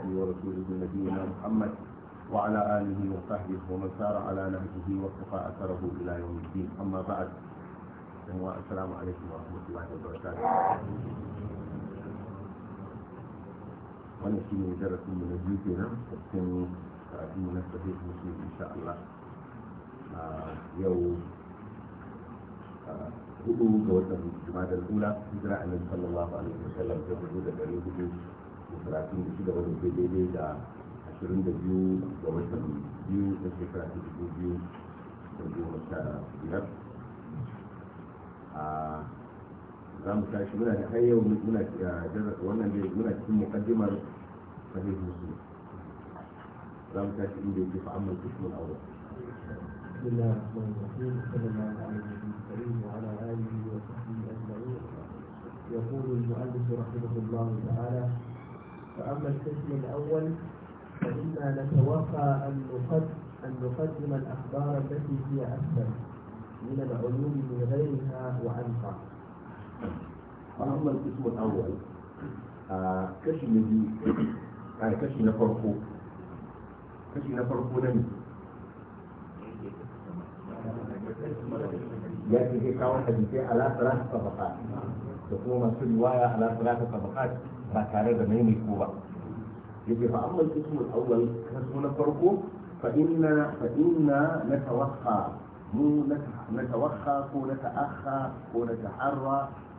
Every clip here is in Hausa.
عبده ورسوله نبينا محمد وعلى آله وصحبه ومن سار على نهجه واتقى أثره إلى يوم الدين أما بعد السلام عليكم ورحمة الله وبركاته ونحن نجركم من نجيتنا تقسم تقسم نفسه المسلم إن شاء الله آه، يوم هو آه، جوزة الجماعة الأولى هجرة النبي صلى الله عليه وسلم جوزة الجمعة الأولى talatin da shida wanda zai daidai da ashirin da biyu ga watan biyu na shekara ta dubu biyu da goma sha biyar za mu tashi muna da har yau muna wannan dai muna cikin muqaddimar sahih muslim za mu tashi inda yake fa amma kishmul awwal بسم الله الرحمن الرحيم صلى الله على النبي الكريم وعلى اله وصحبه اجمعين يقول المؤلف رحمه الله تعالى فأما القسم الأول فإنا نتوقع أن نقدم الأخبار التي هي أكثر من العلوم من غيرها وأنفع. فأما القسم الأول كشف آه، الذي يعني كشف نفرقه كشف نفرقه لم يأتي يعني هيك واحد في على ثلاث طبقات تقوم في الرواية على ثلاث طبقات ba tare da ko ba yake fa amma kismul awwal kaso na farko fa inna fa inna na mu natawakha ko nata'akha ko nataharra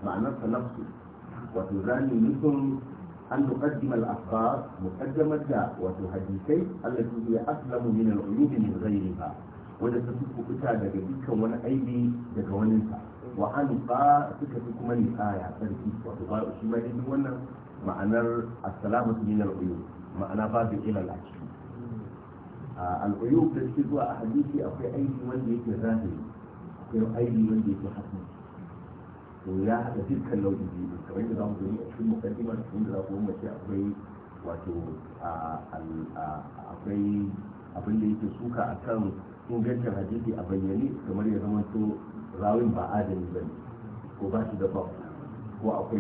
ma'anar ta nafsu wato zani nufin an tuqaddima al-akhbar muqaddamar da wato hadisai Allah allati hiya aslamu min al-uyub min ba. wanda ta fi kubuta daga dukkan wani aibi daga waninsa wa an ba suka fi kuma nisaya tsarki wato ba shi ma dai wannan ma'anar assalamu min al-uyub ma'ana babu ilal a ciki al-uyub da suke zuwa a hadisi akwai aiki wanda yake zahiri akwai aiki wanda yake hasmi to ya haɗa dukkan nau'in biyu kamar yadda za mu gani a cikin mukaddima da cikin za ku mace akwai wato akwai abin da yake suka a kan ingancin hadisi a bayyane kamar ya zama to rawin ba adali ba ne ko ba shi da ba ko akwai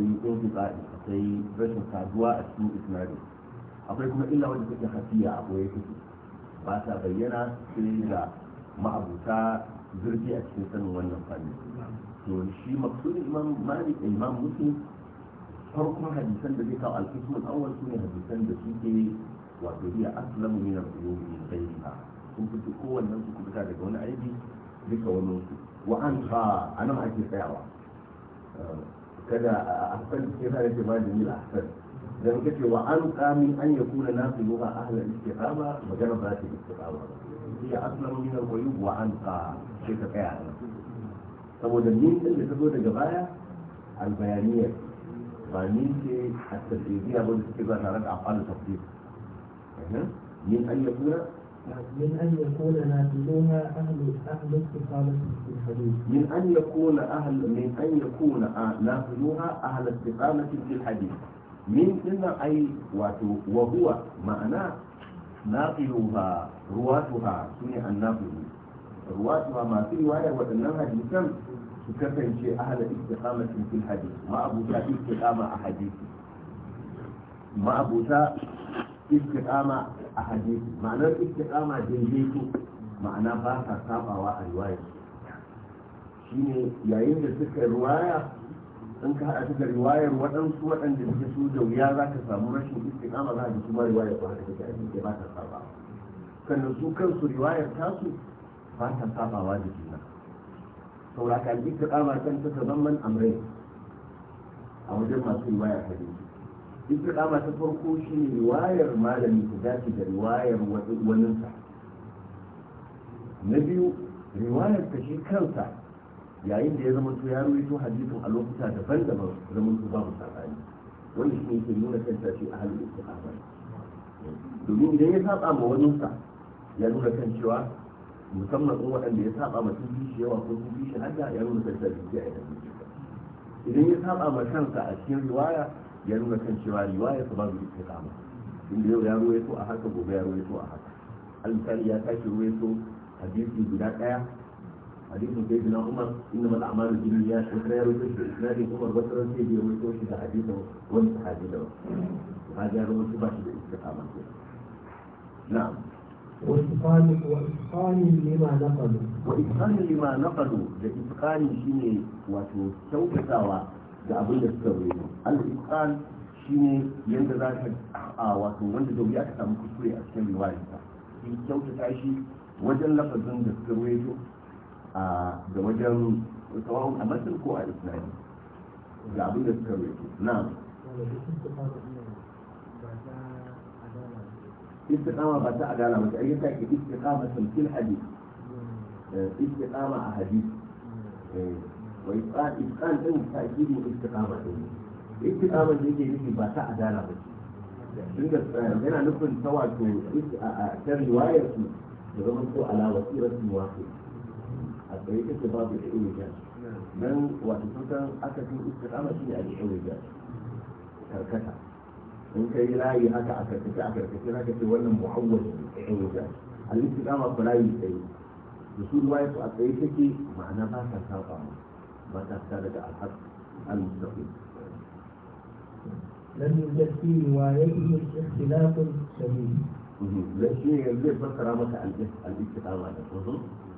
tsari. akwai rashin saduwa a cikin isnadin akwai kuma illa wanda take hafiya a boye take ba ta bayyana sai ga ma'abuta zurfi a cikin sanin wannan fannin to shi maksudin imam malik imam muslim farkon hadisan da zai kawo alkismul awwal ne hadisan da suke wato hiya aslamu min al-uyubi min ghayriha kun fito kowannen su kubuta daga wani aibi duka wani su wa an ta ha anan ake tsayawa kada a ahsan ke sa yake ba da mil ahsan da muka ce wa an kami an ya kuna na su yuha ahalar istiqama magana ba ta istiqama ya aslan min al-ghuyub wa an ka sai ka tsaya nan saboda min din da ta zo daga baya al-bayaniyya ba min ce a tafsiriya ba da suke ba tare da afal tafsir min an ya kuna من أن يكون ناقلوها أهل أهل استقامة في الحديث من أن يكون أهل من أن يكون ناقلوها أهل استقامة في الحديث من سنة أي واتو وهو معنى ناقلوها رواتها سنة الناقل رواتها ما في رواية وأنها جسم تكفن شيء أهل استقامة في الحديث ما أبوتا استقامة أحاديث ما أبوتا istiqama a hadisi ma'anar istiqama daidaito ma'ana ba sa sabawa a riwaya shine yayin da suka riwaya in ka haɗa da riwayar waɗansu waɗanda suke su da wuya za ka samu rashin istiqama za ka ji kuma riwayar ba ta take a ba ta sabawa sannan su kansu riwayar tasu ba ta sabawa da juna sauraka al-istiqama kan ta zaman amrai a wajen masu riwayar hadisi istiqama ta farko shi ne riwayar malami ta dace da riwayar waninsa na biyu riwayar ta shi kansa yayin da ya zama to ya ruwaito hadisin a lokuta daban-daban zaman to babu sabani wanda shi ne ke nuna kansa shi a halin istiqama domin idan ya saba ma waninsa ya nuna kan cewa musamman in waɗanda ya saba ma sun bi shi yawa ko sun bi shi hadda ya nuna kanta da a idan ya saba ma kansa a cikin riwaya ya nuna kan cewa riwaya ta babu istiqama inda yau ya ruwaito a haka gobe ya ruwaito a haka al-misali ya tashi ruwaito hadisi guda daya hadisin sai na umar inda mala amalu jini ya wata ya rubuta shi isnadin umar wata ran sai ya rubuta shi da hadisin wani sahabi da wani ya rubuta ba shi da istiqama ke na'am وإتقان وإتقان لما نقلوا وإتقان لما نقلوا ده إتقان شيء وتوسعوا ده أبو يستوي al-itqan shine yanda za ka a wato wanda da aka samu kuskure a cikin riwayarsa shi kyautata shi wajen lafazin da suka ruwaito a da wajen tsawon a matsin ko a isnadi ga abin da suka ruwaito na istiqama ba ta adala ba ai ta ke istiqama tamkil hadith eh, istiqama a hadith eh, wa isqan isqan din ta ke istiqama din istiqamar da yake nufi ba ta adala ba inda eh, yana nufin ta wato a ta riwayar su da zama ko ala wasirar su wato a tsaye take babu da iya jan nan wato kusan aka fi istiqama shi ne a iya jan karkata in ka yi layi haka a karkace a karkace haka ce wannan mu'awwal ne iya jan al-istiqama ba layi tsaye da su riwayar su a tsaye take ma'ana ba ta saba ba ta fita daga al-haq al-mustaqim لم يوجد في روايته اختلاف شديد shi zai fassara maka al-istiqama da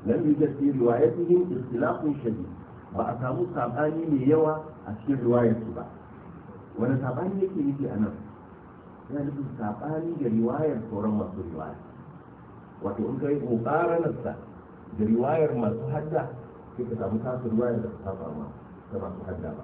lam yujad fi riwayatihim ikhtilafun shadid ba a samu sabani mai yawa a cikin riwayar su ba wani sabani yake nufi a nan yana nufin sabani da riwayar sauran masu riwaya wato in kai mukaranarsa da riwayar masu hadda sai ka samu tasu riwayar da ta masu hadda ba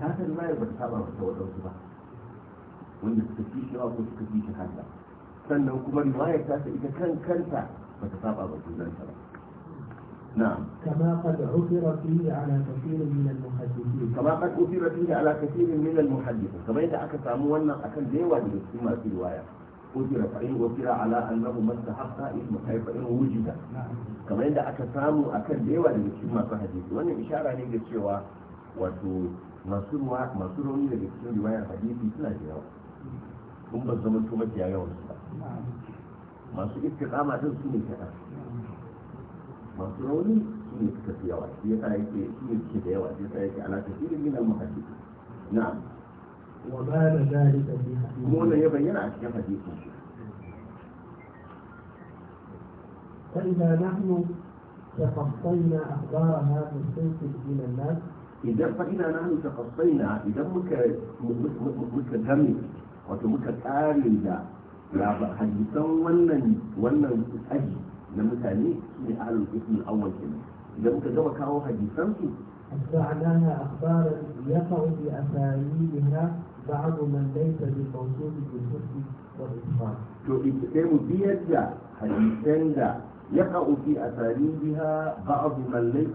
ta san ruwayar ba ta saba ba ta waɗansu ba wanda suka fi shi ko suka fi shi hanta sannan kuma ruwayar ta ita kan kanta ba ta saba ba junanta ba نعم كما قد عثر فيه على كثير من المحدثين كما قد عثر فيه على كثير من المحدثين كما إذا أكتاموا أن أكل ديوان يسمى في رواية عثر فإن عثر على أنه ما استحق اسم كيف إن وجد كما إذا أكتاموا أكل ديوان يسمى في حديث وأن إشارة لك cewa wato masu rauni daga cikin riwayar hadisi suna da yawa kun ba zama to mafiya yawan su ba masu istiqama din su ne kaɗan masu rauni su ne suka fi yawa shi yasa yake su ne suke da yawa shi yasa yake ala kafirin min al-muhaddith na'am wa ba da dalika bi hadisi ya bayyana a cikin hadisin shi فإذا نحن تفصلنا أخبار هذا السيف إلى الناس idan fa ina nahnu na idan muka muka dame wato muka tsare da hadisan wannan wannan aji na mutane ne ahlul ismi awwal kenan idan muka gama kawo hadisan su أتبعناها أخبارا يقع بأساليبها بعض من ليس بالموصول بالحسن والإتقان. تو إتقان بيد حديثين يقع في أساليبها بعض من ليس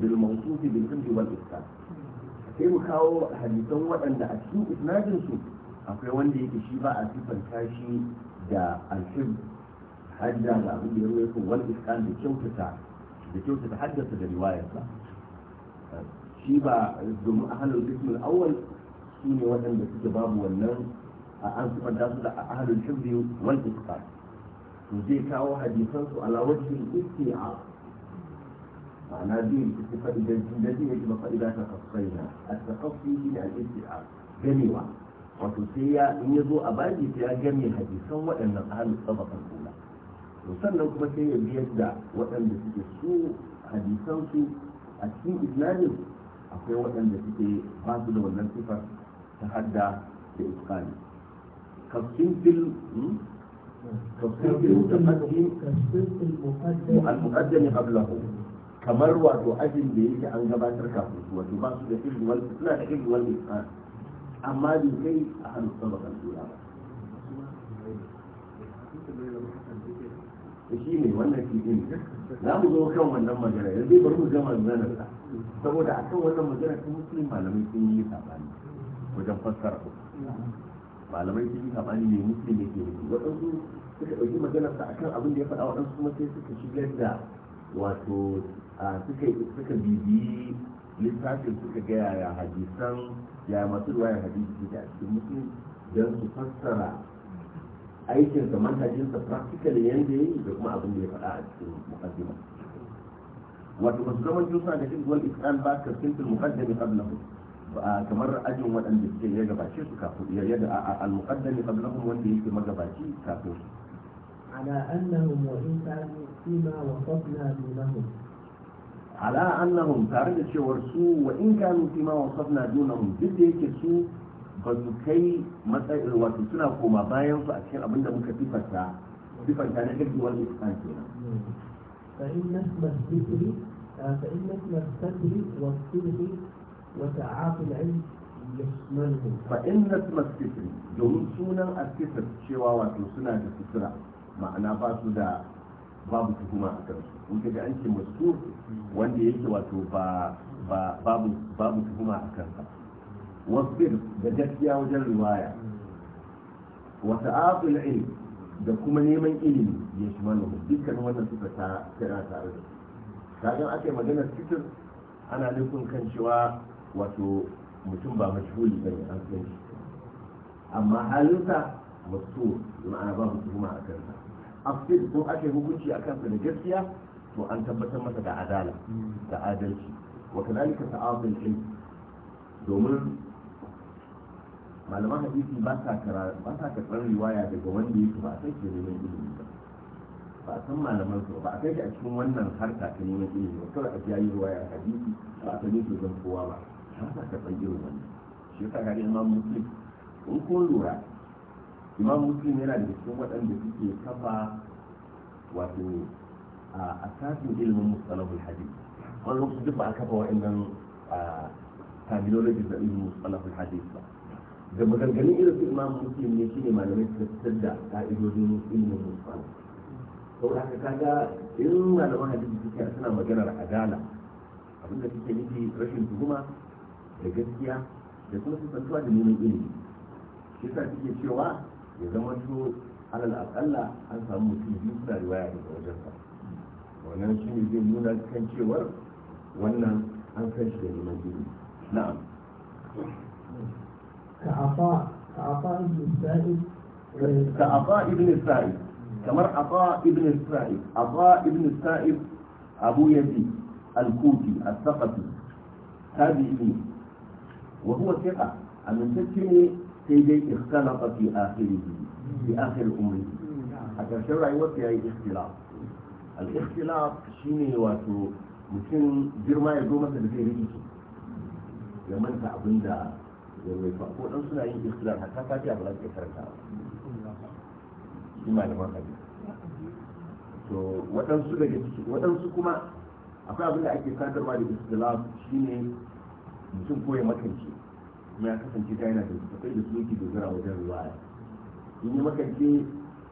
بالموصوف بالحمد والإحسان sai mu kawo hadisan waɗanda a cikin isnadin su akwai wanda yake shi ba a sifanta shi da alhib hadda da abin da ya ruwa yake wal iskan da kyautata da kyautata haddasa da riwayarsa shi ba domin ahalul ismul awwal su ne waɗanda suke babu wannan a an sifanta su da a ahalul hibri wal iskan to zai kawo hadisansu ala wajen isti'a ma'ana biyu su faɗi da zai yake ba faɗi da ta kafaina a takaffi shi ne al'isti'a ganewa wato sai ya in ya zo a baji sai ya gane hadisan waɗannan ahalin tsabakan kula to sannan kuma sai ya biyar da waɗanda suke su hadisansu a cikin islamin akwai waɗanda suke ba su da wannan sifar ta hadda da iskali kafin fil hmm? المقدم قبله kamar wato ajin da yake an gabatar kafin su wato ba su da ilmi wal suna da ilmi wal isqan amma bai kai a hannun sabakan sura ba shi ne wannan shi ne za mu zo kan wannan magana yanzu bari mu gama maganar sa saboda a kan wannan magana ta musulmi malamai sun yi sabani wajen fassara malamai su yi sabani ne muslim ke nufi waɗansu suka ɗauki maganarsa akan abin da ya faɗa waɗansu kuma sai suka shigar da wato suka bibiyi littafin suka ga yaya hadisan ya masu ruwayar hadisi da cikin mutum don su fassara aikin sa manhajinsa practical yanda yayi da kuma abin da ya faɗa a cikin muqaddima wato ba su zama jusa da cikin wal isqal ba ka sintul muqaddimi qablahu kamar ajin waɗanda suke ya gabace su kafin ya yadda al-muqaddami qablahum wanda yake magabaci kafu su ala annahum wa in kanu fima wasafna dunahum ala annahum tare da cewar su wa in kanu fima wasafna dunahum duk da yake su ba su kai matsayin wato suna koma bayan su a cikin abin da muka sifanta sifanta na su iskan kenan fa in nasbat dhikri fa in nasbat dhikri wa dhikri وتعاطي العلم يشملهم فإن اسم الستر domin sunan alkitar cewa wato suna da sutura ma'ana ba su da babu tuhuma a kansu in ka ga an ce mastur wanda yake wato ba babu tuhuma a kansa wasbir da gaskiya wajen riwaya wa ta'aqul ilm da kuma neman ilimi ya shi mana dukkan wannan suka ta tare da kaga aka yi magana sitir ana nufin kan cewa wato mutum ba mashhuli bane an san shi amma halinsa masu ma'ana ba mu tuhuma a kansa afsir ko ake hukunci a kansa da gaskiya to an tabbatar masa da adala da adalci wa kadalika ta'adul ilm domin malaman hadisi ba sa karɓar riwaya daga wanda yake ba a san ke neman ilimi ba ba a san malaman su ba a kai shi a cikin wannan harka ta neman ilimi ba kawai a biya yi riwaya hadisi ba a san yake zan kowa ba ba ta fage wannan. shi yasa ga imam muslim in ko lura imam muslim yana da cikin waɗanda suke kafa wato a asasin ilimin mustalahul hadith wani lokaci duk ba a kafa wa'annan terminologies da ilimin mustalahul hadith ba da maganganun irin su imam muslim ne shine malamai suka fitar da ka'idodin ilimin mustalah saboda haka kaga in malaman hadisi suke suna maganar adala abinda suke nufi rashin tuhuma da gaskiya da kuma sifantuwa da neman ilimi shi sa suke cewa ya zama to alal akalla an samu mutum biyu suna riwaya daga wajensa wannan shi ne zai nuna kan cewar wannan an san shi da neman ilimi na'am كعطاء كعطاء ابن السائب كعطاء ابن السائب كمر عطاء ابن السائب عطاء ابن السائب أبو يزيد الكوفي الثقفي تابعي wa huwa thiqa amintacce ne sai dai ikhtalafa fi akhirihi fi akhir umri a ƙarshen rayuwarsa yayi ikhtilaf al-ikhtilaf shine wato mutum girma ya zo masa da zai rikici ya manta abin da ya rufe ko dan suna yin ikhtilaf hatta fatiha ba za su karanta to waɗansu daga ciki waɗansu kuma akwai abin da ake sadarwa da ikhtilaf shine mutum ko ya makance kuma ya kasance ta yana da tafai da suke dogara wajen riwaya in yi makance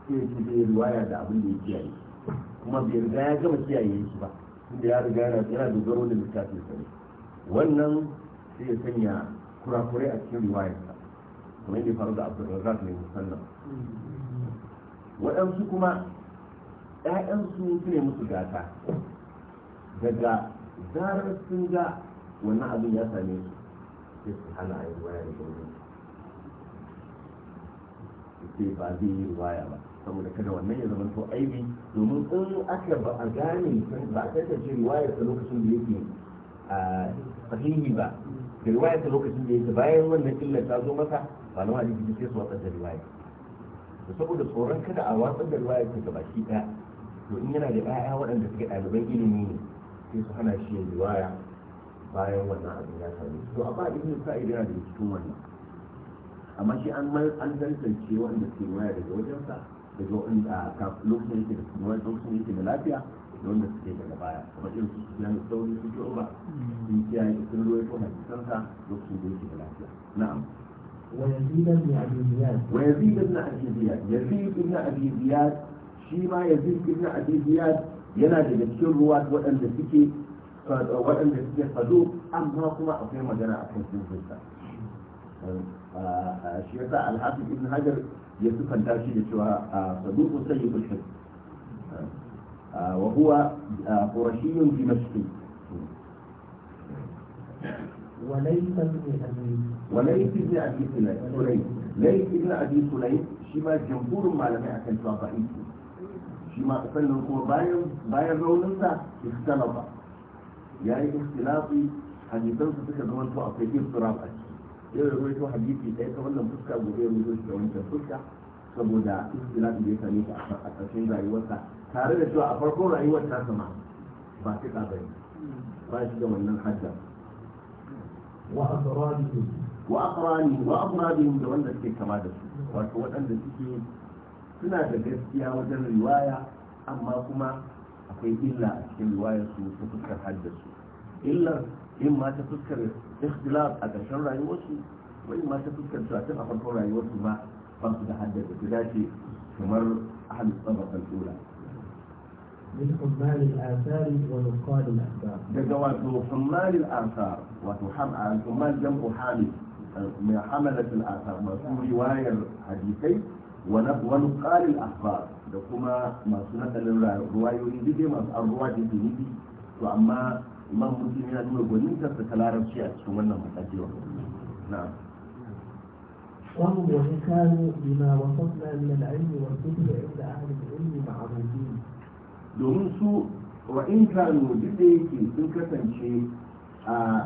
sai ya ce zai riwaya da abin da ya kiyaye kuma bai riga ya gama kiyaye shi ba inda ya riga yana dogaro da littafin sa ne wannan sai ya sanya kurakurai a cikin riwayarsa kamar yadda faru da abdulrazak ne musamman waɗansu kuma ‘ya'yansu su ne musu gata daga zarar sun ga wannan abin ya same su sai su hana a yi waya da gwamnati sai ba zai yi waya ba saboda kada wannan ya zama to aibi domin in aka ba a gane ba a tantance riwayar ta lokacin da yake a sahihi ba da riwayar ta lokacin da yake bayan wannan illar ta zo masa ba na wani jiki sai su watsar da riwayar da saboda tsoron kada a watsar da riwayar ta gaba shi ɗaya to in yana da 'ya'ya waɗanda suke ɗaliban ilimi ne sai su hana shi yin riwaya bayan wannan abin ya same su to amma ibn sa'id yana da cikin wannan amma shi an mai an tantance wanda ke waya daga wajensa daga wanda lokacin yake da kuma lokacin yake da lafiya da wanda suke daga baya kamar irin su su yana sauri su ji ba sun kiyaye sun ruwa ko hadisansa lokacin da yake da lafiya na'am ويزيد بن ابي زياد ويزيد بن ابي زياد يزيد بن ابي زياد shi ma yazid ibn abi ziyad yana daga cikin ruwa waɗanda suke waɗanda suke an amma kuma akwai magana a kan sunfinsa shi yasa alhafi ibn hajar ya sufanta shi da cewa saduqu sayyidul hifz wa huwa qurashiyyun dimashqi وليس ابن ابي وليس ابن ابي سليم ليس ابن ابي سليم شما جمهور معلمي akan cewa ba'i shima sannan kuma bayan bayan raunin sa ikhtalafa ya yi ikhtilafi hadisan su suka zama to akwai istirab a ciki yau da ruwaito hadisi ɗaya ta wannan fuska gobe ya ruwaito shi da wancan fuska saboda ikhtilafi da ya same ta a ƙarshen rayuwarsa tare da cewa a farkon rayuwar ta sama ba ta ƙabari ba shi da wannan hajjar. wa asrarihim wa aqrani wa da wanda suke kama da su wato waɗanda suke suna da gaskiya wajen riwaya amma kuma إلا الواية تفكر حد إلا إما تفكر اختلاف أكا شر رأي وصي وإما تفكر ساتر أفضل رأي وصي ما فرق تحدد بكذاتي كمر أحد الطبقة الأولى من حمال الآثار ونقال من حمال الآثار وتحمال جمع أحامي من حملة الآثار وفي رواية الحديثين wani ƙarin ahbar da kuma masu nakalin ruwayoyi duk masu an ruwa da zunubi to amma imam muslim yana nuna ta ta larabci a cikin wannan matsajewa na'am وهم wa بما inda من العلم والكتب عند أهل da sun kasance.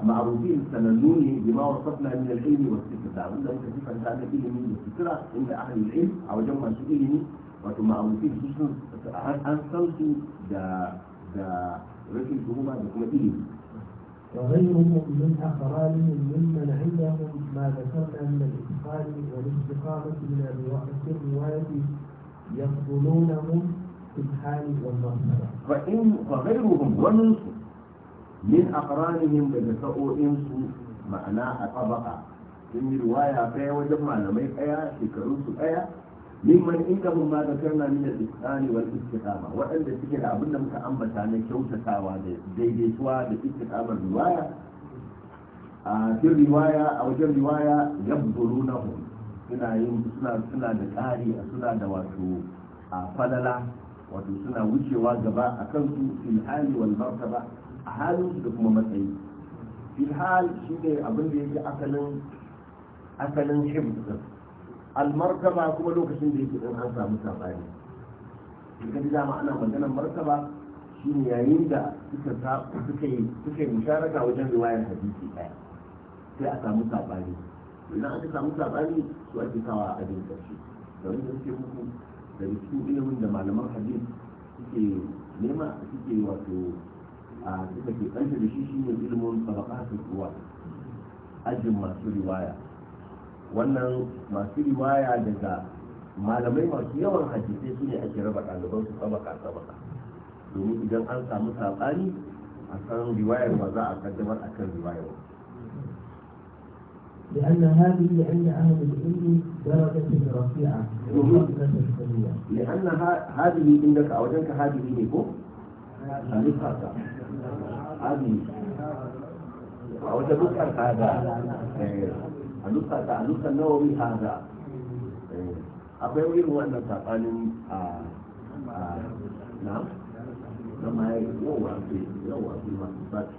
معروفين سنلوني بما وصفنا من العلم والفكر ده عنده كثيفة ده أنا إيه من الفكرة إن أهل العلم أو جمع سئلني وتو معروفين سوشن أنسلتو ذا ده رسل كهما ده إيه وغيرهم من أخران ممن عندهم ما ذكرنا من الإتقان والاستقامة من الرواية الرواية يفضلونهم في الحال والمرحلة فإن وغيرهم ومن min aqranihim daga sa'o'in su ma'ana a tabaka sun yi riwaya ɗaya wajen malamai ɗaya shekarun su ɗaya mimman inda mun ma zakarna min al-istiqani wal istiqama waɗanda suke da abin da muka ambata na kyautatawa da daidaituwa da istiqamar riwaya a riwaya a wajen riwaya yabdurunahum suna yin suna da ƙari suna da wato a falala wato suna wucewa gaba a kansu fil hali wal martaba a halin da kuma matsayi Filhal hal shi ne abin da yake asalin asalin hibs Almarkaba kuma lokacin da yake ɗin an samu sabani duka da dama ana maganar martaba shi ne yayin da suka suka yi musharaka wajen riwayar hadisi ɗaya, sai a samu sabani idan aka samu sabani su ake kawa a abin karshe da wani suke muku da cikin ilimin da malaman hadis suke nema suke wato a suka ke ɓanta da shi shi shine ilimin tabaqatul ruwa ajin masu riwaya wannan masu riwaya daga malamai masu yawan hadisai su ne ake raba ɗaliban su tabaka tabaka domin idan an samu saɓani a san riwayar ba za a kaddamar a kan riwayar ba. لأن هذه عند أهل العلم درجة رفيعة ومرتبة لأن هذه عندك أو عندك هذه نيكو a wata nukar hada a nukar ta a nukar nawawi hada akwai irin wannan saɓanin a na eh, na mai yawa fi yawa fi masu sati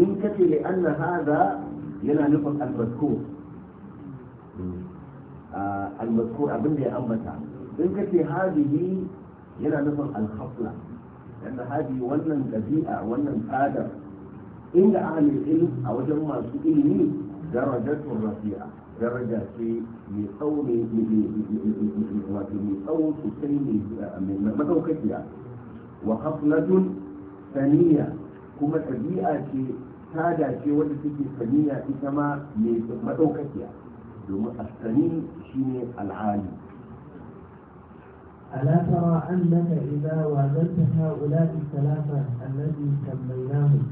in kace li anna hada yana nufin albasko albasko da ya ambata in kace hadihi yana nufin alhafla yadda hadi wannan ɗabi'a wannan tsadar inda ahalin ilm a wajen masu ilimi darajatun rafi'a daraja ce mai tsawo ne wato mai tsawo sosai ne mai madaukakiya wa haflatun saniya kuma ɗabi'a ce tada ce wanda take saniya ita ma mai madaukakiya domin asani shine al'ali ألا ترى أنك إذا واجهت هؤلاء الثلاثة الذي سميناهم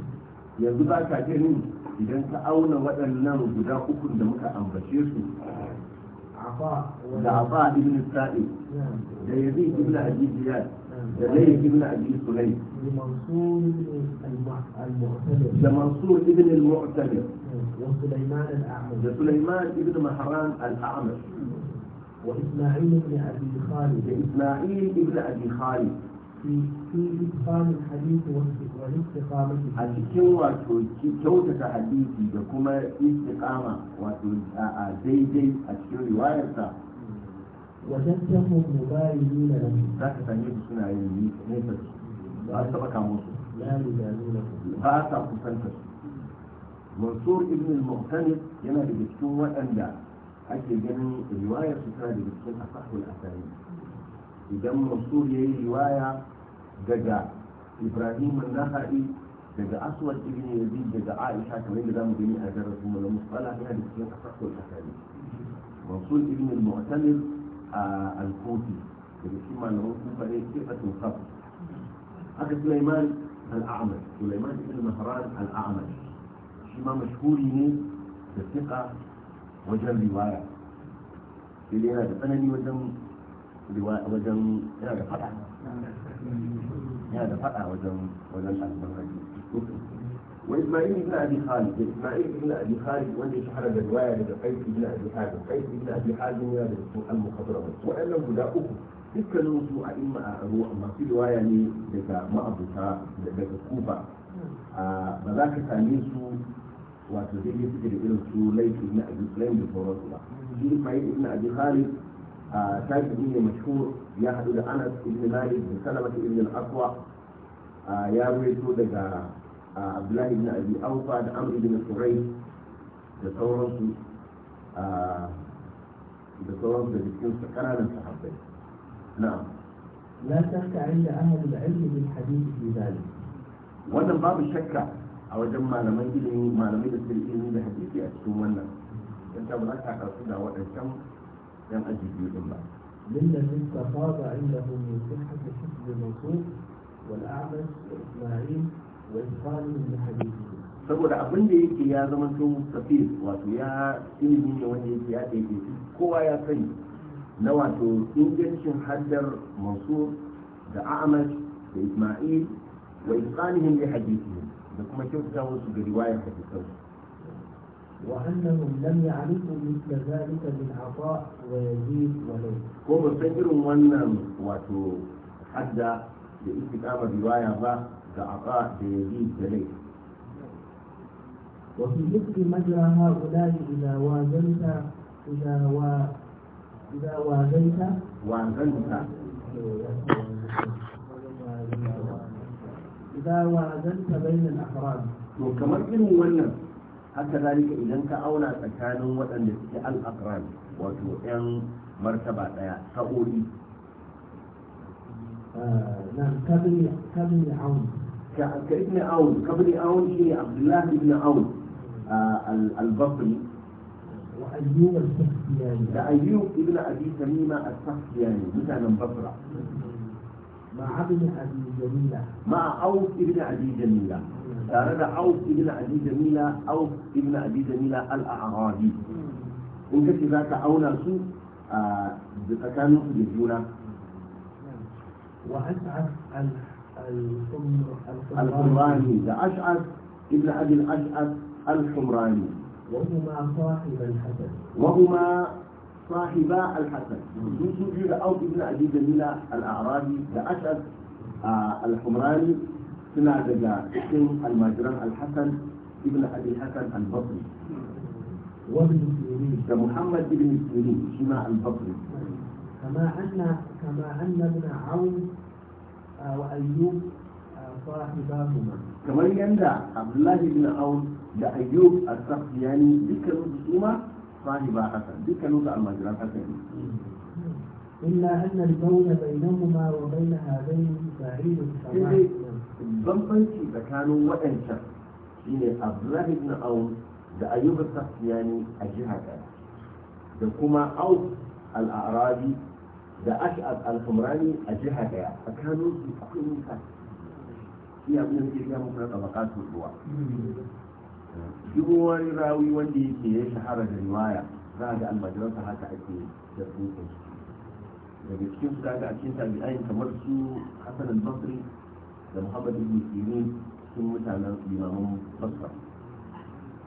yanzu za ka gani idan ka auna waɗannan guda ukun da muka ambace su da aba ibn sa'id da yazid ibn abi ziyad da zayd ibn abi sulaym da mansur ibn al-mu'tamir da sulaiman ibn mahran al-a'mash وإسماعيل بن أبي خالد إسماعيل بن أبي خالد في في إتقان الحديث والاستقامة الحديث واتو كوتة حديثي بكما استقامة واتو زي زي أتكين رواية وتتهم مباينين له ذاك تنجد سنة نفس أسبق موسى لا يزالونه هذا كفنتس منصور ابن المعتمد ينا بجسوم وأندى حج الجمع الرواية تتابع بالصحة صح الأثاري يجمع سوريا رواية جدا إبراهيم النخعي جدا أسود ابن يزيد جدا عائشة كمين لدام بني أجر ثم المصطلة بها بالصحة صح الأثاري منصور ابن المعتمر آه الكوتي بالاسم عن روح مفريد كيفة الخبر أخي سليمان الأعمش سليمان ابن مهران الأعمش شما مشهورين بالثقة wajen riwaya yana da tsanani wajen yana da fada yana da wajen isma'il ibn abi khalid wanda ya shahara da riwaya daga qais ibn abi khalid qais guda uku dukkanin su a imma a ruwa masu riwaya ne daga ma'abuta daga kufa ba za ka same su wato zai yi suke da irin su laifi na abu da sauransu ba shi sa'id ibn abi khalid a tashi ne mashhur ya haɗu da anas ibn malik da salama ibn al-aswa ya waito daga abdullahi ibn abi aufa da amr ibn surai da sauransu da sauransu da cikin kananan sahabbai na'am لا شك عند أهل العلم من حديث في ذلك. Wannan babu الشكة a wajen malaman ilimi malamai da suke ilimi da hadisi a cikin wannan don ta ba za ta kasu da waɗancan yan ajiyu din ba لله استفاض عنده من صحة حفظ الموصوف والأعمش وإسماعيل وإتقانه لحديثه saboda abin da yake ya zama to safir wato ya ilimi ne wanda yake ya ɗaiɗe kowa ya sani na wato ingancin haddar mansur da amash da isma'il wa isqanihim li hadithihim da kuma kyautata musu da riwaya da kitab wa annahum lam ya'rifu mithla zalika bil ata wa yazid wa lay ko ba san irin wannan wato hadda da istiqama riwaya ba ga ata da yazid da lay wa fi dhikri majra ha'ula'i ila wa ila wazanta wazanta eh, إذا وازنت بين الأفراد وكمان إن ولن haka zalika idan ka auna tsakanin waɗanda suke al'akran wato 'yan martaba ɗaya sa'o'i ka ibn aun kabri aun shi ne abdullahi ibn aun al-bakri da ayyub ibn abi tamima al-safiyani mutanen basra مع ابن أبي جميلة مع اوس ابن أبي جميلة تارد اوس ابن أبي جميلة اوس ابن أبي جميلة الأعرابي إن كنت ذاك أولى سوء آه، بتكانوا في الجولة وأشعث الحمراني لأشعث ابن أبي الأشعث الحمراني وهما صاحب الحسن وهما صاحب الحسن يوسف سجود أو ابن أبي جميلة الأعرابي لأسد الحمراني سنة دجا اسم المجرى الحسن ابن أبي الحسن البصري وابن المسلمين كمحمد بن المسلمين شما البصري كما أن كما أن ابن عون آه، وأيوب آه، صاحباهما كما أن عبد الله بن عون لأيوب السقفياني ذكر بصومه صاحب حسن دي كانوا المجرى حسن إلا أن الكون بينهما وبين هذين بعيد السماء bambanci tsakanin waɗancan shine abdullahi na'aun aun da ayyuba safiyani a jiha ɗaya da kuma au al'arabi da ash'ab al a jiha ɗaya tsakanin su akwai ke ruwa duk wani rawi wanda yake ya shahara da riwaya za a ga almajiransa haka ake da su daga cikin su kaga a cikin tabi'ai kamar su hasan al-basri da muhammad ibn sirin sun mutanen limamin basra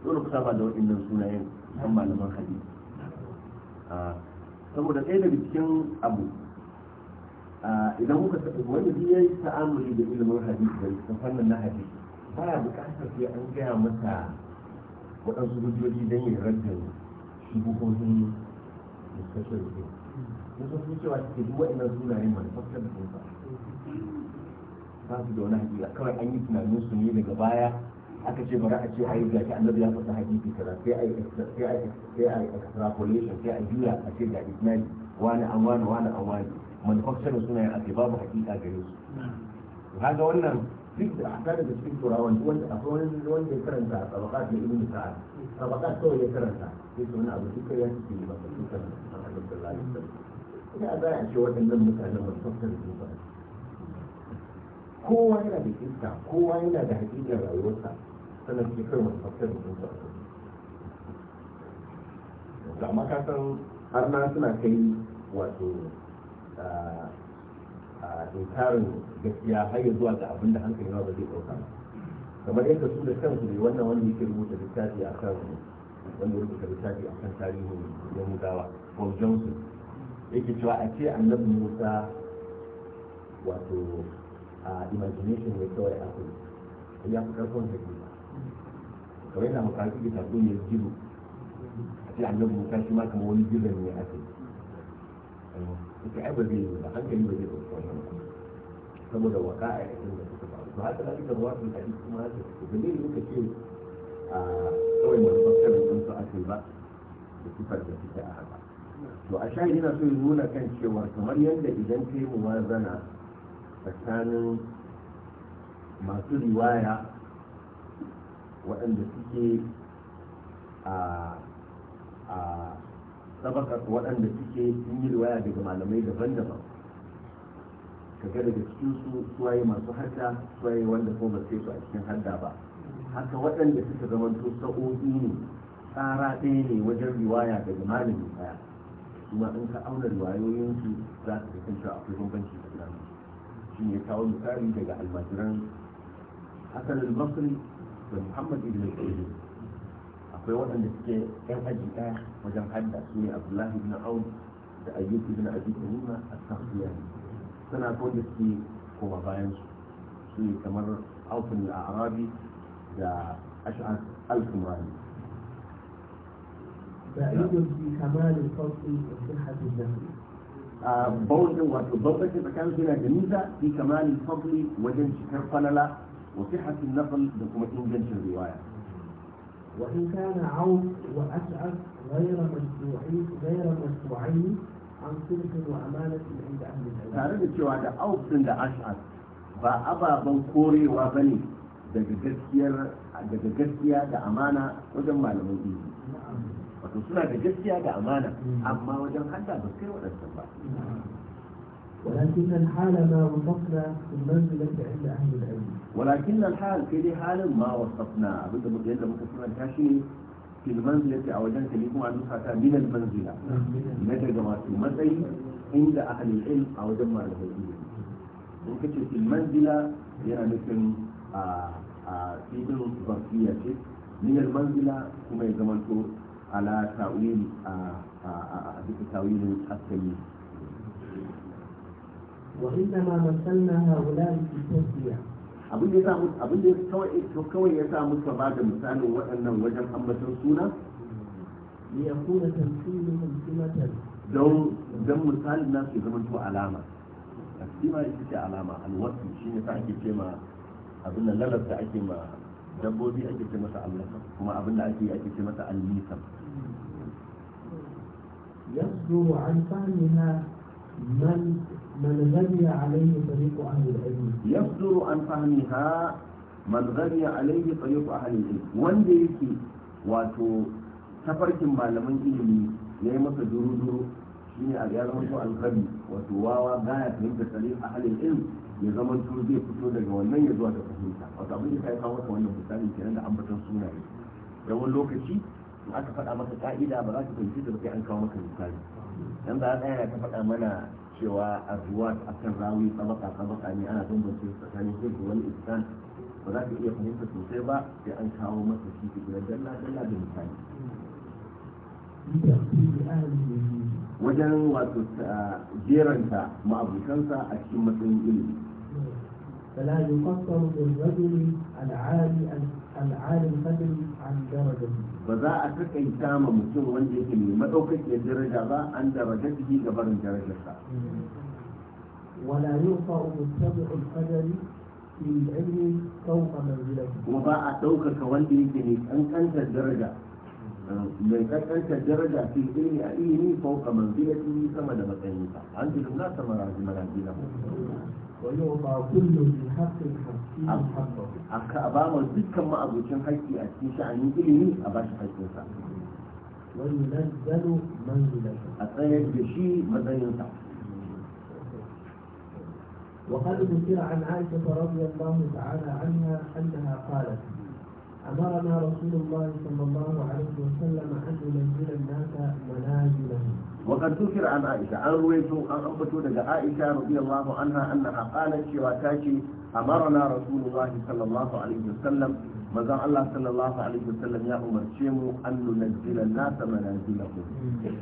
dole kusa ba da waɗannan sunayen kan malaman hadisi saboda ɗaya daga cikin abu idan kuka wanda ya yi ta'amuli da ilimin hadisi da fannin na hadisi baya bukatar sai an gaya mata waɗansu hujjoji don ya rajin shugabohin da din musu sun cewa cikin duk waɗannan sunaye manufaktar da ba ba su da wani hakika kawai an yi tunanin su ne daga baya aka ce bari a ce ayi gashi annabi ya fasa hadisi kaza sai sai a yi extrapolation sai a juya a ce ga isnadi wani an wani wani an wani manufaktar sunaye a ce babu hakika gare su haga wannan duk da aka daga cikin turawan wanda akwai wanda ya karanta a tsabakat da ibn sa'ad tsabakat kawai ya karanta ya ce wani abu duka ya ce ba ka duka a hannun sallallahu alaihi ina za a ce waɗannan mutanen ba tsaftar da ba kowa yana da iska kowa yana da haƙiƙar rayuwarsa sannan ke kai wani tsaftar da ba amma ka san har na suna kai wato ah, inkarin gaskiya har ya zuwa ga abin da hankali ma ba zai dauka ba kamar yadda su da kansu ne wannan wanda yake rubuta littafi a kan wanda ya rubuta littafi a kan tarihin yahudawa paul johnson yake cewa a ce annabi musa wato a imagination ne kawai a kuri ya fi karfin gina, kamar yadda makarantu ke tafi ne jiru a ce annabi musa shi ma kamar wani jiran ne a ce ita ai ba zai yi ba hankali ba zai ba wannan saboda waka a yakin da suka faru ba haka zalika ruwa sun hadisi kuma haka suke da zai yi ka ce a ah, kawai manufakar sun su ake ba da sifar da suke a haka to a sha yana so ya nuna kan cewa kamar yadda idan ta yi muwazana tsakanin masu riwaya waɗanda suke a ah, ah, sabakar waɗanda suke yin yi riwaya daga malamai daban-daban kaga daga cikin su suwaye masu harda suwaye wanda kuma ba su a cikin hadda ba haka waɗanda suka zamanto sa'o'i ne tsara ɗaya ne wajen riwaya daga malami ɗaya kuma in ka auna riwayoyinsu za ka kasance akwai bambanci da nan shi ne kawo misali daga almajiran hasan al-basri da muhammad ibn al akwai waɗanda suke yan aji ɗaya wajen hadda su ne abdullahi bin aun da ayyub bin abi tamima a sahdiyani suna ko da suke koma bayan su su ne kamar aukun al-arabi da ash'ar al-kumrani بعيد في كمال الخلق وصحة النفس bawon wato bambanci tsakanin suna da nisa fi kamalin fadli wajen cikar falala wa fi hasin nafal da kuma ingancin riwaya وإن كان عوف وأسعد غير مشروعين غير مشروعين عن صدق وأمانة عند أهل العلم. تعرف شو هذا عوف عند أسعد فأبا بن كوري وبني دجاجسير دجاجسير دأمانة وجمع المؤمنين. نعم. وتصنع دجاجسير دأمانة أما وجمع حتى بكر ولا تبقى. نعم. ولكن الحال ما وصفنا في المنزلة عند أهل العلم ولكن الحال في حال ما وصفنا بدأ مجلد مكسرا كاشي في المنزلة أو جنة لكم أن نفعتها من المنزلة متى جماعة المنزل عند أهل العلم أو جمع الهدية ممكن في المنزلة يعني مثل سيدنا الظرفية من المنزلة كما يزمنتو على تأويل بتأويل التمييز وإنما مثلنا هؤلاء في التسبيح abin da ya samu abin da kawai to kawai ya samu ka ba da misalin waɗannan wajen ambaton suna ne ya kuna tamsilin sunatan don don misalin na su zama to alama asima ita ce alama alwasu shine ta ake ce ma abin da lalar da ake ma dabbobi ake ce masa Allah kuma abin da ake ake ce masa al-lisan yasdu an fahimha man من غني عليه طريق أهل العلم يصدر عن فهمها من غني عليه طريق أهل العلم wanda yake wato tafarkin malaman ilimi ya yi masa duru-duru shi ne ya zama to alkabi wato wawa baya fahimtar tsari a halin ilm ya zama to zai fito daga wannan ya zuwa ga fahimta wato abin da yi kawo maka wannan misali kenan da ambaton sunaye da wani lokaci in aka faɗa maka ka'ida ba za ka fahimci da sai an kawo maka misali dan ba za ta faɗa mana cewa a zuwa a kan rawi tsabaka tsabaka ne ana bambance tsakanin shirku wani iskan ba za ka iya fahimta sosai ba sai an kawo masa shi ta gina dalla dalla da misali wajen wato ah, jeranta ma'abutansa a cikin matsayin ilimi فلا يقصر بالرجل العالي العالي القدر عن درجته فذا أتكي تام مسلم وانجي كمي ما أوكت يدرجة عن درجته قبل درجته ولا يرفع متبع القدر في العلم فوق منزلته وما أتوكك وانجي كمي أن أنت الدرجة mai kankantar daraja fi ilmi a ilimi fauka manzilati sama da matsayinsa an ji na sama da manzilati ويعطى كل ذي حق خمسين حقه. أكا أبام الزكا ما أبو جن حكي أتي شعني إلي أباش حكي سا. وينزل منزلة. أتريد بشي مزين وقد ذكر عن عائشة رضي الله تعالى عنها أنها قالت أمرنا رسول الله صلى الله عليه وسلم أن ننزل الناس منازلهم وقد ذكر عن عائشة عن رويته عن أنبته لدى عائشة رضي الله عنها أنها قالت شواتاتي أمرنا رسول الله صلى الله عليه وسلم ماذا الله صلى الله عليه وسلم يا أمر شيمو أن ننزل الناس منازلهم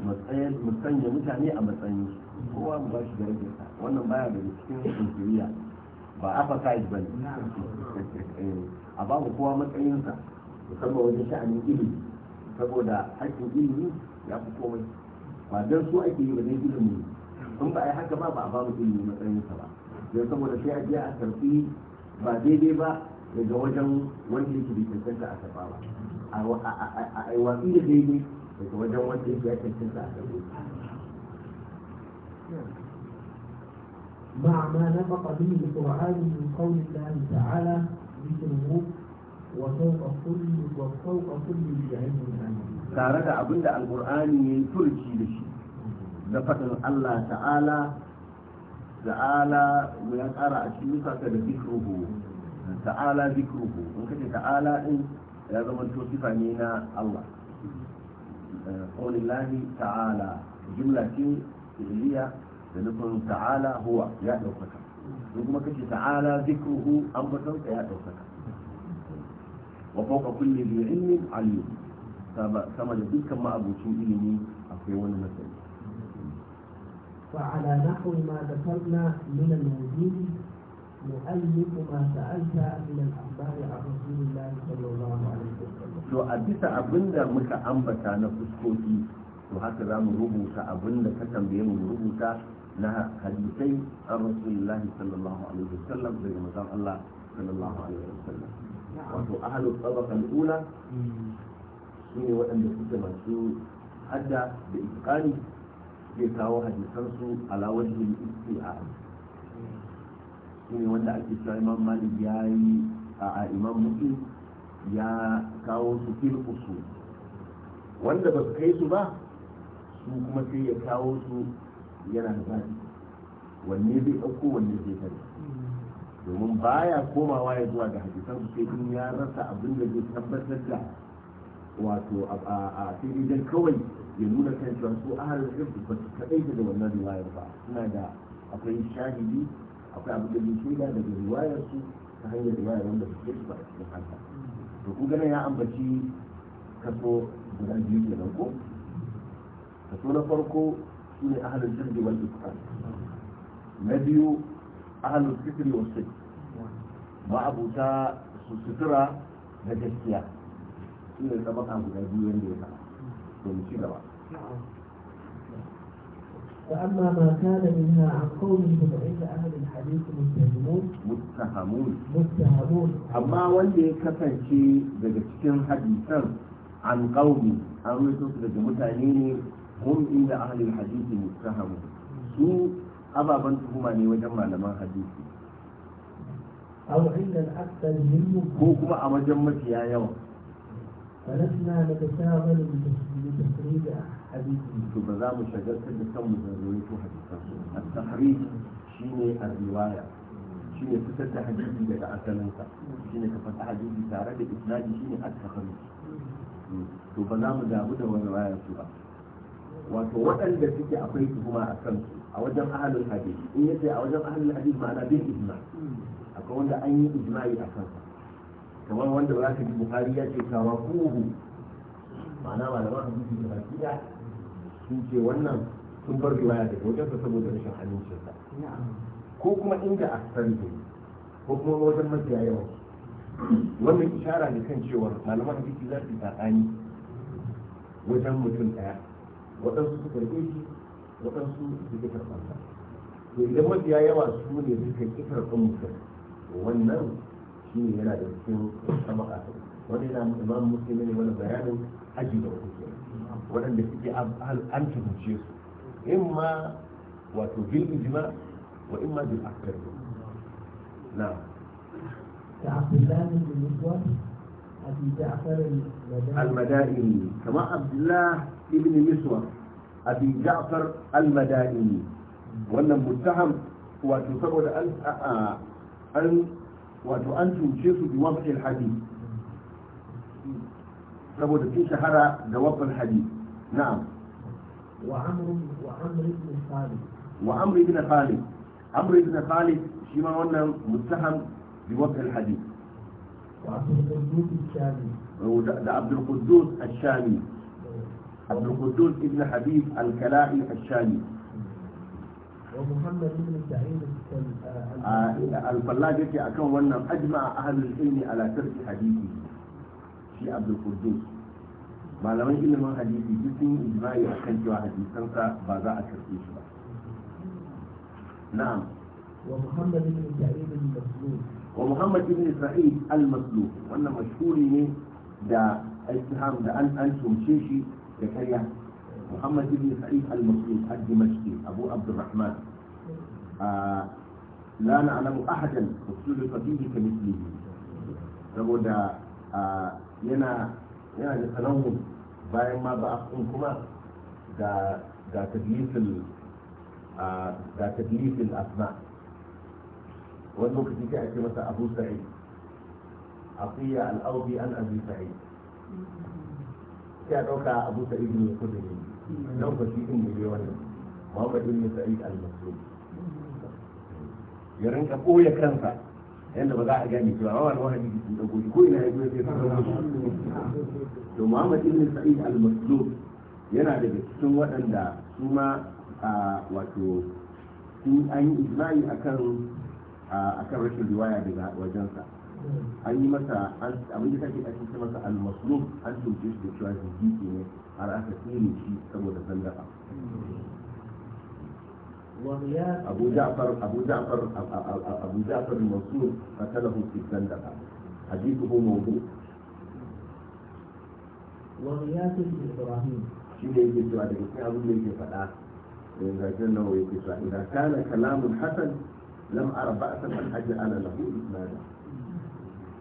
مسأل مستنيا متعني أما تنيش هو مباشر درجة وأنا ما يعمل شيء سنتريا بأفا كايد بني أباه هو متعنيسا وسمى وجه شأن إلي فبودا حيث إلي يا أبو ba don su ake yi ba don ilimi in ba a yi haka ba ba a ba mutum ne sa ba don saboda sai a je a karfi ba daidai ba daga wajen wanda yake bai cancanta a karfa ba a yi watsi da daidai daga wajen wanda yake ya cancanta a karfi مع ما به القرآن من قول الله تعالى ذكره وفوق كل وفوق كل ذي علم عليم tare da abin da alkur'ani ya yi turki da shi da faɗin allah ta'ala ta'ala mu ya ƙara a cikin sa da zikruhu ta'ala zikruhu in kace ta'ala din ya zama to sifa ne na allah qaulillahi ta'ala jumla ce iliya da nufin ta'ala huwa ya dauka in kuma kace ta'ala zikruhu an batansa ya dauka wa fawqa kulli dhi ilmin alim sama da dukkan ma'abucin ilimi akwai wani masani فعلى نحو ما ذكرنا من الوجود نؤلف ما سألت من الأخبار عن رسول الله صلى الله عليه وسلم. لو أبيت أبندا مك أنبت أنا فسكوتي وهكذا من ربوتا أبندا كتم بيم ربوتا لها حديثي عن رسول الله صلى الله عليه وسلم زي ما الله صلى الله عليه وسلم. وأهل الطبقة الأولى su ne waɗanda suke masu hadda da itikani zai kawo hadisansu alawar jini iske a su ne wanda ake cewa imam malik ya yi a imam mutu ya kawo su fil wanda ba su kai su ba su kuma sai ya kawo su yana da zafi wanne zai ɗauko wanne zai tare domin baya komawa ya zuwa ga hadisansu sai in ya rasa abin da zai tabbatar da wato a sai dai kawai ya nuna kan cewa su harin irfi ba su kaɗai da wannan riwayar ba suna da akwai shahidi akwai abu da da daga riwayar su ta hanyar riwayar wanda su ke ba a cikin hanta to ku gana ya ambaci kaso guda biyu ke nan ko kaso na farko su ne ahalin sirri wani ifkar na biyu ahalin sirri wasu ba abuta su sutura da gaskiya shi ne tabaka guda biyu yadda ya kama to mu ci gaba وأما ما كان منها عن قولهم عند أهل الحديث متهمون متهمون متهمون أما ولي كفن شيء بجتكين حديثا عن قومي أو يتوسل متعنيني هم عند أهل الحديث متهمون سوء أبا بنتهما ني وجمع لما حديث أو عند الأكثر منهم هو كما أما جمت يا يوم فلسنا نتساغل بتخريج حديثه to ba za mu shagaltar da kanmu da rawaito hadisan a tahrir shine a riwaya shine fitar da hadisi daga asalinsa shine ka faɗa hadisi tare da isnadi shine a tahrir to ba za mu damu da riwaya su ba wato waɗanda suke akwai a a wajen in a wajen ma'ana an yi ijma'i a kansa kamar wanda za ka ji buhari ya ce kuhu ma'ana malaman hadisi da hakiya sun ce wannan sun bar riwaya da wajensa saboda rashin amincinsa ko kuma inda a sani ko kuma wajen mafiya yawan wannan ishara ne kan cewa malaman hadisi za zafi tsakani wajen mutum ɗaya waɗansu su karɓe shi waɗansu su karɓar karɓarsa to idan mafiya yawa su ne suka ƙi karɓar mutum wannan shi ne yana da cikin sabaka wani yana imam muslim ne wani bayanin aji da wani ke waɗanda suke an tuhuce su in ma wato bil ijma wa in ma bil na كعبد الله بن مسور أبي جعفر Kama كما عبد الله بن مسور أبي جعفر المدائني وأن wato saboda an. wato an cuce su bi wafil hadith saboda sun shahara da wafil hadith na'am wa amr ibn khalid wa amr ibn khalid amr ibn khalid shi ma wannan mustaham bi wafil hadith oh, da abdul quddus al-shami abdul quddus ibn habib al-kala'i al-shami ومحمد بن سعيد wannan يجي أكون ونم أجمع أهل العلم على ترك حديثه في عبد malaman ilimin hadisi duk sun ijma'i a kan cewa hadisansa ba za a karɓe shi ba na'am wa muhammad ibn sa'id al-maslul wannan mashhuri ne da ittiham da an an shi da karya محمد بن سعيد المصري الدمشقي أبو عبد الرحمن لا نعلم أحدا اختلف فيه كمثله saboda uh, yana yana da sanannu bayan ma ba a kuma ga ga tadlisil uh, asma wani lokaci sai ake masa abu sa'id aqiya al-awbi an abi sa'id sai a abu nan ba shi ɗin ne wannan muhammad ibn sa'id al-masrur ya rinka ɓoye kansa yadda ba za a gane cewa ba wani wani sun ɗago shi ko ina ya zo ya to muhammad ibn sa'id al-masrur yana daga cikin waɗanda su ma wato sun an yi ijma'i akan akan rashin riwaya daga wajensa an yi masa abin da take ake ce masa al-maslum an tuke shi da cewa zindiki ne har aka tsere shi saboda zandaka abu ja'far abu ja'far abu ja'far al-mansur qatalahu fi zandaka hadithuhu mawdu wa riyatul ibrahim shi ne yake cewa daga cikin abin da yake faɗa ga jin nawa yake cewa idan kana kalamun hasan lam ara ba'sa al-ajr ala lahu isnada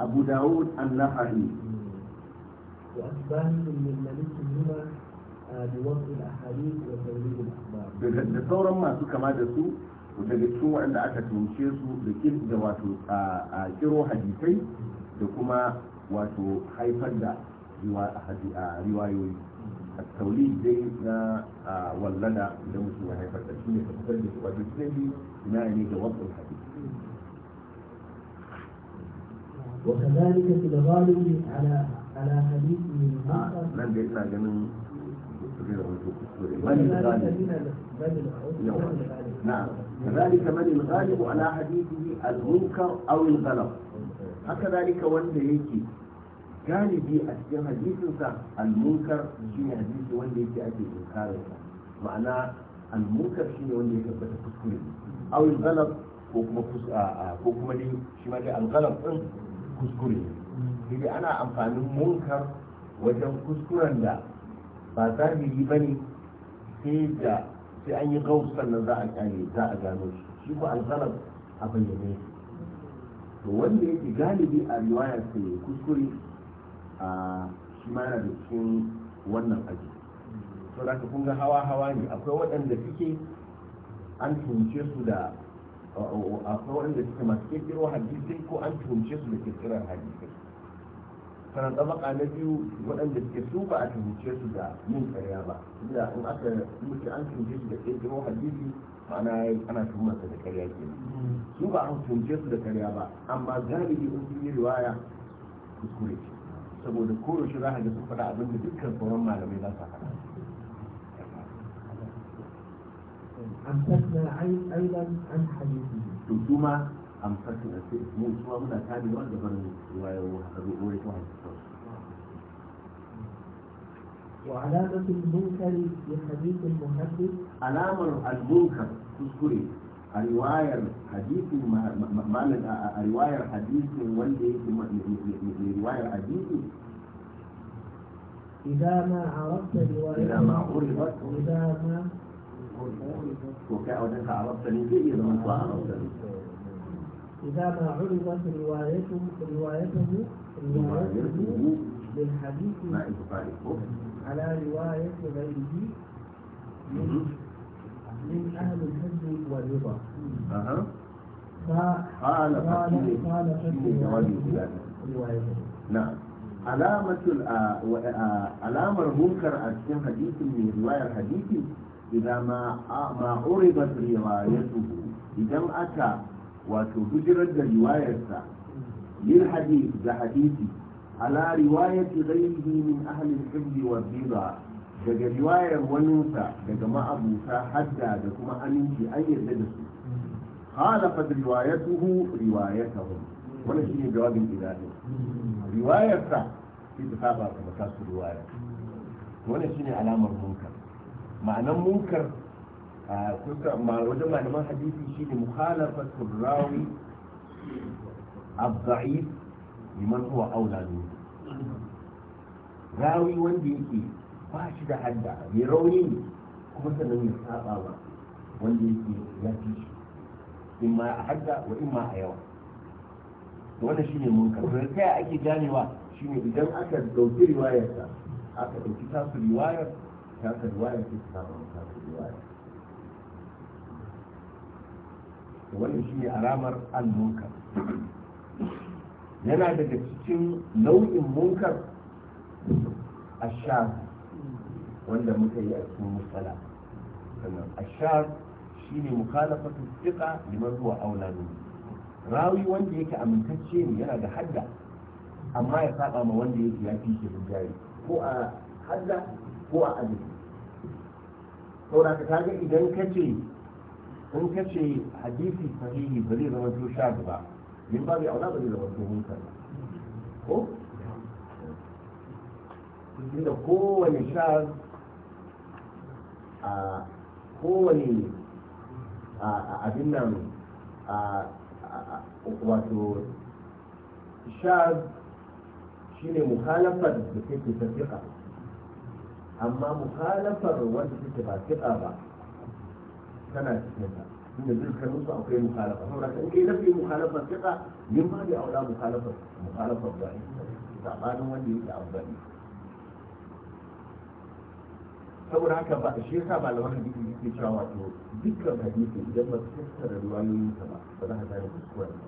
أبو داود النخعي وأشباههم من ملكهما بوضع الأحاديث وتوليد الأخبار بصورة ما سوى دسو waɗanda aka tunce su da kin da wato a kiro hadisai da kuma wato haifar da riwayoyi a tauli dai na wallada da mutum haifar da wasu وكذلك في الغالب على على حديث من هذا nan da ina ganin نعم كذلك من الغالب على حديثه المنكر او الغلط هكذلك وانت يجي galibi a cikin hadisinsa almunkar shi ne hadisi wanda yake ake inkarinsa ma'ana almunkar shi ne wanda ya tabbata kuskure awil galab ko kuma ko kuma shi ma dai algalab din kuskure ne ana amfanin munkar wajen kuskuren da ba zahiri ba ne sai sai an yi gaus sannan za a kyale za a gano shi shi ko alzalar a bayyane to wanda yake galibi a riwaya sai kuskure a shi ma da cikin wannan aji to da ka kunga hawa hawa ne akwai waɗanda suke an tunce su da akwai wanda suke masu kirkiro hadisai ko an tuhumce su da kirkirar hadisai sanan tsabaka na biyu waɗanda suke su ba a tuhumce su da yin karya ba inda in aka mutu an tuhumce su da kirkiro hadisi ma'ana ana tuhumar da karya ke su ba an tuhumce su da karya ba amma galibi in sun yi riwaya kuskure saboda koyaushe za a ga sun faɗa abin da dukkan sauran malamai za su faɗa أمسكنا أيضا عن حديثه تسوما أمسكنا مو سوى هنا ثاني ولا بن رواية واحد وعلامة المنكر لحديث المحدث علامة المنكر تذكري رواية حديث ما رواية حديث والدي رواية حديث إذا ما عرفت رواية إذا ما عرفت إذا ما ko ka a wasu ne zai iya zama a wasu ne. Ina ka haɗu da wasu riwayatun riwayatun ne? Riwayatun idan ma uribat riwayatuhu idan aka wato bujirar da riwayarsa lil hadith da hadisi ala riwayati ghayrihi min ahli al-hibbi wa riba daga riwayar waninsa daga ma'abuta hadda da kuma aminci an yarda da su khalafat riwayatuhu riwayatahum wannan shine jawabin idanin riwayarsa sai ta saba kuma su riwaya wannan shine alamar munkar ma'anan munkar wajen malaman hadisi shi ne mukhalafar turrawi abda'if liman huwa aula ne rawi wanda yake ba shi da hadda mai rauni ne kuma sannan ya saba ba wanda yake ya fi shi in ma a hadda wa in ma a yawa to shi ne munkar Da ta ake ganewa ne idan aka dauki riwayarsa aka dauki tasu riwayar taka ruwaya sai su saba wa taka ruwaya wannan shi ne alamar al-munkar yana daga cikin nau'in munkar ashar wanda muka yi a cikin musala sannan ashar shi ne mukalafatun fiƙa liman zuwa aula ne rawi wanda yake amintacce ne yana da hadda amma ya saba ma wanda yake ya fi shi ko a hadda ko a azumi saboda ka kaga idan ka ce in ka ce hadisi sahihi ba zai zama to sha ba min babu aula ba zai zama to munkar ko inda kowane sha a kowane abin nan wato sha shine mukhalafar da take tafiya amma mukhalafar wanda take ba kiɗa ba tana cikin ta inda dukkanin su akwai mukhalafa saboda kan kai nafi mukhalafar kiɗa yin ma da aula mukhalafar mukhalafar ba sabanin wanda yake abdani saboda haka ba shi yasa malaman hadisi yake cewa wato dukkan hadisi idan ba su tattara ruwayoyin sa ba ba za ka gane kuskuren ba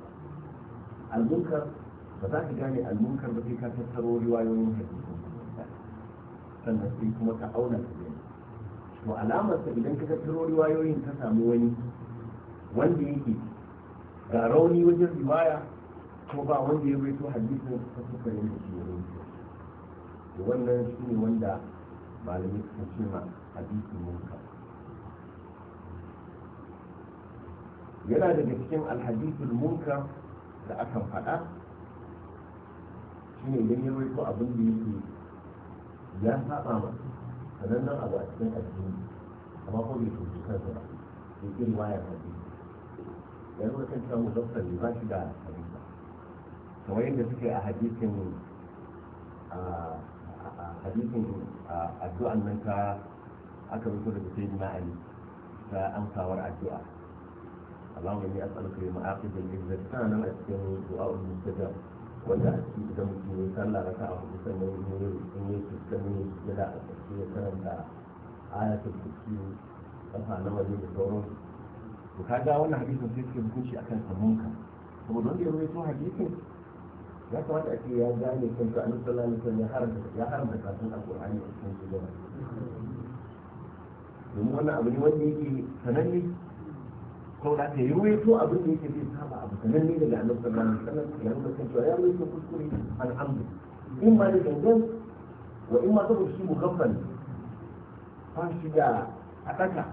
al-munkar ba za ka gane al ba sai ka tattaro riwayoyin hadisi sannan sai kuma ka auna ka gani to alamar sa idan ka tattaro riwayoyin ka samu wani wanda yake ga rauni wajen riwaya ko ba wanda ya rawaito hadisin ka suka yin da shi to wannan shine ne wanda malamai suka ce ma hadisin munkar yana daga cikin alhadisul munka da akan faɗa shine ne idan ya rawaito abin da yake ya saba ma sanannen abu a cikin addini amma ko bai tuji kansa ba bai ƙi riwayar hadisi ya nuna kan cewa mudassar ne ba shi da hadisa kamar yadda suke a hadisin hadisin addu'an nan ta aka rubuta da sai ma'ani ta amsawar addu'a اللهم اني اسالك بمعاقب a cikin اسكن دعاء المستجاب wanda a ciki da mutum ya sallah raka a hudu sannan ya yi in ya su da ne su gida a ƙarshe ya karanta ayatul kursi kafa na waje da sauran to kaga wannan hadisin sai suke hukunci akan samunka saboda wanda ya rawaito hadisin ya kamata a ce ya gane kanka annabi sallallahu alaihi wasallam ya haramta ya haramta alqur'ani a cikin su gaba domin wannan abu ne wanda yake sananne saboda haka ya ruwaito abin da yake zai saba abu sanan ne daga annabi sallallahu alaihi wasallam ya rubuta cewa ya ruwaito kuskure an in ma da gangan wa in ma saboda shi mugabban ba shi da haɗaka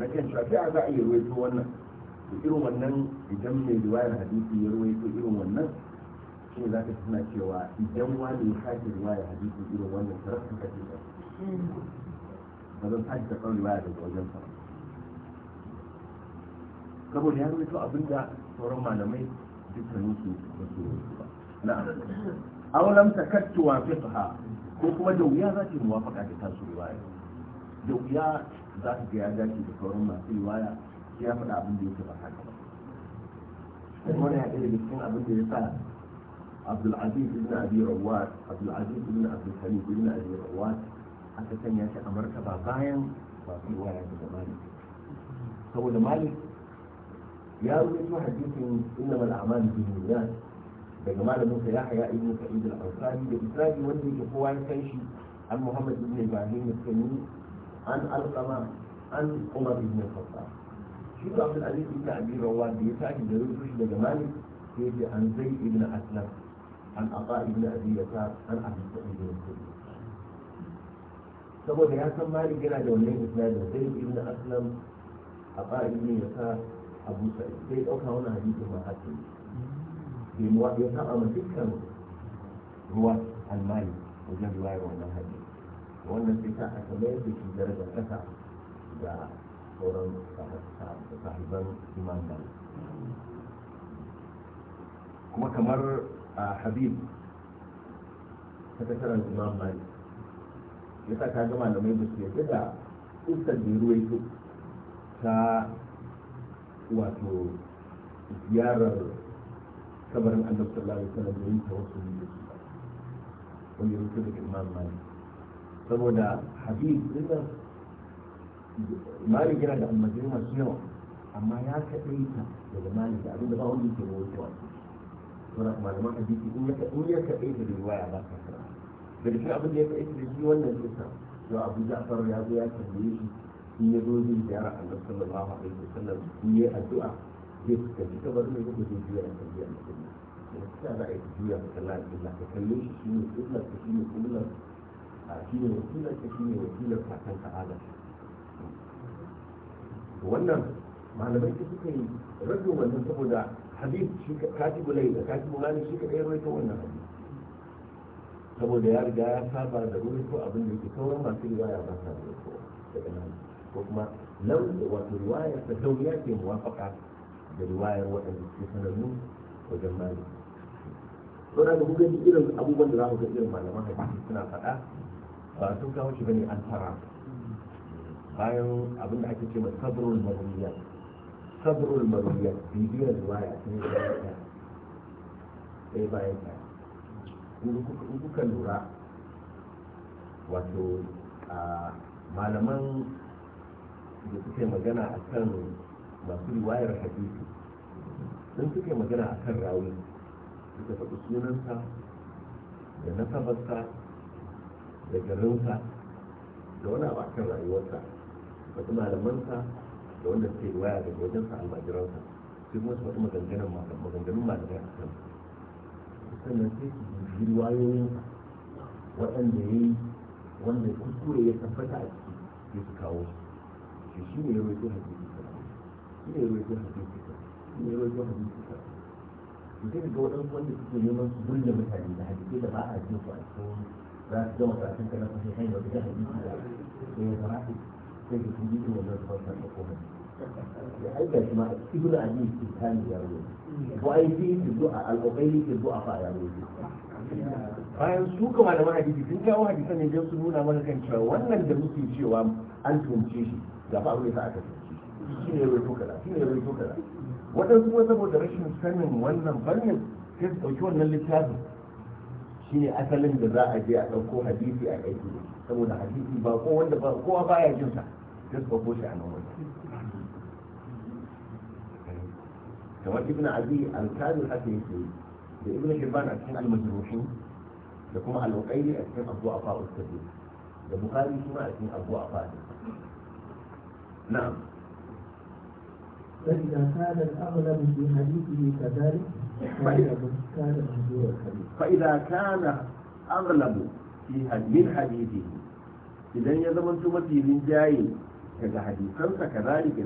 na kan cewa sai a za a iya ruwaito wannan to irin wannan idan mai riwayar hadisi ya ruwaito irin wannan shi ne za ka suna cewa idan wani ya sake riwayar hadisi irin wannan tarar ka kace ba ba zan sake karɓar riwaya daga wajen sa saboda ya rubuta abin da sauran malamai dukkanin su ba su ba na aulam takattu wa fiqha ko kuma da wuya za ta yi muwafaka da tasu riwaya da wuya za ta ga ya dace da sauran masu riwaya ya faɗa abin da yake ba haka ba wannan ya ɗaya cikin abin da ya sa abdulaziz ibn abi rawat abdulaziz ibn abdulhamid ibn abi rawat aka sanya shi a martaba bayan su riwaya daga malik saboda malik يا ولد واحد يقول انما الاعمال بالنيات يا جماعه موسى يحيى ابن سعيد الانصاري بإسرائيل ولد هو عن كيشي عن محمد بن ابراهيم التميمي عن القمع عن عمر بن الخطاب شوف عبد العزيز بن ابي رواد بيسعد جريد رشد جمالي يجي عن زيد بن اسلم عن عطاء بن ابي يسار عن عبد السعيد بن سعيد سبب يا سمالي جنا جونين اسلام زيد بن اسلم عطاء بن يسار abu sa'id sai ɗauka wani hadisin ma haka bai mu ya saba ma dukkan ruwa almali wajen ruwayar wannan hadisi wannan sai sa aka mayar da shi darajar ƙasa da sauran sahiban imam malik kuma kamar a habib sakataren imam malik ya sa ka gama da mai basu yadda da iskar da ruwaito ta wato ziyarar kabarin annabi sallallahu alaihi wasallam da yin tawassuli da shi ne wani rubuta da imam malik saboda habib dinnan malik yana da almajirai masu yawa amma ya kaɗaita daga Abin da abinda ba wani yake rawaito a cikin sauran malaman in ya in ya kaɗaita da riwaya ba ka kira da cikin abin da ya kaɗaita da shi wannan kisa to abu ja'far ya zo ya kalle shi shi ya zo zai gyara Allah sallallahu alaihi wasallam shi ya addu'a zai fuskanci kabar ne kuma zai ya da suka za a yi juya ka kalla Allah ka kalle shi shi ne kullar ka shi ne kullar a shi ne wakilar ka shi ne wakilar kakan ka wannan malamai ta suka yi rage wannan saboda hadith shi ka da katibu gani shi ka ɗaya rawaito wannan saboda ya riga ya saba da ko abin da yake sauran masu riwaya ba sa ruwaito daga nan ko kuma lau wato da ta ya ke muwafaka da riwayar waɗanda suke sanannu wajen mali to da kuka gani irin abubuwan da za mu ga irin malaman hadisi suna faɗa ba sun kawo shi bane an tara bayan abin da ake ce ma sabrul marwiyat sabrul marwiyat bibiyar riwaya sun yi ta sai bayan ta in kuka lura wato malaman da suke magana a kan masu riwayar hadisi sun suke magana a kan rawi suka faɗi sunansa da nasabarsa da garinsa da wani abu a kan rayuwarsa wasu malamansa da wanda suke riwaya daga wajensa almajiransa sai kuma su faɗi maganganun malamai a kan sannan sai su yi riwayoyin waɗanda ya yi wanda kuskure ya tabbata a ciki sai su kawo su shi ne ya rawaito hadisi ne ya ne ya ga su da da a jin su ne. za su gama da sai wannan da ya aika ma a cikin ya ruwa ko ai sai su zo a alƙoƙari ke zo a fa ya ruwa bayan su kuma da mahadisi sun kawo hadisan ne don su nuna mana kan cewa wannan da muke cewa an tunce shi ga ba abin da aka tsinci shi ne rai to kaza shi ne rai to kaza waɗansu kuma saboda rashin sanin wannan fannin sai su ɗauki wannan littafin shi ne asalin da za a je a ɗauko hadisi a aiki saboda hadisi ba ko wanda ba kowa baya jin sa sai su ɗauko shi a nan wani kamar ibn abi al-kamil haka yake da ibn hibban a cikin al-majruhin da kuma al-uqayli a cikin abu afa ustadi da bukhari kuma a cikin abu afa نعم فإذا كان الأغلب في حديثه كذلك كان محذور الحديث فإذا كان أغلب في من حديثه إذا يزمن تمتي daga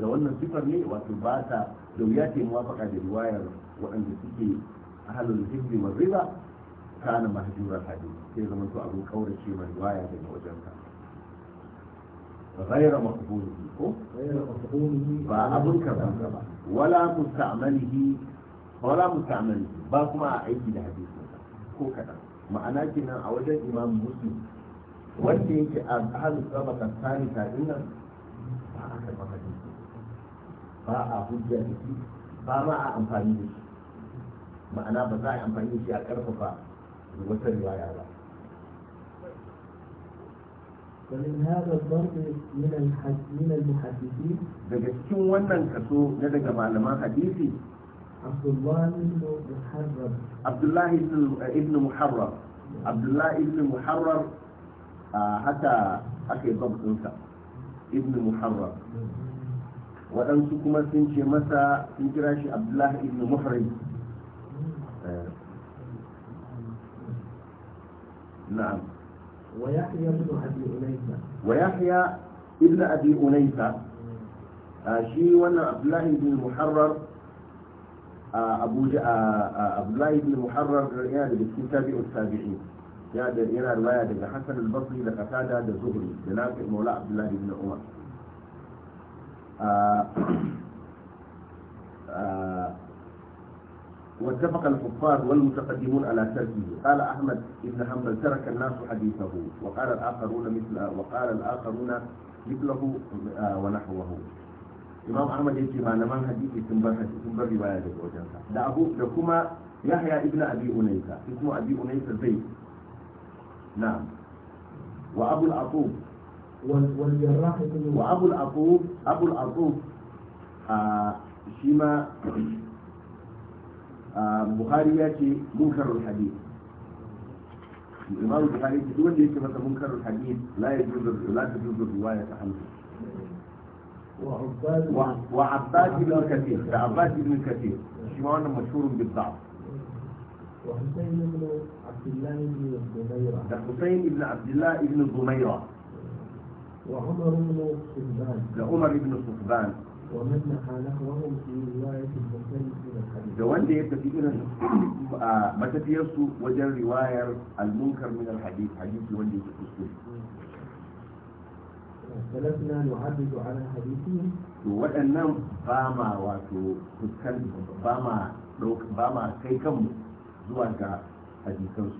da wannan sifar ne wato ba ta da wuya ce muwafaka da riwayar waɗanda suke ahalul hibbi wa riba kana mahjurar hadisi sai zama to abin kaurace mai riwaya daga wajenka غير مقبوله غير مقبوله فأبن كربان ولا مستعمله ولا مستعمله باكما أيدي الحديث ko kaɗan ma'ana kenan a wajen imam muslim wanda yake a halin tsabaka tsari ta nan ba a karɓa hadisi ba a hujja da shi ba ma a amfani da shi ma'ana ba za a yi amfani da shi a ƙarfafa wata riwaya ba ومن هذا الضرب من من المحدثين daga cikin wannan kaso na daga malaman hadisi Abdullah ibn Muharram Abdullah ibn Muharram Abdullah ibn Muharram haka ake babinsa ibn Muharram waɗansu kuma sun ce masa sun kira shi Abdullah ibn Muharram na'am ويحيى بن أبي أنيسة ويحيى ابن أبي أنيسة شي وانا عبد الله بن المحرر أبو جاء عبد الله بن المحرر يعني بسكين تابع التابعين يعني ينا رواية دقى حسن البصري لقتادة دزهري لنافع مولى عبد الله بن عمر واتفق الكفار والمتقدمون على تركه قال احمد ابن حنبل ترك الناس حديثه وقال الاخرون مثل وقال الاخرون مثله آه، ونحوه امام احمد يجي ما نما حديث سنبر حديث سنبر روايه ده ابو لكما يحيى ابن ابي انيسه اسمه ابي انيسه زيد نعم وابو العقوب والجراح وابو العقوب ابو العقوب آه شيما البخاري ياتي منكر الحديث الإمام البخاري يقول لي ليس منكر الحديث لا يجوز لا تجوز الرواية عنه وعباد بن كثير عباد بن كثير شيوعنا مشهور بالضعف وحسين بن عبد الله بن الضميرة حسين بن عبد الله بن الضميرة وعمر بن صفبان عمر بن صفبان da wanda ya tafi irin matafiyarsu wajen riwayar almunkar min alhadith hadisi wanda yake kuskure salafina ala to waɗannan ba ma wato fuskan ba ma ba ma kai kanmu zuwa ga hadisansu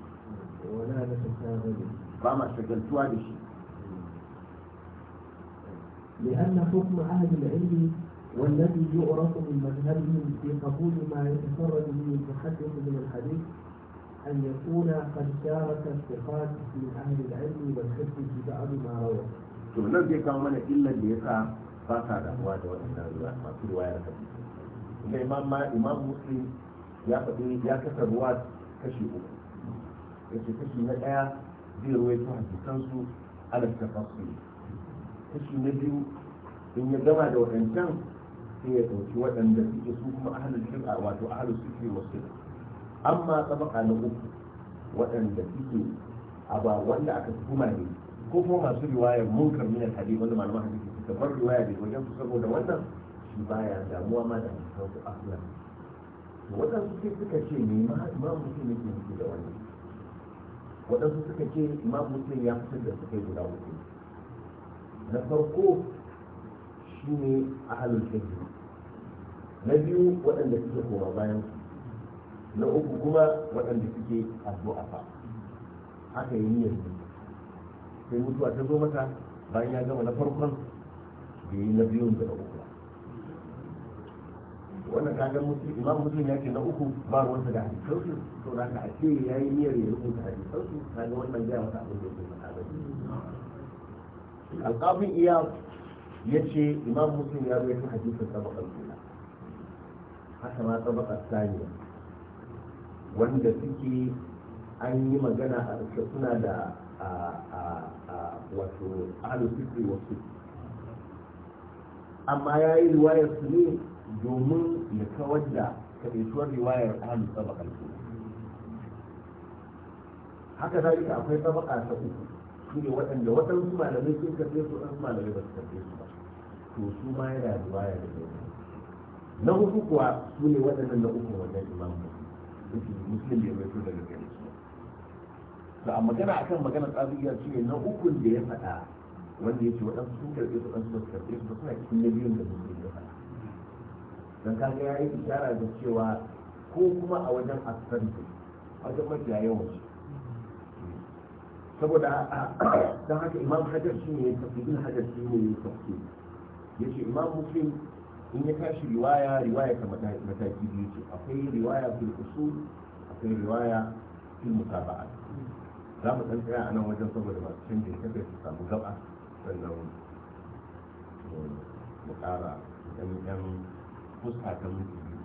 ba ma shagaltuwa da shi لأن حكم أهل العلم والذي يعرف من مذهبهم في قبول ما يتفرد به المحدث من الحديث أن يكون قد شارك الثقات في أهل العلم والحفظ في بعض ما روى. شوف لم يكن من إلا اللي يسعى فاتح الأموات والأنهار ما إمام ما إمام مسلم يا فتي يا كسر رواد كشي أخرى. كشي كشي نجاة دي رواية واحد على التفاصيل. kashi na biyu in ya gama da waɗancan sai ya ɗauki waɗanda suke su kuma ahalin shir'a wato ahalin suke wasu amma tabaka na uku waɗanda suke a ba wanda aka tuhuma ne ko kuma masu riwaya munkar na alhadi wanda malaman hadisi suka bar riwaya da wajen su saboda wannan shi baya damuwa ma da hadisan su ahlan waɗansu sai suka ce ne ma mutum yake nufi da wani waɗansu suka ce ma mutum ya fitar da su kai guda uku na farko shi ne a halin shirki na biyu waɗanda suke koma bayan su na uku kuma waɗanda suke addu'a fa haka yi niyyar sai mutuwa ta zo mata bayan ya gama na farkon da yi na biyun da na uku wannan kagan musulmi imam ya ce na uku ba ruwansa da hadisansu to da ka a ce ya yi niyyar ya rubuta Na kaga wannan gaya masa abin da ya alƙafin iya ya ce imam muslim ya zai fi hadisi sabaka juna haka ma sabaka saniya wanda suke an yi magana a rike suna da wato alusifri wasu amma ya yi riwayar su ne domin ya kawar da kaɗaituwar riwayar ahalus sabaka juna haka zalika akwai sabaka ta uku su ne waɗanda waɗansu malamai sun karɓe su ɗansu malamai ba su karɓe su ba to su ma yana da baya da zai na hudu kuwa su ne waɗannan na uku wajen imam muslim bai mai daga gare su to a magana akan magana tsabiya shi ne na ukun da ya faɗa wanda ya ce waɗansu sun karɓe su ɗansu ba su karɓe su ba suna cikin na biyun da muslim ya faɗa don ga ya yi ishara da cewa ko kuma a wajen a wajen mafiya yawan su saboda don haka imam hajar shi ne tafi ibn hajar shi ne tafi ya ce imam muslim in ya tashi riwaya riwaya ta mataki biyu ce akwai riwaya fil usul akwai riwaya fil mutaba'at za mu san tsaya a nan wajen saboda masu canjin kada su samu gaba sannan eh, mu kara yan yan fuska ta mutu biyu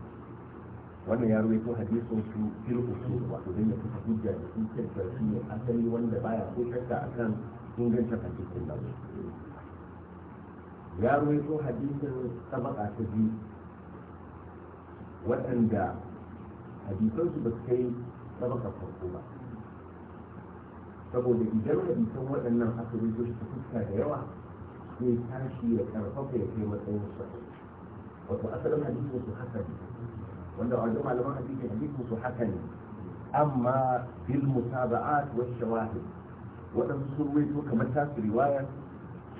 wannan ya ruwaito hadisin su fil usul wato dan ya fita hujja da shi kyautar shi ne asali wanda baya ko shakka akan ingancin hadisin nan ya ruwaito hadisin sabaka ta biyu waɗanda hadisansu ba su kai sabaka farko ba saboda idan hadisan waɗannan aka rubuto shi ta fuska da yawa sai tashi ya karfafa ya kai matsayin sa wato asalin hadisin su haka ne wanda a wajen malaman hadisi su haka ne amma fil mutaba'at wa shawahid waɗansu sun ruwaito kamar tasu riwayar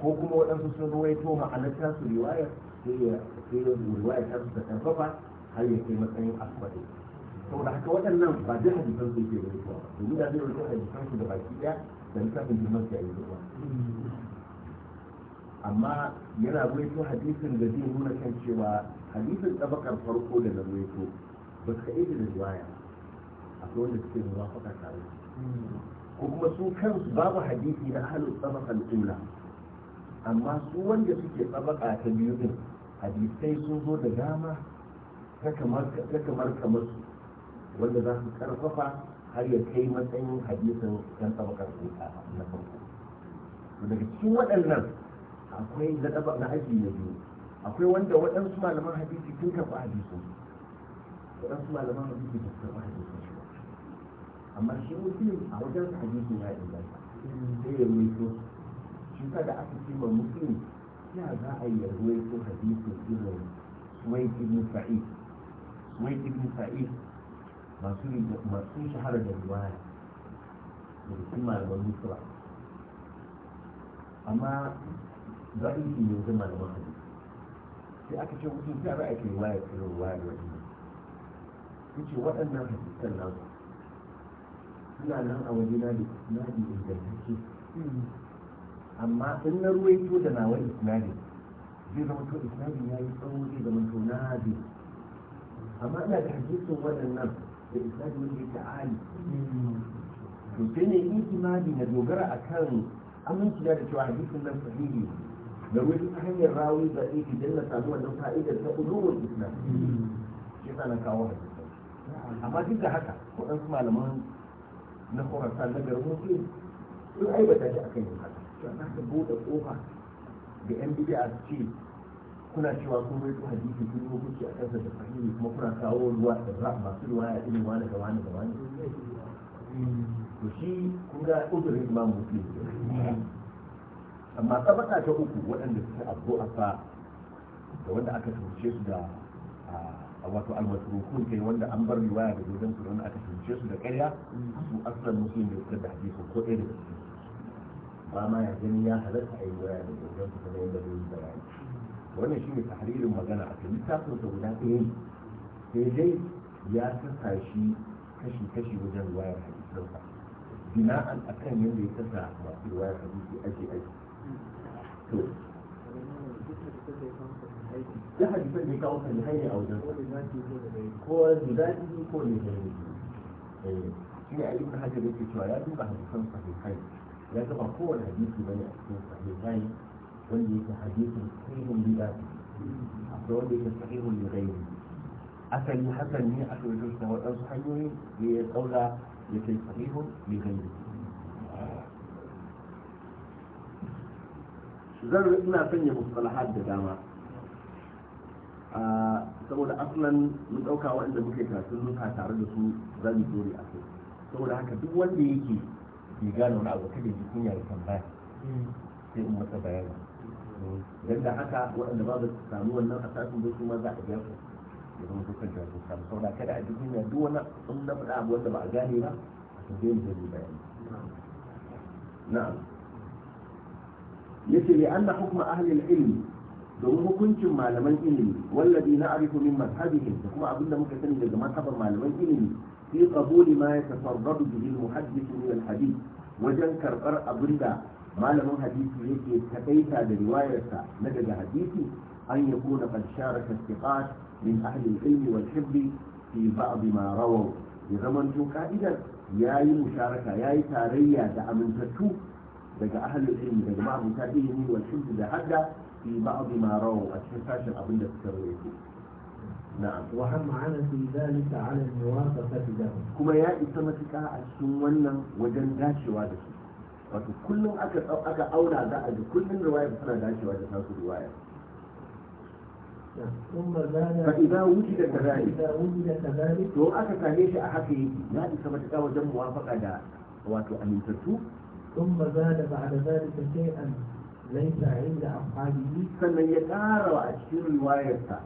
ko kuma waɗansu sun ruwaito ma'anar tasu riwayar sai ya riwayar tasu ta karfafa har ya kai matsayin asibiti saboda haka waɗannan ba duk hadisan su ke ruwaitowa domin da zai ruwaito hadisan su da baki ɗaya da littafin jima'a ya yi ruwa amma yana ruwaito hadisin da zai nuna kan cewa hadisin tsabakar farko da na ruwaito ba su kaɗai da a akwai da suke muwafaka tare ko kuma su kansu babu hadisi na ahalin tsabakar ula amma su wanda suke tsabaka ta biyu din hadisai sun zo da dama ta kamar kamar su wanda za su karfafa har ya kai matsayin hadisin kan tsabakar ula na farko daga cikin waɗannan akwai ladaba na aji na biyu akwai wanda waɗansu malaman hadisi sun karɓi hadisin waɗansu malaman hadisi ba su karɓi hadisin amma shi muslim a wajen hadisin ya inganta sai ya ruwaito shi ka da aka ce ma muslim ya za a yi ruwaito hadisin irin suwaid ibn sa'id suwaid ibn sa'id masu masu shahara da riwaya da cikin malaman musulma amma za a yi ne wajen malaman hadisi sai aka ce mutum sai ra'ayi ke waya ke waya da wani ya ce waɗannan hadisan nan suna nan a waje na da isnadi ingantacce amma in na ruwaito da nawa isnadi zai zama to isnadi ya yi tsawo zai zama to amma ina da hadisin waɗannan da ali sai ne ikimadi na dogara kan aminci da cewa hadisin nan sahihi da wani hanyar rawi da iki dan na samu wannan fa'idar ta ulumul islam shi na kawo hadisi amma duk da haka waɗansu malaman na khurasan na garin muslim sun aibata shi akan yin haka za ka buɗe ƙofa da yan bid'a su ce kuna cewa kun bai ku hadisi kun yi hukunci a kansa da fahimi kuma kuna kawo ruwa da za masu ruwa ya irin wani da wani da wani to shi kun ga uzurin imam muslim amma sabaka ta uku waɗanda suka abu a fa da wanda aka tunce su da a wato almasurukun kai wanda an bar riwaya da dodon su wanda aka tunce su da ƙarya su asalin musulun da suka da hadisin ko ɗaya da su ba ma ya gani ya halatta a yi waya da dodon su kuma yadda zai yi rayu wannan shi ne tahririn magana a kan littafin sa guda ɗaya sai dai ya sassa shi kashi-kashi wajen wayar hadisansa bina'an akan yadda ya sassa masu riwayar hadisi ake aiki da hadisan da ya kawo kan hanyar a wajen ko ko ne shi ne cewa ya duba hadisan kai. ya kowane hadisi bane a cikin sahihai wanda yake hadisin sahihun bida wanda yake sahihun da asali hakan ne a cikin waɗansu hanyoyi ya kaula ya kai sahihun da zan ina sanya mustalahat da dama ah, saboda aslan mun ɗauka waɗanda muke karatun nuka tare da su za mu dore a kai saboda haka duk wanda yake ke gane na abu kada yi kunya da tambaya sai in masa bayani dan da haka waɗanda ba su samu wannan asasin da su ma za a biya su ya zama dukkan da kan samu saboda kada a jikin kunya duk wani in na faɗa abu wanda ba a gane ba a tambaye mu zai bayani na'am يتي لأن حكم أهل العلم دروه كنتم معلما إلي والذي نعرف من مذهبهم تقوم عبدنا مكتن إذا ما تحضر معلما إلي في قبول ما يتفرد به المحدث من الحديث وجنكر قرأ أبنى معلما حديث يتي تقيتا برواية نجد حديثي أن يكون قد شارك الثقات من أهل العلم والحب في بعض ما رووا لغمنتم قائدا ياي مشاركة ياي تارية دعمنتكم daga ahalin ilmi daga ma'abuta ilmi wa shuddu da hadda fi ba'adu ma rawu a cikin sashen abin da suka rawaito na'am wa har ma'ana fi zalika ala muwafaqati da kuma ya isa matuƙa a cikin wannan wajen dacewa da su wato kullum aka aka auna za a ga kullum riwaya tana dacewa da tasu riwaya فإذا وجد كذلك to aka same shi a haka yake ya isa matuƙa wajen muwafaqa da wato amintattu ثم زاد بعد ذلك شيئا ليس عند أصحابه sannan ya ƙara a cikin riwayarsa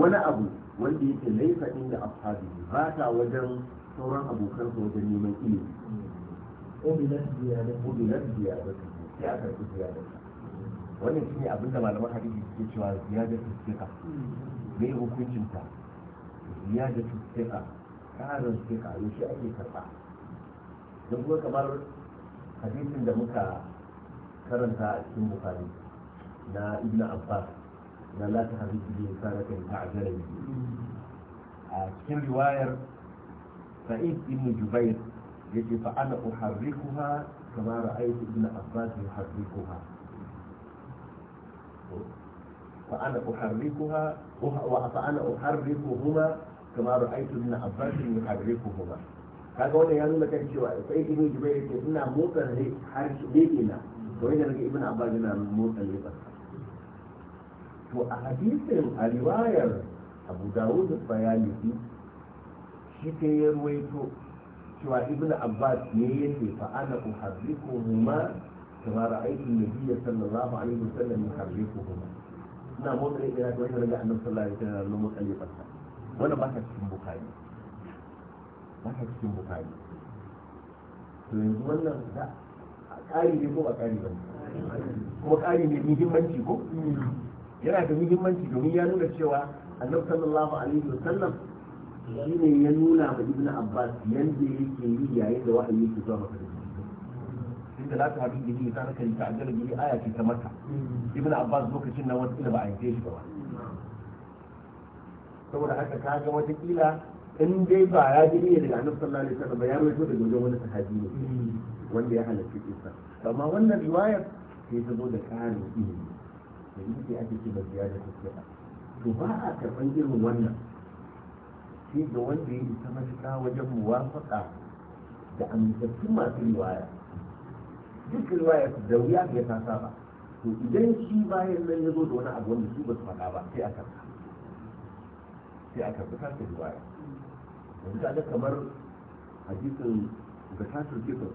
wani abu wanda yake laifa inda ashabi ba ta wajen sauran abokan wajen neman ilimi ubilat ziyadatu ubilat ziyadatu sai aka yi wannan shine abin da malaman hadisi suke cewa ziyadatu siqa me hukuncin ta ziyadatu siqa ƙarin siqa yaushe ake karɓa Don kuma kamar hadisin da muka karanta a cikin bukari na ibn abbas na lati ta hadisi bi sanaka ta ajalai a cikin riwayar sa'id ibn jubair yace fa ana uharrikuha kama ra'aytu ibn abbas yuharrikuha fa ana uharrikuha wa fa ana uharrikuhuma kama ra'aytu ibn abbas yuharrikuhuma kaga wannan ya nuna kan cewa sai ibnu jubair ce ina motsa ne har su be na to yadda nake ibnu abbas yana motsa ne to a hadisin a riwayar abu dawud bayani shi ta ya ruwaito cewa ibnu abbas ne yake fa ana huma kama ra'aytu nabiyya sallallahu alaihi wasallam huma ina motsa ne da wannan daga annabi sallallahu alaihi wasallam motsa ne ba wannan ba ta cikin bukari ba cikin bukari to yanzu wannan da ƙari ne ko ba ƙari ba kuma ƙari ne muhimmanci ko yana da muhimmanci domin ya nuna cewa annabi sallallahu alaihi wasallam shi ne ya nuna ma ibn abbas yanda yake yi yayin da wa'ayi yake zuwa maka da za ta haɗu tahadu bihi ta kari ta ajala bihi aya ce ta maka ibn abbas lokacin nan wata ba a yi shi ba saboda haka kaga wata kila in dai ba ya ji ne daga annabi sallallahu alaihi wasallam ba ya rawaito daga wajen wani sahabi ne wanda ya halarci kisa amma wannan riwayar sai ta zo da ƙarin ilimi da ita ce ake ce ba ziyara ta kira to ba a karɓan irin wannan sai ga wanda ya isa matuƙa wajen muwafaƙa da amintattun masu riwaya duk riwaya da wuya ya ta saba to idan shi bayan nan ya zo da wani abu wanda su ba su faɗa ba sai a karɓa sai a karɓi ta riwaya yanzu ka ga kamar hadisin zakatul fitr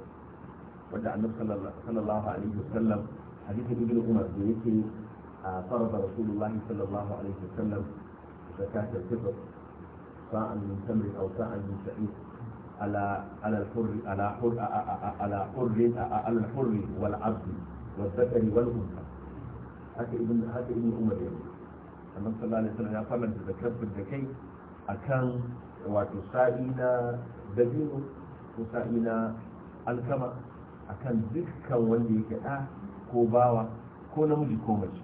wadda annabi sallallahu alaihi wasallam hadisin ibn umar da yake a farba rasulullah sallallahu alaihi wasallam zakatul fitr sa'an min tamri aw sa'an min sha'ir على على الحر على حر على حر على الحر والعبد والذكر والانثى haka ibn haka ibn umar ya annabi sallallahu alaihi wasallam ya da kafin da kai akan wato sa'i na dabino ko sa'i na alkama akan dukkan wanda yake ɗa ko bawa ko namiji ko mace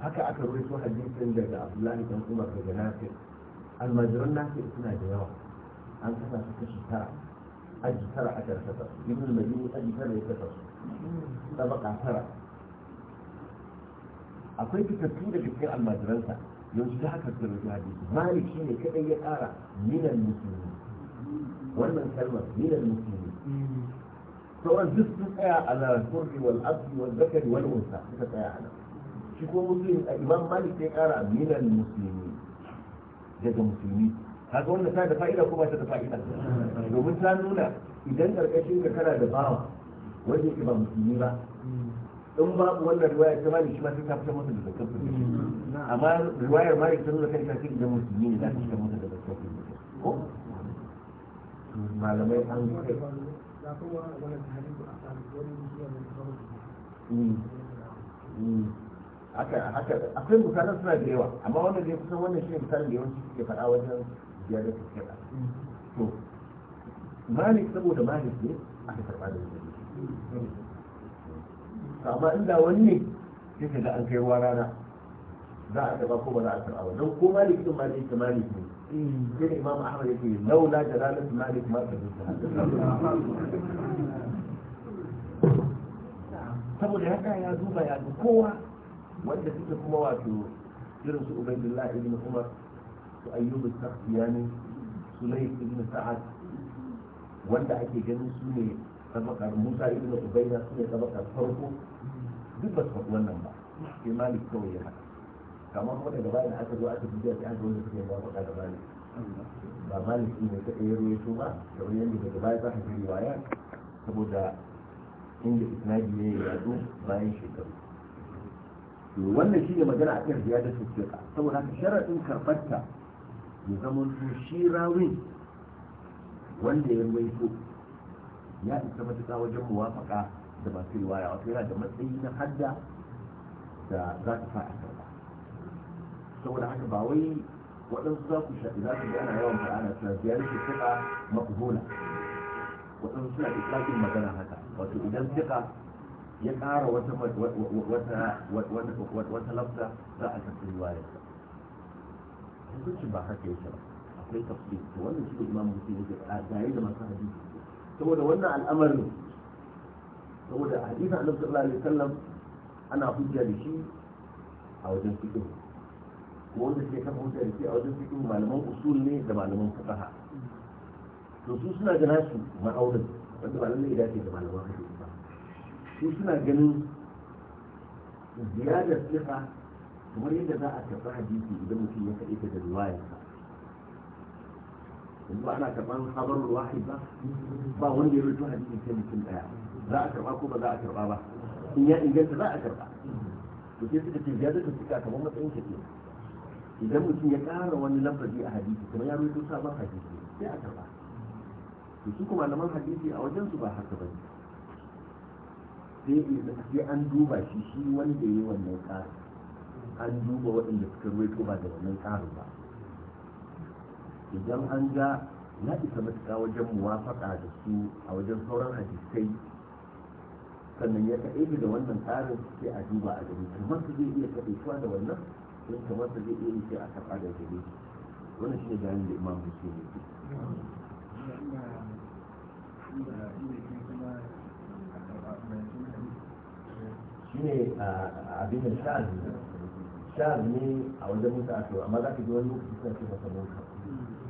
haka aka rubuto hadisin daga abdullahi dan umar daga nasir almajiran nasir suna da yawa an kasa su kashi tara aji tara aka rasa su ibn al-madini aji tara ya kasa su tabaka tara akwai fitattu daga cikin almajiransa yanzu za ka kira zaɓi malik shi ne kadai ya kara minan musulmi wannan kalmar minan musulmi sauran duk sun tsaya a lalkurri wal abdi wal zakari wal unsa suka tsaya a nan shi ko musulmi a imam malik ya kara minan musulmi daga musulmi haka wannan ta da fa'ida ko ba ta da fa'ida domin ta nuna idan ƙarƙashin ka kana da bawa wanda yake ba musulmi ba don babu wannan riwaya ta malik shi ma sai ta fitar masa da zakar amma riwayar malik ta nuna kan shafi idan yi ne za ta fitar masa da zakar ko malamai an kai akwai misalan suna da yawa amma wannan da ya kusan wannan shi ne misalin da yawanci suke faɗa wajen biyar da suke faɗa to malik saboda malik ne aka karɓa da wani amma inda wani ne yake ka an kai ruwa rana za a taba ko ba za a taba ba don ko malik din malik da malik ne mm. sai imam ahmad yake laula jalalatu malik ma ta saboda haka ya duba ya ga kowa wanda suke kuma wato irin su ubaidullah ibn umar su ayyub as-sakhtiyani su ibn sa'ad wanda ake ganin su ne da musa ibn ubayna su ne sabakar farko duk ba su faɗi wannan ba sai malik kawai ya haka kamar kuma daga bayan aka zo aka bibiya sai aka wanda suke yawa faɗa da malik ba malik shi ne kaɗai ya to ba kamar yadda daga baya za ka ji riwaya saboda inda isnadi ya yi yaɗo bayan shekaru wannan shi ne magana a kan ziyadar sosai saboda haka sharaɗin karɓarta ya zama shi rawin wanda ya ruwaito ya isa matuƙa wajen muwafaka da masu riwaya wato yana da matsayi na hadda da za ta sa a karɓa saboda haka ba wai waɗansu za ku shaɗi za su ji ana yawan fara ana suna biyar shi fiƙa makbula waɗansu suna islaƙin magana haka wato idan fiƙa ya ƙara wata wata lafta za a karɓi riwayar sa hukuncin ba haka yake ba akwai tafsir to wannan shi ne imam muslim yake a tare da masu hadisi saboda wannan al'amarin saboda a annabi sallallahu alaihi sallam, ana hujja da shi a wajen fiqh ko wanda ke kafa hujja da shi a wajen fiqh malaman usul ne da malaman fuqaha to su suna gana su ma'aurin wanda ba lallai ya dace da malaman hadisi ba su suna ganin ziyadar fiqh kamar yadda za a karɓi hadisi idan mutum ya kaɗe ta da riwayarsa yanzu ba ana karban habarul wahid ba ba wanda ya rubuta hadisi sai mutum daya za a karba ko ba za a karba ba in ya inganta za a karba to sai suka ce ya zaka suka kamar matsayin ka ke idan mutum ya kara wani lafazi a hadisi kamar ya rubuta sabon hadisi sai a karba to su kuma malaman hadisi a wajen su ba haka ba ne sai an duba shi shi wanda ya yi wannan ƙarin an duba waɗanda suka rubuto ba da wannan ƙarin ba idan an ga ya isa matuƙa wajen muwafaƙa da su a wajen sauran hadisai sannan ya kaɗe da wannan tsarin sai a duba a gani kamar su zai iya kaɗaituwa da wannan don kamar su zai iya yi sai a karɓa da gani wannan shi ne bayanin da imam hussein ya ce shi ne abin da sha'ani sha'ani a wajen mutu a amma za ka ji wani lokaci suna ce masa munkar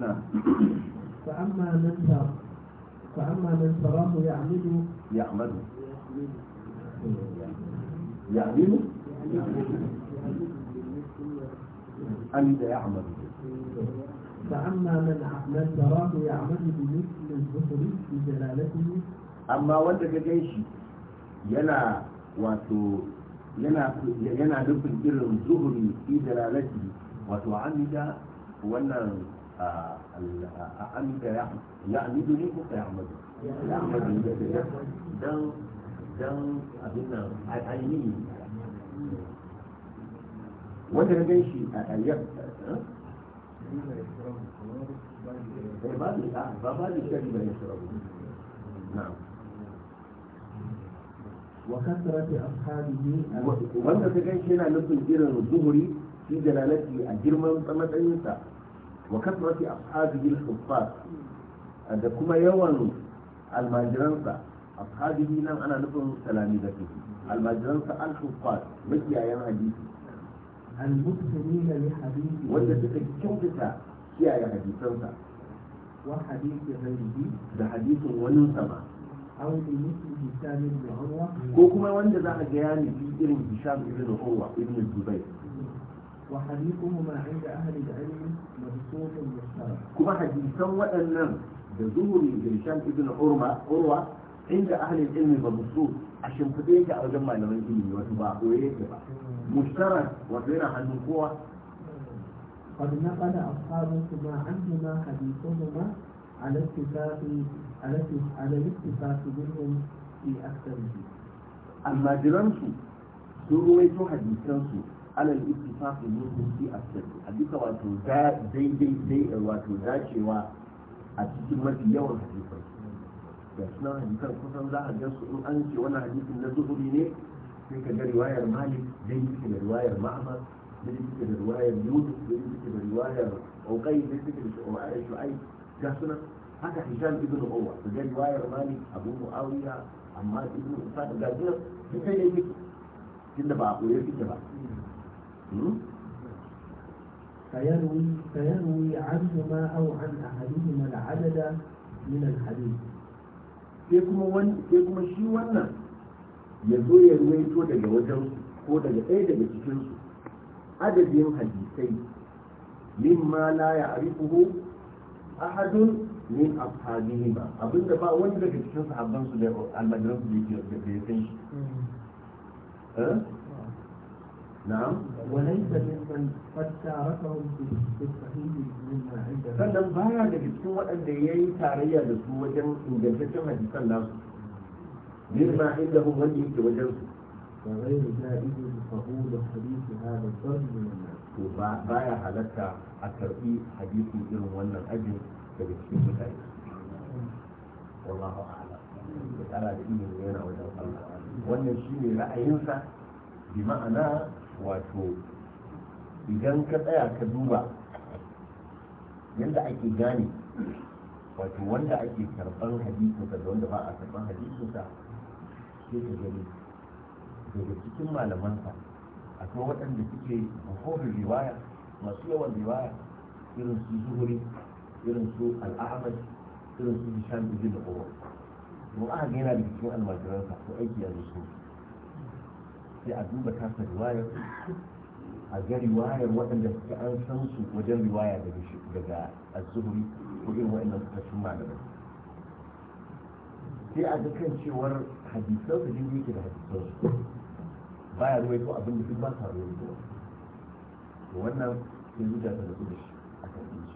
نعم فأما من ترى فأما من تراه يعمد يعمد يعمد أمد يعمد فأما من من تراه يعمد بمثل البصر في جلالته أما ولد جيشي يلا واتو ينا ينا irin zuhuri fi في wato amida wannan أعمد يعمدني فسيعمد يعمدني دم دم wanda na a ƙaryar ba ba shari ba nufin irin zuhuri shi da lalati a girman matsayinsa wa kasrati ashabihi al-huffaz da kuma yawan almajiransa ashabihi nan ana nufin salami da ke almajiransa al-huffaz makiyayan hadisi al-muttalina li hadisi wanda suka kyautata kiyaye hadisansa wa hadisi ghairihi da hadisin wani sama ko kuma wanda za a ga ya nufi irin hisham ibn urwa ibn zubair wa hadithuhuma inda ahli kuma hadisan waɗannan da zuhuri da shan ibn urma urwa inda ahlul ilmi ba su a shimfiɗe ta a wajen malaman ilimi wasu ba koye yake ba mushtarar wato yana hannun kowa قد نقل أصحابكما عنهما حديثهما على اتفاق على على الاتفاق منهم في أكثره. أما جرمت سوء حديثا alal ittifaq minhum fi asr a duka wato daidai dai eh, wato dacewa a cikin mafi yawan hadisai da suna hadisan kusan za a ga su in an ce wannan hadisin na zuhuri ne sai ka ga riwayar malik dai take da riwayar ma'amar dai take da riwayar yunus dai take da riwayar uqay dai take da shu'aib eh, ga suna haka hisham ibn uwa da riwayar malik abu muawiya amma ibn usad ga duk sai dai tunda ba a koyar ba Hmm? فيروي فيروي عنهما أو عن أحدهما العدد من الحديث sai kuma wani sai kuma shi wannan ya zo ya ruwaito daga wajen ko daga ɗaya daga cikinsu adadin hadisai min ma la ya arifuhu ahadun min ashabihi ba abinda ba wani daga cikin sahabban su da almajiran da yake da yake shi na'am وليس ممن قد شاركهم في التصحيح مما عنده sannan baya daga cikin waɗanda ya yi tarayya da إن wajen ما hadisan مما عنده inda وجن فغير جائز قبول حديث هذا الفرد من الناس وبايع حالتها أترقي حديث إلهم وأن الأجل فبتكون متعيش والله أعلم بتعالى لإيه من الله وأن الشيء رأيينك بمعنى wato idan ka tsaya ka duba yadda ake gane wato wanda ake karban hadisinsa da wanda ba a karban hadisinsa sai ka gani daga cikin malamansa akwai waɗanda suke buhorin riwaya masu yawan riwaya irin su zuhuri irin su al'ahmad irin su hisham ibn umar mun aka yana da cikin almajiransa ko aiki a zuciya sai a duba tasa riwayar a ga riwayar waɗanda suka an san su wajen riwaya daga azuhuri ko irin waɗanda suka sun malamai sai a ga kan cewar hadisan su jin yake da hadisan su baya ruwaito abin da duk ba sa ruwaito ko wannan sai zuciya ta nutsu da shi a kan shi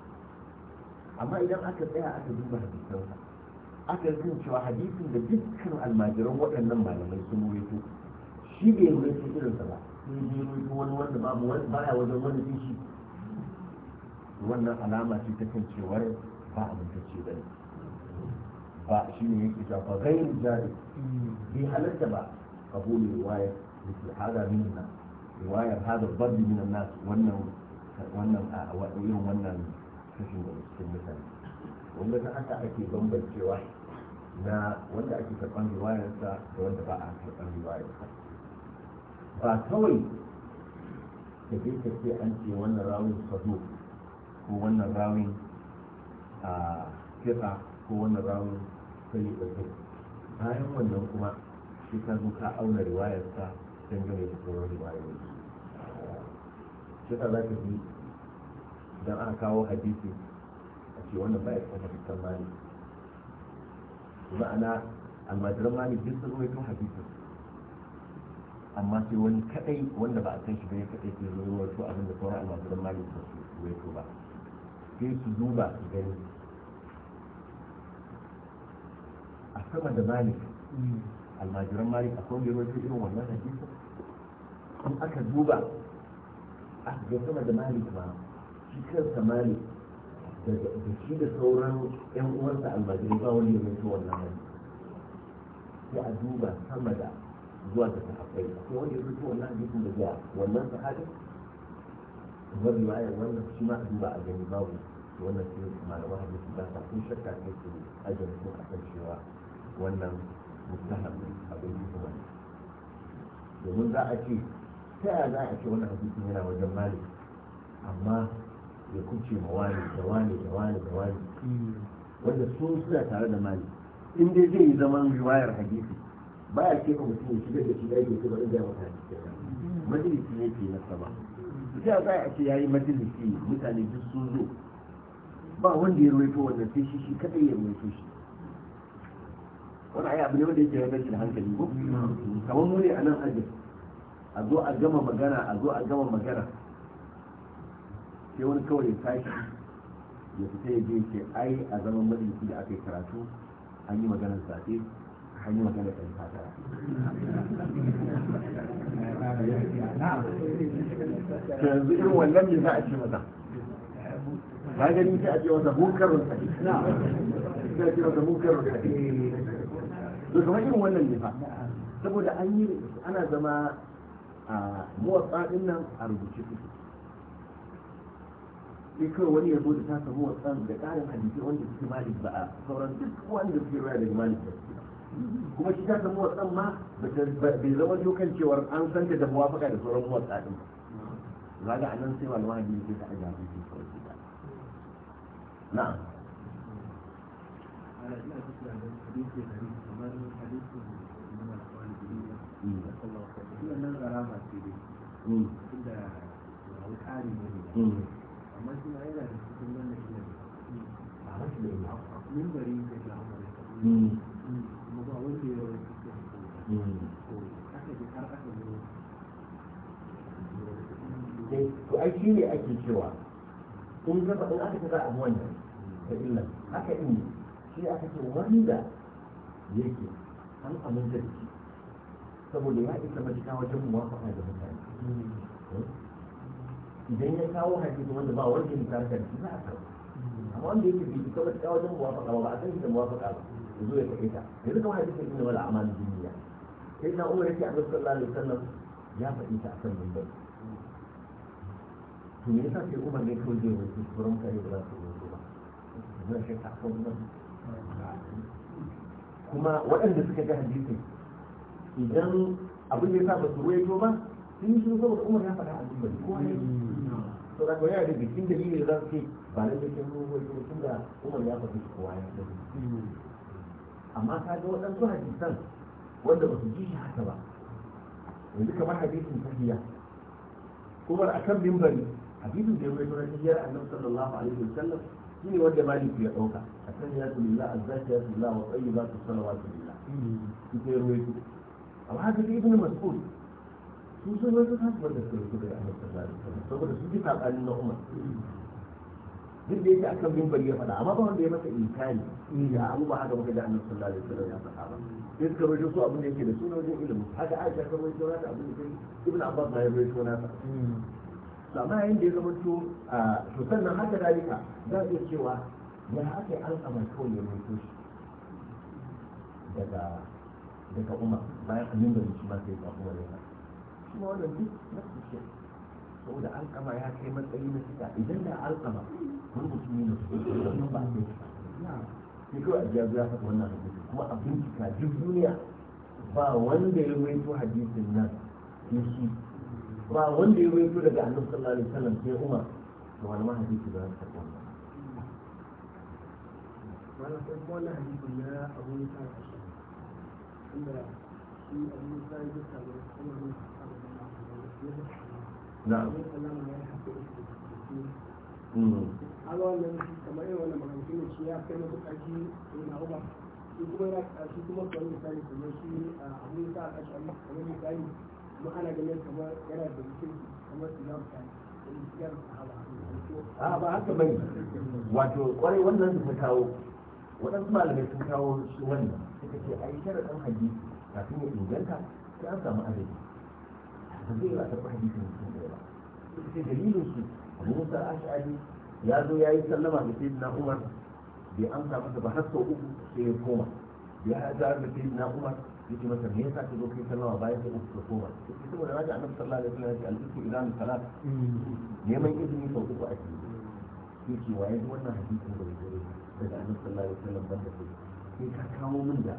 amma idan aka tsaya aka duba hadisan sa aka kan cewa hadisin da dukkan almajiran waɗannan malamai sun ruwaito shi bai ruwa su irin sa ba sai dai wani wanda babu wani baya wajen wani sai wannan alama ce ta kan cewar ba amintacce ba ne ba shi ne yake cewa ba gairu jari bai halatta ba kabulin riwayar da ke hada min nan riwayar hada babbi min nan wannan wannan irin wannan kashin da cikin mutane wanda ta haka ake bambancewa na wanda ake karɓar riwayarsa da wanda ba a karɓar riwayarsa ba kawai da kai ka ce an ce wannan rawin sado ko wannan rawin a kira ko wannan rawin sai da kai bayan wannan kuma sai ka zo ka auna riwayarsa don gane da sauran riwayoyi shi ka za ka ji idan aka kawo hadisi a ce wannan ba ya kuma fitar mali ma'ana almajiran mali duk sun kan hadisin amma sai wani kadai wanda ba a san shi ba ya kadai ke zo ruwaito abin da sauran almajiran malik ba su to ba sai su duba su gani a sama da malik almajiran malik a kwan biro ta irin wannan hadisi in aka duba a ga sama da malik ba shi kansa samari da shi da sauran yan uwansa almajirai ba wani ya wannan hadisi sai a duba sama da zuwa da sahabbai akwai wanda ya rubuta wannan hadisin daga wannan sahabi kuma riwayar wannan shi ma a duba a gani babu wannan sai malaman hadisi ba sa kun shakka ne su ajin su a kan cewa wannan mustahab ne abin da kuma ne domin za a ce ta yaya za a ce wannan hadisin yana wajen malik amma ya kuce ma wani da wani da wani da wani hmm. wanda sun suna tare da malik in dai zai yi zaman riwayar hadisi ba ya kefa mutum ya shigar da shi ya yi ko bari da mutane majalisi yake na sama ita za a ce ya yi majalisi mutane duk sun zo ba wanda ya ruwaito wannan sai shi shi kadai ya ruwaito shi wani ayi abu ne wanda yake rashin hankali ko kamar mu ne a nan ajin a zo a gama magana a zo a gama magana sai wani kawai ya tashi ya fita ya je ce ai a zaman majalisi da aka yi karatu an yi maganar safe an yi magana da fata yanzu irin wannan ne za a ce mata ba gani sai a ce masa bukarun sa sai a ce masa bukarun sa to kamar irin wannan ne fa, saboda an yi ana zama a motsa din nan a rubuce sai kawai wani ya zo da tasa motsan da ƙarin hadisi wanda suke malik ba a sauran duk wanda suke raya daga malik ba kuma shi ta samu wasan ma bai zama dokan cewar an san da muwafaka da sauran muwatsa din ba ga anan sai walwa da yake ta ajiya su ke kawai shi na'am Mm. shi to ai shi ne ake cewa in ka faɗin aka ce za a wannan da illa haka in ne shi aka ce wanda yake an aminta da shi saboda ya isa matuƙa wajen muwafaka da mutane idan ya kawo hadisi wanda ba wanda ya tarka da shi za a karɓa amma wanda yake bai isa matuƙa wajen muwafaka ba ba a san shi da muwafaka ba ya zo ya kaɗe ta yanzu kamar hadisin inna wala amalin duniya sai na umar yake a sallallahu alaihi wasallam ya faɗi ta a kan mimbar me yasa sai umar ne ko zai wuce sauran kare ba za su wuce ba zai shi kafin nan kuma waɗanda suka ga hadisi idan abin da ya sa ba su ruwaito ba sun yi shiru saboda umar ya faɗa a dubban ko ne to da kawai da bikin dalilin za su ce ba da bikin ruwaito tun da umar ya faɗi kowa ya faɗi amma ka ga waɗansu hadisan wanda ba su ji shi haka ba yanzu kamar hadisin sahiya umar akan mimbari hadisin da ya rawaito na tafiyar annabi sallallahu alaihi sallam? shi ne wanda maliku ya ɗauka a kan ya su lillah azzaki ya su wa tsayi za su salawa su lillah shi ta ya rawaito amma haka da ibn mas'ud su sun rawaito ta su wanda suka rawaito daga annabi sallallahu alaihi wasallam saboda su ji saɓanin na umar duk da yake a kan mimbar ya faɗa amma ba wanda ya masa inkari ya abu ba haka muka sallallahu alaihi ya faɗa ba sai suka rawaito su abin da yake da sunan wajen ilimi haka aisha ta abin da ta ibn abbas ma ya rawaito nata to amma yayin da ya zama to to sannan haka dalika za a iya cewa ya aka yi al'amar kawai ya mai shi daga daga umar bayan amin da shi ma yi ba kuma ne shi ma wannan duk na kushe da alƙama ya kai matsayi na fita idan da alƙama wani mutum ne su wannan ba a kai sai kawai a jazu ya faɗi wannan hadisi kuma a bincika duk duniya ba wanda ya mai to hadisin nan sai shi ba wanda ya rubuto daga annabi sallallahu alaihi wasallam sai Umar to wani ma hadisi ba ta kuma wannan sai kuma wannan hadisi na Abu Musa inda shi Abu Musa ya ta ga Umar ne na'am Allah wannan kamar irin wannan maganganu ne shi ya kai matuƙa shi na Umar shi kuma yana shi kuma kamar misali kamar shi Abu Musa a ƙarshen kamar misali kuma ana ganin kamar yana da kamar su a ba haka wato kwarai wannan su kawo waɗansu malamai sun kawo shi wannan suka ce a yi ɗan hadisi kafin ya inganta sai an samu adadi ba zai ba taɓa hadisin mutum ɗaya ba suka ce dalilin su musa ash'ari ya zo ya yi sallama da na umar bai amsa masa ba har sau uku sai ya koma ya ga da kai na umar yake masa me yasa ka zo kai sallama bayan sai uku ka koma saboda na ji annabi sallallahu alaihi wasallam yake ce al-ismu idan salat neman izini sau uku a cikin yake waye wannan hadisin da yake daga annabi sallallahu alaihi wasallam ban da kai sai ka kawo min da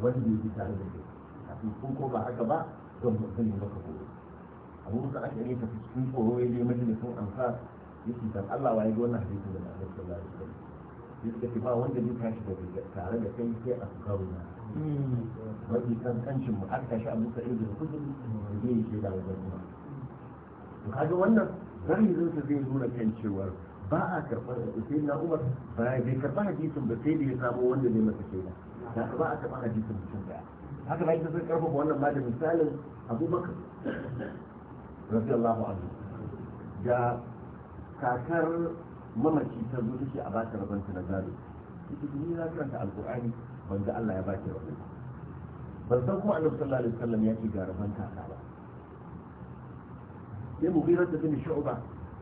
wanda yake tare da kai kafin ko ko ba haka ba zan zan yi maka gobe abubakar aka yi ta cikin tsoro ya je majalisun ansar yake dan Allah waye wannan hadisin da annabi sallallahu alaihi wasallam yadda ba wanda zai tashi da tare da kai sai a sukaru na mafi kankancin mu aka tashi a musa irin da kudin da zai yi shaida wajen kuma to kaga wannan zahirin su zai nuna kan cewar ba a karɓar da su sai na umar ba bai karɓar hadisin ba sai da ya samo wanda zai masa shaida da ba a karɓar hadisin mutum daya haka ba ita sai karfafa wannan ba da misalin abubakar radiyallahu anhu da kakar mamaci ta zo take a baka rabon ta na gado ita ni na karanta alqur'ani ban ga Allah ya baki ta rabon ban san kuma annabi sallallahu alaihi wasallam ya ce ga rabon ta ba sai mu gira ta bin shu'ba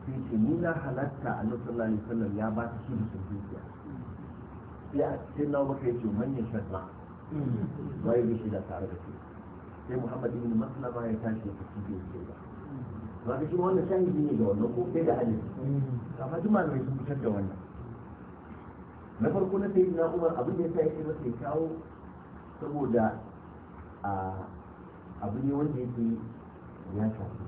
sai ce ni na halatta annabi sallallahu alaihi wasallam ya ba ta shi da dukiya ya sai na yi yace manyan shadda wai bi shi da tare da shi sai Muhammad ibn Maslama ya tashi da cikin dukiya ba ka shi wannan canji ne da wannan ko sai da alif amma duk malamai sun fitar da wannan na farko na sai na umar abin da ya sa yake masa ya kawo saboda a abu ne wanda yake ya shafi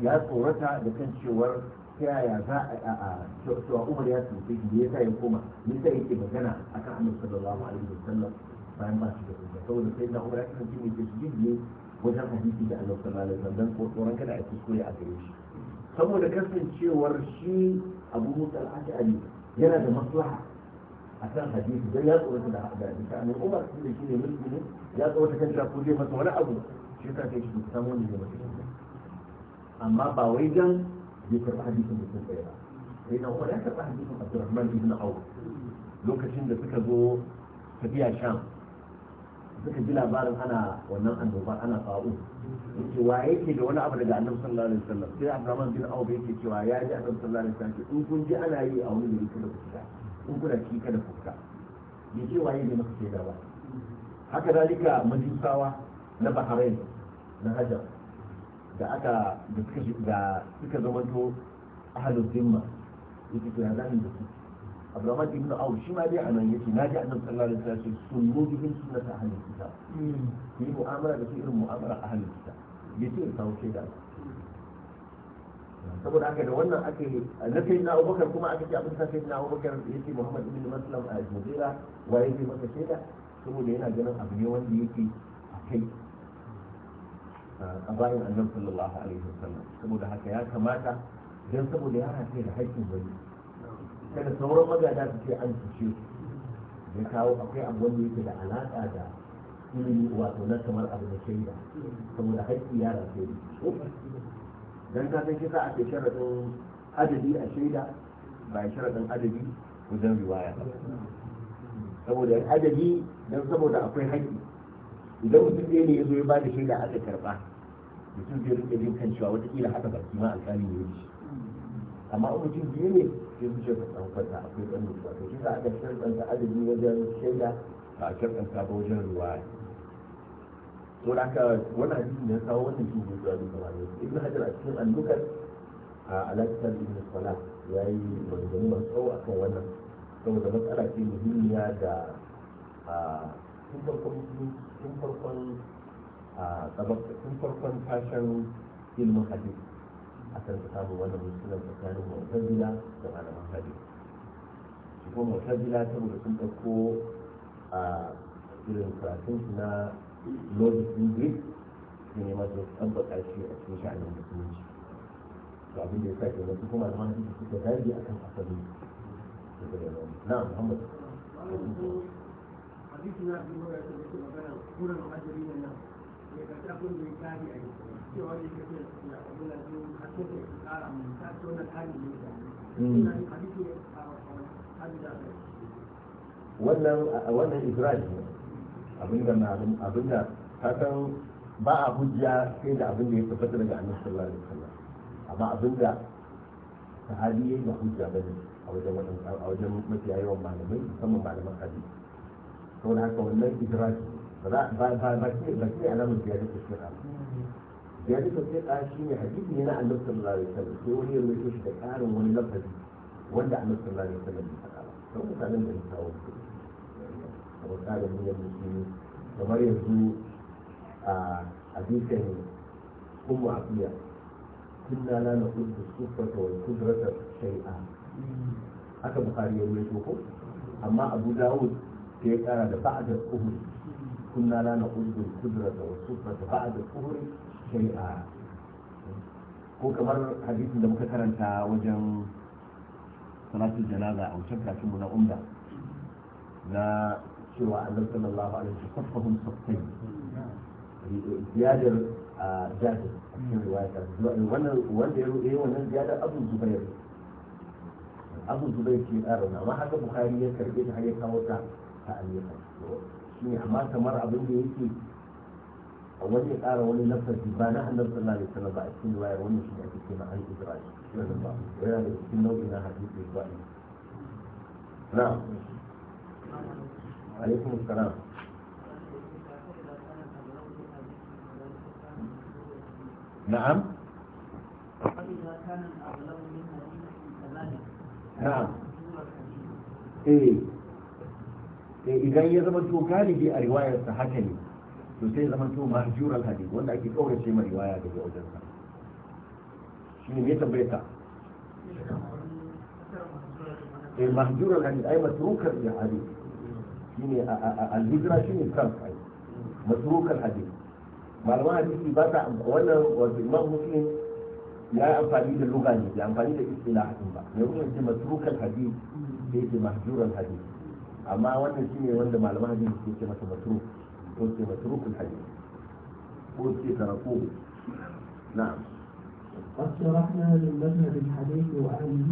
ya tsorata da kan cewar ta yaya za a cewa umar ya tsoce shi ne sa ya koma ne yasa yake magana akan annabi sallallahu alaihi wasallam bayan ba shi da kuma saboda sai na umar ya kasance mai tasbihi ne wajen hadisi da annabi sallallahu alaihi wasallam ko tsoron kada a kuskure a gare shi saboda kasancewar shi abu musa al-ash'ari yana da maslaha a san hadisi don ya tsorata da hadisi a mai umar sun da shi ne mulki ne ya tsorata kan shafu zai masa wani abu shi ta kai shi samu ne da mutum amma ba wai dan bai karɓi hadisin mutum ɗaya ba sai na kuma ya karɓi hadisin abdurrahman ibn auf lokacin da suka zo tafiya sham suka ji labarin ana wannan annoba ana faru cewa yake da wani abu daga annabi sallallahu alaihi wasallam sai abdurrahman bin auf yake cewa ya ji annabi sallallahu alaihi wasallam in kun ji ana yi a wani gari kada ku fita in kuna ci kada ku fita ya ce waye ne maka ce da ba haka dalika majusawa na bahrain na hajar da aka da suka da suka zamanto ahlul zimma yake to ya zamin da su Abdurrahman ibn Auf shi ma dai a nan yake naji annabi sallallahu alaihi wasallam sunnu bihin sunnata ahlul kitab ki mu'amala da su irin mu'amala ahlul kitab yace in kawo shaida saboda haka da wannan ake na sai na Abubakar kuma aka ce abin sa sai na Abubakar yace Muhammad ibn Muslim a Mudira wa yace maka shaida saboda yana ganin abu ne wanda yake a kai a bayan annabi sallallahu alaihi wasallam saboda haka ya kamata dan saboda yana kai da haƙƙin wani kada sauran magada su ce an cuce ya kawo akwai abu wanda yake da alaƙa da ilimi wato na kamar abu da shaida saboda haƙƙi ya rafe dan ka san kisa ake sharaɗin adadi a shaida ba ya sharaɗin adadi wajen riwaya ba saboda adadi don saboda akwai haƙƙi idan mutum ɗaya ne ya zo ya ba da shaida aka karɓa mutum zai rike jin kan cewa wataƙila haka baki ma alƙali ne ya amma in mutum biyu ne sai su ce ka ɗaukata akwai ɗan ruwa to shi aka shirɗanta adadi wajen shaida ba a shirɗanta ba wajen ruwa wani aka wani hadisi ne kawo wannan shi ne zuwa duka ba ne ibn hajar a cikin annukar a alaƙar ibn sala ya yi maganganu masu tsawo a kan wannan saboda matsala ce muhimmiya da tun farkon tun farkon tun farkon ilimin hadisi akan samu wannan musulun tsakanin mu'tazila da malaman hadisi su ko mu'tazila saboda sun ɗauko a irin karatun su na logic in greek su ne masu tabbata shi a cikin sha'anin musulunci to abin da ya sa ke wasu kuma malaman hadisi suka dage akan asali suka da wani na muhammad hadisi na abin da ya ce magana kuran hajjari nan ya ga abin da ya kare a yi cewa ya ce wannan wannan isra'il abinda na abinda kasan ba a hujja sai da abin da ya tabbata daga annabi sallallahu alaihi wasallam amma abinda sahabi yayi ba hujja bane a wajen wajen a wajen mafiya yawan malamai musamman malaman hadisi saboda haka wannan isra'il ba ba ba ba ce alamar da ya take ba. يعني تصديق shi ne hadisi na annabi sallallahu alaihi wasallam sai wani yaro yake shi da karin wani lafazi wanda annabi sallallahu alaihi wasallam ya faɗa ba kan mutanen da ya kawo su kamar tsarin niyyar musulmi kamar yanzu a hadisin ummu afiya kunna la naqulu sufata wal qudrata shay'a haka bukhari ya rawaito ko amma abu dawud sai ya kara da ba'da uhud kunna la naqulu al qudrata wal sufata ba'da uhud shari'a ah, ko kamar hadisin da muka karanta wajen salatu janaza a wucin kafin mu na umda na cewa annabi sallallahu alaihi wasallam saffahum saffai ziyadar ah, jabir a cikin riwaya wannan wanda ya ruɗe wannan ziyadar abu zubair abu zubair ke ƙara na amma haka bukhari ya karɓe ta har ya kawo ta ta shi ne amma kamar abin da yake wani ya ƙara wani lafazi ba na annabi sallallahu alaihi wasallam ba a cikin riwayar wannan shi ake cewa an idraj yana da cikin nau'i na hadisi ba ne na alaikum assalam na'am na'am eh idan ya zama to galibi a riwayarsa haka ne to sai zaman to ma jural hadith wanda ake kaurace mai riwaya daga wajen sa shi ne mai tambaye ka eh mahjural hadith ai matrukar ya hadith shine al-hijra shine kan ai matrukal hadith malaman hadisi ba ta wannan wato imam muslim ya yi amfani da lugha ne ya amfani da istilah din ba ne wannan shi matrukar hadith sai yake mahjural hadith amma wannan shine wanda malama hadisi ke ce masa matruk ko ce matrukul hadith ko ce karako na'am قد شرحنا للمذهب الحنيف وأهله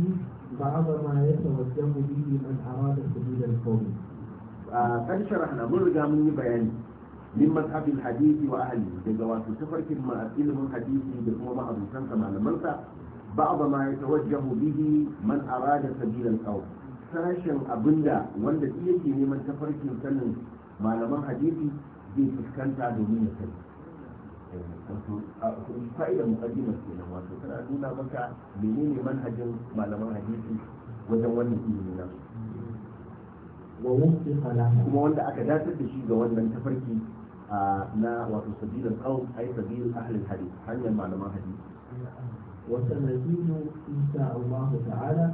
بعض ما يتوجه به من أراد سبيل الكون. قد شرحنا مرجع من بيان من مذهب الحديث وأهله بجواز سفرك مع علم الحديث بقوة بعض سنة مع المنطق بعض ما يتوجه به من أراد سبيل الكون. sashen abinda wanda yake neman tafarkin sanin malaman hadisi zai fuskanta domin ya sani wato fa'idar muqaddimar kenan wato tana nuna maka menene manhajin malaman hadisi wajen wannan ilimi na kuma wanda aka dace da shi ga wannan tafarki na wato sabilul qaum ay sabilul ahli hadith hanyar malaman hadisi وسنزيد إن شاء الله تعالى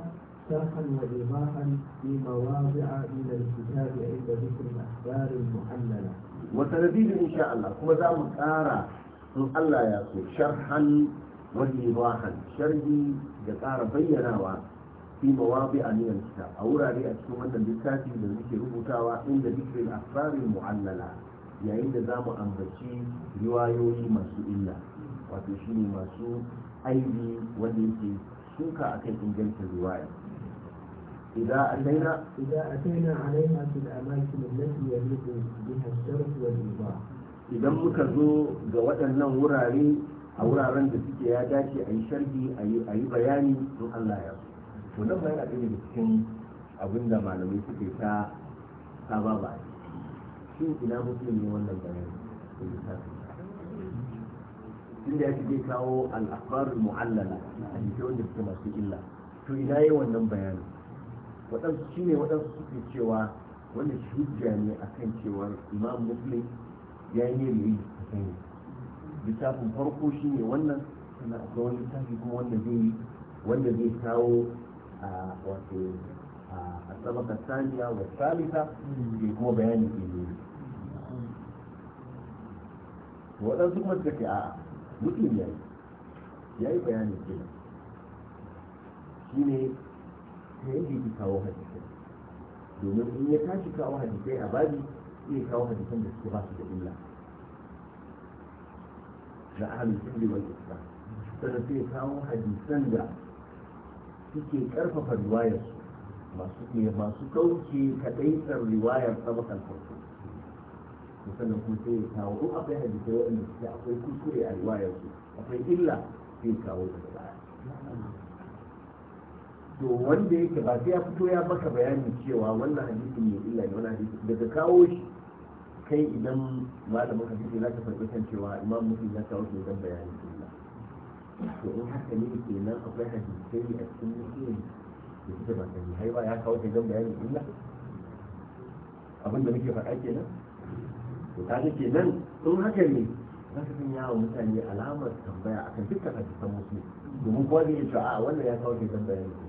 شرحا وإيضاحا في مواضع من الكتاب عند ذكر الأخبار المحللة wata rabibin insha Allah kuma za mu ƙara in Allah ya so sharhan wani rahan sharhi da ƙara bayyanawa fi mawabi a niyan kita a wurare a cikin wannan littafi da muke rubutawa inda dikirin asarin mu'allala yayin da za mu ambaci riwayoyi masu illa wato shine masu aibi wanda yake suka akan ingancin riwaya إذا أتينا إذا أتينا عليها في الأماكن التي يليق بها الشرف والإيضاح إذا مكزو جوات النوم وراري a wuraren da suke ya dace a yi sharhi a yi bayani in Allah ya so nan bayan abin da cikin abin da malamai suke ta saba ba shi ina mutum ne wannan bayani inda ya zai kawo al-akhbar mu'allala a jikin wanda suke masu illa to ina yi wannan bayanin waɗansu shi ne waɗansu suke cewa wanda hujja ne a kan cewa imam muslim ya yi ne a kan yi, littafin farko shi ne wannan sannan akwai wani littafi kuma wanda zai wanda zai kawo a wato a sabaka saniya wa salisa ke kuma bayani ke ne waɗansu kuma suka ce a muslim ya yi ya yi bayanin kenan shi ne ta yadda yake kawo hadisai domin in ya tashi kawo hadisai a babi zai kawo hadisan da suke ba su da illa da ahalin sirri wal isra sannan sai kawo hadisan da suke karfafa riwayarsu masu ne masu kauce kadaitar riwayar sabakan farko sannan kuma sai ya kawo in akwai hadisai waɗanda suke akwai kuskure a riwayarsu akwai illa sai kawo ta to wanda yake ba sai ya fito ya maka bayani cewa wannan hadisin ne illa ne wannan hadisin daga kawo shi kai idan malamin hadisi za ka farko kan cewa imam muslim ya kawo shi dan bayani illa to in haka ne kenan akwai sai a cikin muslim da suka ba sai hai ba ya kawo shi dan bayani illa abin da muke faɗa kenan to kaga kenan in haka ne za ka sanya wa mutane alamar tambaya akan dukkan hadisan musulmi domin kowa zai iya cewa a wannan ya kawo shi dan bayani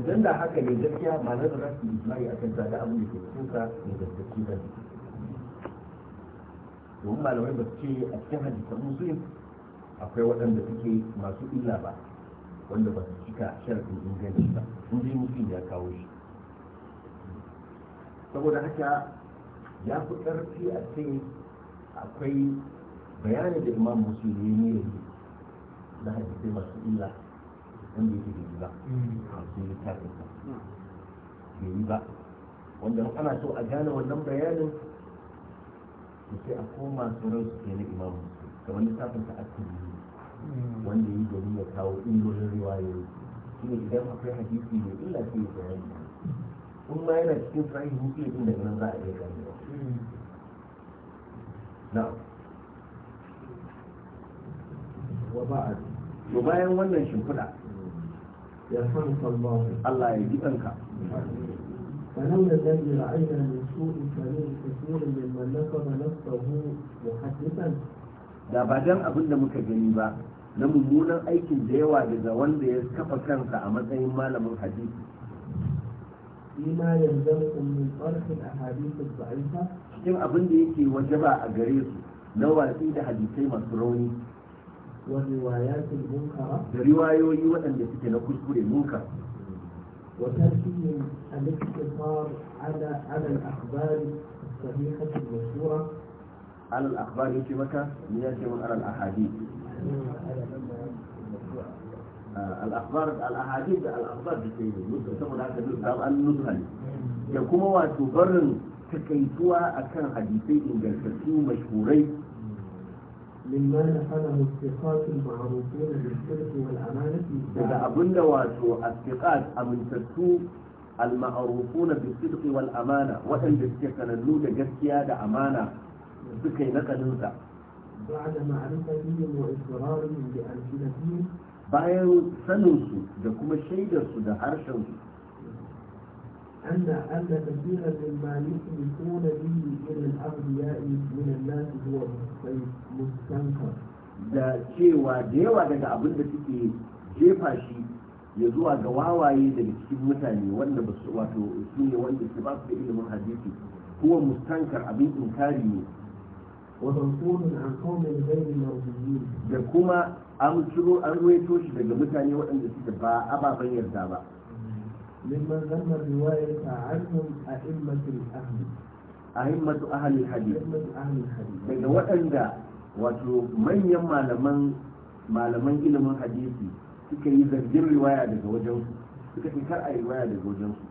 idan da haka ne gaskiya ba na za su yi a kan da abin da ke kusa ne gaskaki ba ne domin malamai ba su ce a cikin hadisan musulun akwai waɗanda suke masu illa ba wanda ba su cika sharafin inganci ba in ji musulun ya kawo shi saboda haka ya fi ƙarfi a ce akwai bayanin da imam musulun ya yi na hadisai masu illa wanda yake da riba mm. a cikin littafin sa bai yi ba wanda ana so a gane wannan bayanin to sai a koma sauran su ke na imamu kamar littafin sa yi mm. wanda yi domin ya kawo illolin riwayoyi shi ne idan akwai hadisi mai illa ce ya bayani in ma yana cikin sahihi muslim din daga nan za a iya gane mm. na'am wa bayan wannan shimfiɗa Allah ya ji ɗanka فلولا da رأينا من سوء كريم كثير ممن نصب نفسه محدثا da ba dan abin da muka gani ba na mummunan aikin da yawa daga wanda ya kafa kansa a matsayin malamin hadisi bima yanzamu min tarh al-ahadith ad-da'ifa cikin abin da yake wajaba a gare su na watsi da hadisai masu rauni وروايات المنكرة رواية وأن تكون كل منكر وتركهم الاقتصار على على الأخبار الصحيحة المشهورة على الأخبار يجي مكة يجي على الأحاديث الأخبار الأحاديث الأخبار بسيطة النزهة يا كما واتو برن تكيتوا أكان حديثي إنجلسكي مشهورين mimman halahu sifatul ma'rufun bil sirri wal amanati daga abinda wato asfiqat amintattu al ma'rufun bil sirri amana waɗanda suke kanannu da gaskiya da amana suka yi nakalin sa بعد معرفتهم وإقرارهم بألسنتهم bayan saninsu da kuma shaidarsu da harshensu أن أن كثيرا مما يشركون به من الأغنياء من الناس هو مستنكر da cewa da yawa daga abin da suke jefa shi ya zuwa ga wawaye daga cikin mutane wanda ba su wato su ne wanda su ba su da ilimin hadisi kuma mustankar abin inkari ne da kuma an ciro an ruwaito shi daga mutane waɗanda suka ba ababen yarda ba ممن ذم الرواية عنهم أئمة الأهل أئمة أهل الحديث أئمة أهل الحديث daga waɗanda wato manyan malaman malaman ilimin hadisi suka yi zargin riwaya daga wajensu, suka ce kar a riwaya daga wajensu,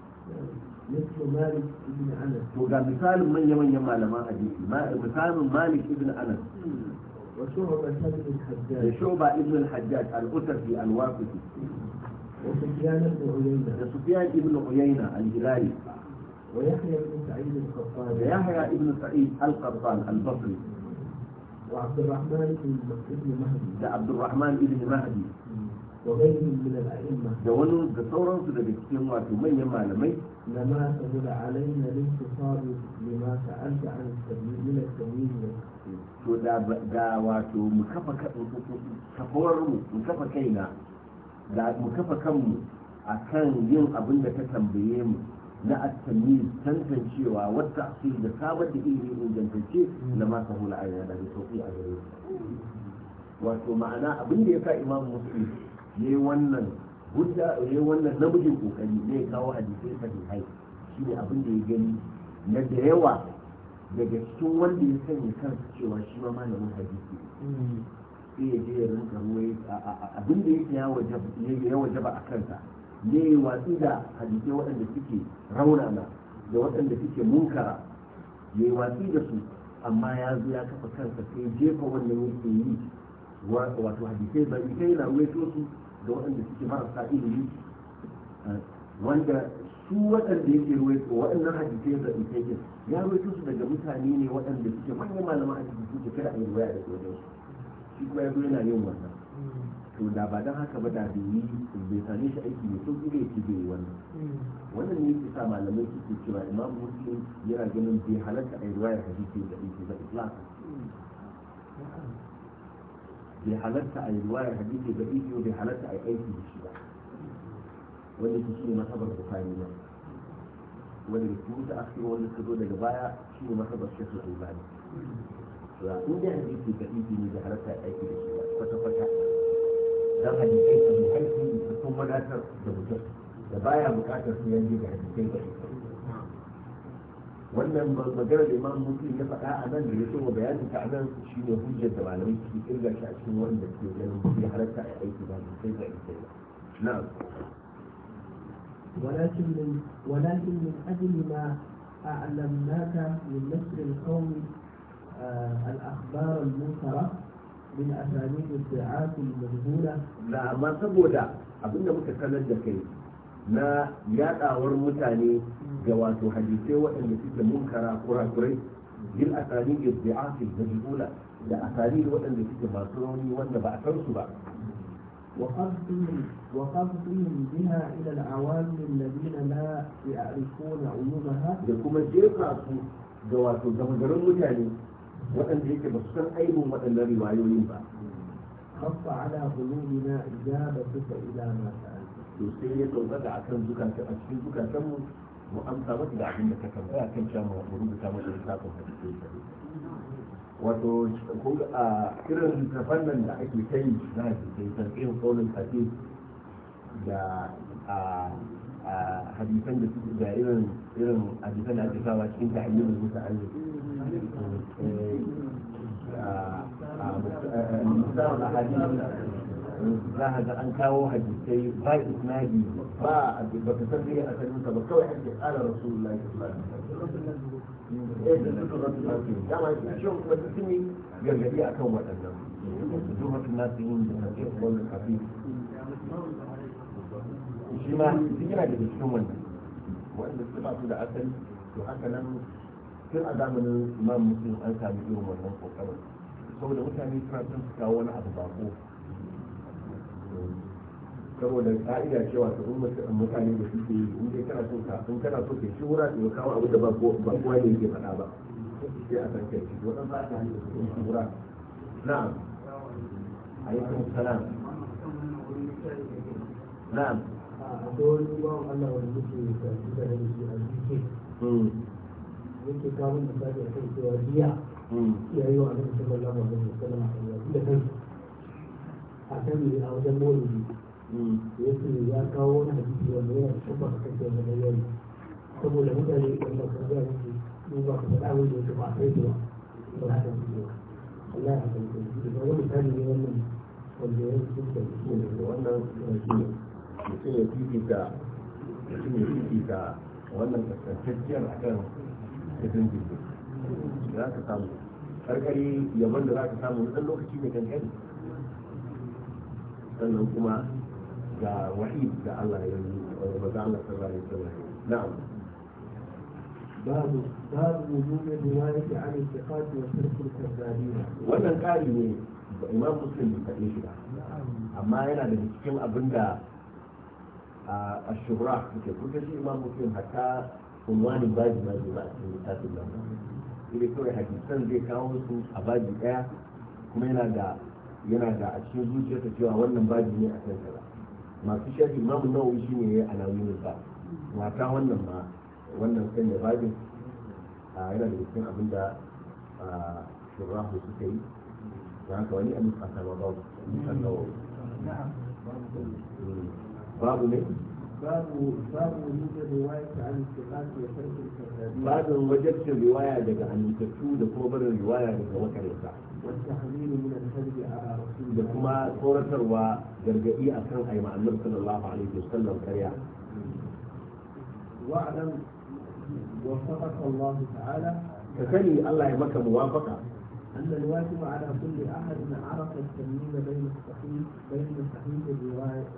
to ga misalin manya manyan malaman hadisi misalin malik ibn anas da shuba ibn al-hajjaj al-utafi al-waqidi وسفيان بن عيينة الهلالي ويحيى بن سعيد القطان ويحيى بن سعيد القطان البصري وعبد الرحمن بن مهدي عبد الرحمن بن مهدي وغيرهم من الأئمة دولوا بصورة تدبكتين واتو من يما لمي لما سهل علينا الانتصار لما سألت عن التمييز من التمييز to da wato mu kafa kafa mu kafa kaina da mu kafa kanmu a kan yin abin da ta tambaye mu na attamiz tantancewa wata su da samar da iri ingantacce da masa hula ayyana da sauƙi a gare wato ma'ana abin da ya sa imam musulun ya yi wannan hujja ya yi wannan namijin kokari ne ya kawo hadisai sahihai shi ne abin da ya gani na da yawa daga cikin wanda ya sanya kansa cewa shi ma malamin hadisi iya ya je ya abin da yake ya ba a kanta ne watsi da hadisai waɗanda suke raunana da waɗanda suke munkara ya yi watsi da su amma ya zo ya kafa kansa sai jefa wannan yake yi wato hadisai ba ita yana ruwaito su da waɗanda suke marasa ilimi eh, wanda su waɗanda yake ruwaito waɗannan hadisai da ita ya ruwaito su daga mutane ne waɗanda suke manyan malaman hadisi suke kada a yi ruwaya da su kuma ya zo yana yin wannan to da ba don haka ba da bai yi bai same shi aiki mai sauki da ci bai wannan wannan ne yake sa malamai suke cewa imam muslim yana ganin bai halatta a riwaya hadisi da yake ba islam bai halatta a riwaya hadisi da yake bai halatta a aiki da shi ba wanda ke shi ne masabar bukari ba wanda ke mutu akhiri wanda ka zo daga baya shi ne masabar shekul albani cewa in da hadisi da ibi ne da halatta aiki da shi ba kwata-kwata don hadisai su ne aiki da sun wadatar da mutum da baya bukatar su yanzu da hadisai da ibi wannan maganar da imam muslim ya faɗa a nan da ya tsoro bayanin ta a nan shi ne hujjar da malamai suke kirga shi a cikin wanda ke ganin bai halatta a aiki ba sosai ga ita ba na'am ولكن من ولكن من أجل ما أعلمناك من نصر القوم الأخبار المنكرة من أساليب الدعاة المجهولة لا ما سبودا أبنى متكلم دكي na yadawar mutane ga wato hadisai waɗanda suke munkara kurakurai bil asali ibdi'a fil majhula da asali waɗanda suke masu rauni wanda ba a san su ba بها الى العوام الذين لا يعرفون عيوبها. da kuma jefa su ga wato gamgarin mutane waɗanda yake ba su san aibin waɗannan riwayoyin ba khaffa ala qulubina ijabatuka ila ma sa'alta to sai ya dogara akan zukatan a cikin zukatan mu mu amsa mata da abin da ta tambaya kan cewa mu rubuta mata littafin da take da wato kun a kiran littafan nan da ake kai na a ji sai san irin kaunin kafi da a hadisan da suke da irin irin hadisan da ake sawa cikin ta'ayyubul muta'allim za a ga an kawo hadisai ba isnadi ba ba ka san a sanin ba kawai an ce ala rasulullahi sallallahu alaihi wasallam dama shi kuma sun yi gargadi akan waɗannan su zuwa suna su yin da kafin shi ma duk yana da cikin wannan wanda su ba da asali to haka nan tun a zamanin imam muslim an sami irin wannan kokarin saboda mutane suna son su kawo wani abu bako saboda ka'ida cewa ta in mutane da suke yi in dai kana so ka in kana so ka shi wura to kawo abu da ba kowa ne yake faɗa ba sai a san kai shi wadan ba ta hanyar su shi wura na'am alaikum salam na'am akwai wani Allah wanda muke karfi da shi a duke hmm. yake kawo misali a kan cewa biya hmm. ya yi wa annabi sallallahu alaihi wasallam a da kansa a kan a wajen mawlidi hmm. yake ya kawo wani hadisi wanda yana tabbata kan cewa da yayi saboda mutane wanda ka ga shi in ba ka faɗa wani da ba sai da ba haka ne Allah ya hankali da wani misali ne wannan wanda ya yi cikin da wannan shi ne mutum ya fifita mutum ya fifita wannan kaskantacciyar a kan cikin jirgin za ka samu karkari yaban da za ka samu na lokaci mai kankani sannan kuma ga wahi da Allah ya yi wa za Allah sallallahu alaihi wasallam na'am babu babu wujud riwayati an istiqat wa tark al wannan kari ne imam muslim bai faɗe shi ba amma yana da cikin abinda a shura suke kuka shi imam muslim hatta unwanin baji ma ba a cikin littafin nan ile kawai hadisan zai kawo su a baji daya kuma yana da yana da a cikin zuciyarsa cewa wannan baji ne a kan kaza masu shafi imam nawawi shi ne a nawinin ba mata wannan ma wannan sanya bajin yana da cikin abin da shurahu suka yi don haka wani abin a sama babu a nawawi babu ne babu babu wajen riwaya ta al-istiqat wa tarkul kadhabin babu wajen riwaya daga annabawa da kuma barin riwaya daga wakarta wata hamilu min al-kadhib ala rasul da kuma tsoratarwa gargadi akan ayi ma'annabi sallallahu alaihi wasallam karya wa'lam وفقك الله تعالى كفني الله يمك موافقه أن الواجب على كل أحد عرف التمييز بين الصحيح بين صحيح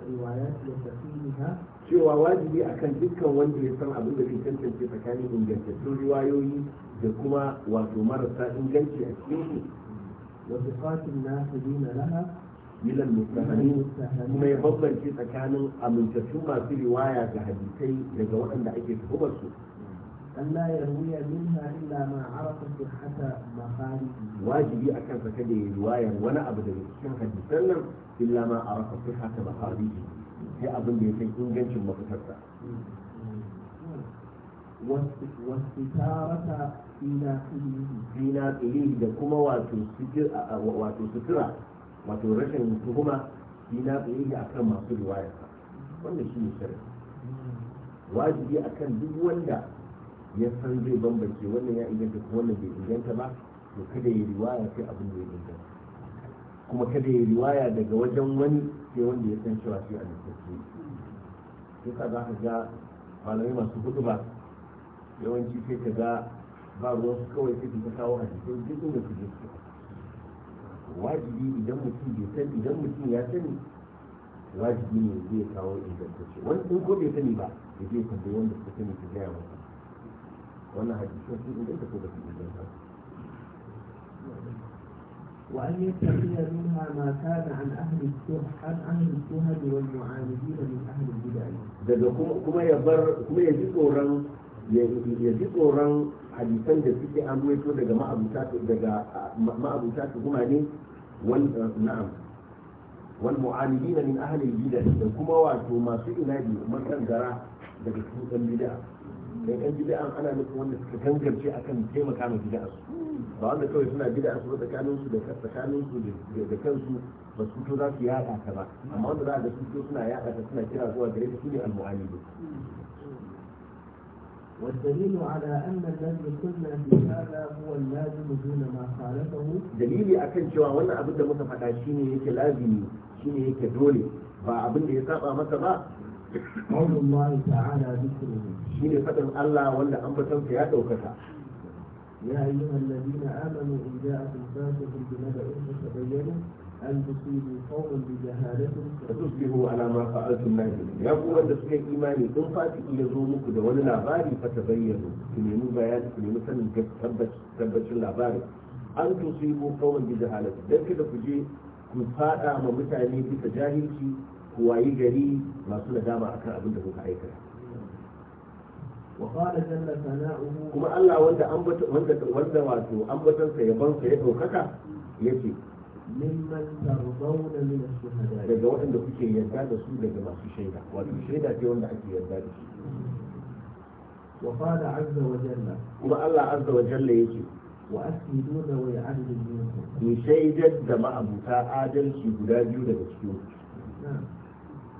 الروايات وتفهيمها cewa wajibi akan dukkan wanda ya san abin da ke tantance tsakanin ingantattun riwayoyi da kuma wato marasa inganci a cikin su wa sifatin nasibina laha milan mustahani kuma ya bambance tsakanin amintattun masu riwaya ga hadisai daga waɗanda ake tuhumar su Allah ya ruya minha illa ma arafa sihhata makhalifi wajibi akan sa kada ya riwayar wani abu da cikin hadisan nan illa ma arafa sihhata makhalifi sai abin da ya san ingancin mafitarsa wasitarata fina tsilihi da kuma wato sutura wato rashin tuhuma fina tsilihi a kan masu riwayarsa wanda shi ne shirin wajibi duk wanda ya san zai bambance wannan ya inganta ko wannan bai inganta ba to kada ya riwaya sai abin da ya inganta kuma kada ya riwaya daga wajen wani sai wanda ya san cewa shi a littafi yasa za ka ga malamai masu hudu ba yawanci sai ka ga ba ruwan su kawai sai ta kawo hadisai duk inda su je su wajibi idan mutum bai san idan mutum ya sani wajibi ne zai kawo ingantacce wani in ko bai sani ba da zai tambayi wanda suka sani su gaya masa wannan hadisin sun inganta ko ba su inganta وأن يتقي منها ما كان عن أهل an عن أهل السهد والمعاندين من أهل daga kuma ya bar kuma ya ji tsoron ya ji tsoron hadisan da suke an daga ma'abuta daga ma'abuta kuma ne wal eh, na'am wal mu'anidina min ahli bid'ah da kuma wato masu inadi makan gara daga cikin bid'ah dan yan bid'an ana nufin wanda suka tangance akan taimaka ma su ba wanda kawai suna bid'a su tsakanin su da tsakanin su da kansu ba su fito za su yaɗa ta ba amma wanda za ga su to suna yaɗa ta suna kira zuwa gare ta shine al-mu'allim والدليل على أن الذي قلنا في هذا هو اللازم دون ما خالفه دليلي أكن شوى وانا أبدا متفقا شيني هيك لازم شيني هيك دولي ba abin da ya saba masa ba qaulullahi ta'ala dhikru shine fadan Allah wanda an fatan ya ɗaukata ya ayyuhal ladina alama in ja'akum fasiqun binaba'in fatabayyanu an tusibu qauman bi jahalatin fatusbihu ala ma fa'altum nadimin ya ku wanda suka imani in fasiki ya zo muku da wani labari fatabayyanu ku nemi bayani ku nemi sanin tabbacin labarin an tusibu qauman bi jahalatin dan kada ku je ku fada ma mutane bisa jahilci wayi gari masu nadama akan abin da kuka aikata kuma Allah wanda كما الله وندا انبت وندا وندا واتو انبتن سا يبان سا يا دوكاكا يتي ممن ترضون من daga waɗanda kuke yarda da su daga masu shaida wato shaida ce wanda ake yarda da shi وقال عز وجل كما الله عز وجل يتي وأسهدوا ذوي عدل منكم ku shaidar da ma'abuta adalci guda biyu daga cikin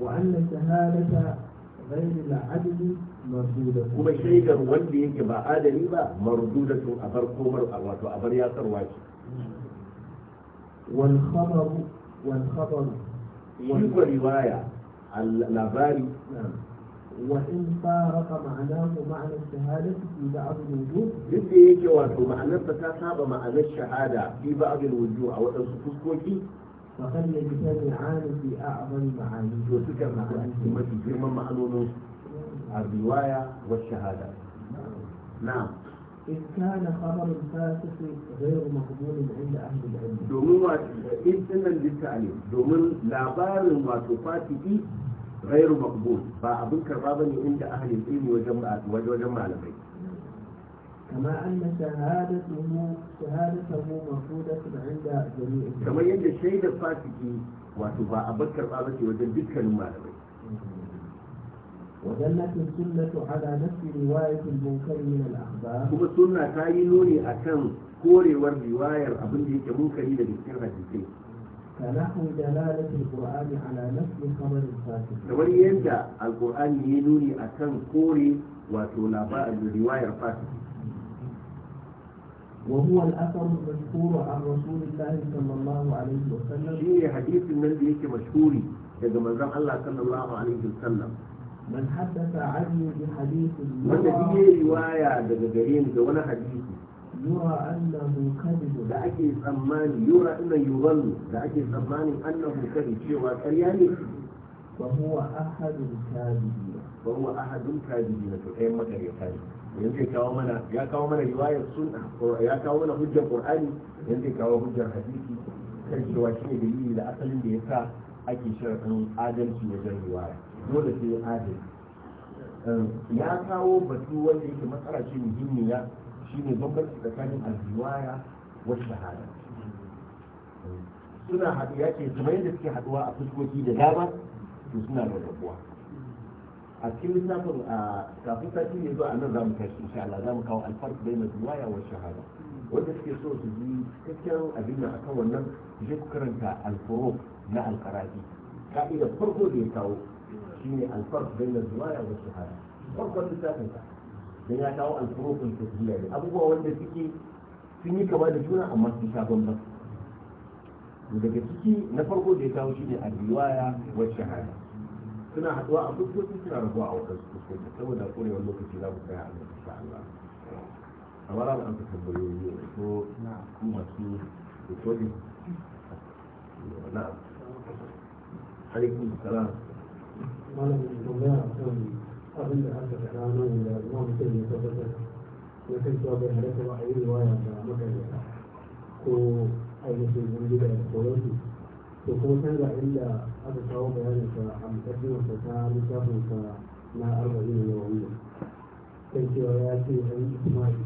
وأن شهادة غير العدل مردودة كما شيء كان وندي يجي با آدمي با مردودة أبر كومر أواتو أبر ياسر واجي والخبر والخبر شوف رواية الأباري وإن فارق معناه معنى الشهادة في بعض الوجوه يجي يجي واتو معنى فتا سابة معنى الشهادة في بعض الوجوه أو أن فخلي الكتاب معاني في أعظم معانيه وذكر معانيه ما في معلومه الرواية والشهادة نعم إذ كان خبر الفاسق غير مقبول عند أهل العلم دومين إذ إن للتعليم دومين لابار واتفاته غير مقبول فأبنك الرابن عند أهل العلم وجمع, وجمع البيت كما أن شهادته شهادته مفروضة عند جميع كما يند الشهيد الفاسقي وتبا أبكر بابتي وجن ذكر المعلمين ودلت السنة على نفس رواية المنكر من الأخبار كما السنة تاينوني أكن كوري والرواية أبن ديك منكري لذكر حديثين فنحو دلالة القرآن على نفس خبر الفاسق كما يند القرآن ينوني أكن كوري وتنبأ الرواية الفاسقة وهو الأثر المذكور عن رسول الله صلى الله عليه وسلم شيء حديث من مشهوري daga manzon Allah sallallahu alaihi wasallam man haddatha anni bi hadithin wanda yake riwaya daga gare ni da wani hadisi yura annahu kadhib da ake tsammani yura inna yuzannu da ake tsammanin annahu kadhib cewa ƙarya ne wa huwa ahadul kadhib wa huwa ahadul kadhib to yanzu ya kawo mana ya kawo mana riwayar sunna ya kawo mana hujjar qur'ani yanzu ya kawo hujjar hadisi kan cewa shi ne dalili da asalin da ya sa ake shirkan adalci wajen riwaya dole sai adalci ehm, ya kawo batu wanda yake matsala ce muhimmiya ne bambanci tsakanin alriwaya wa shahada ehm, suna haɗu ya ce kamar yadda suke haɗuwa a fuskoki da dama to suna da rabuwa a cikin lissafin a kafin sati ne zuwa nan za mu tashi insha Allah za mu kawo alfarq bainal riwaya wa shahada wanda suke so su ji cikakken abin nan akan wannan je ku karanta alfuruq na alqara'i ka'idar farko da ya kawo shine alfarq bainal riwaya wa shahada farkon lissafin ka dan ya kawo alfuruqul tafsiriyya ne abubuwa wanda suke sun yi kama da juna amma sun sha bambam daga ciki na farko da ya kawo shine al-riwaya wa shahada suna haɗuwa a fuskoki suna rabuwa a wajen fuskoki saboda korewar lokaci za ku kai a nan insha Allah a wara da amsa tambayoyi ne ko ku masu recording na alaikum salam malamin tambaya kan abin da aka faɗa nan da kuma mutum ya tabbatar ya kai cewa bai halatta ba a yi riwaya da makaryata ko ainihin zungi da koyarsu to kuma sai ga inda aka kawo bayanin ka a mukaddimar ka ta littafin ka na arba'in ne wanda kan cewa ya ce an yi ijma'i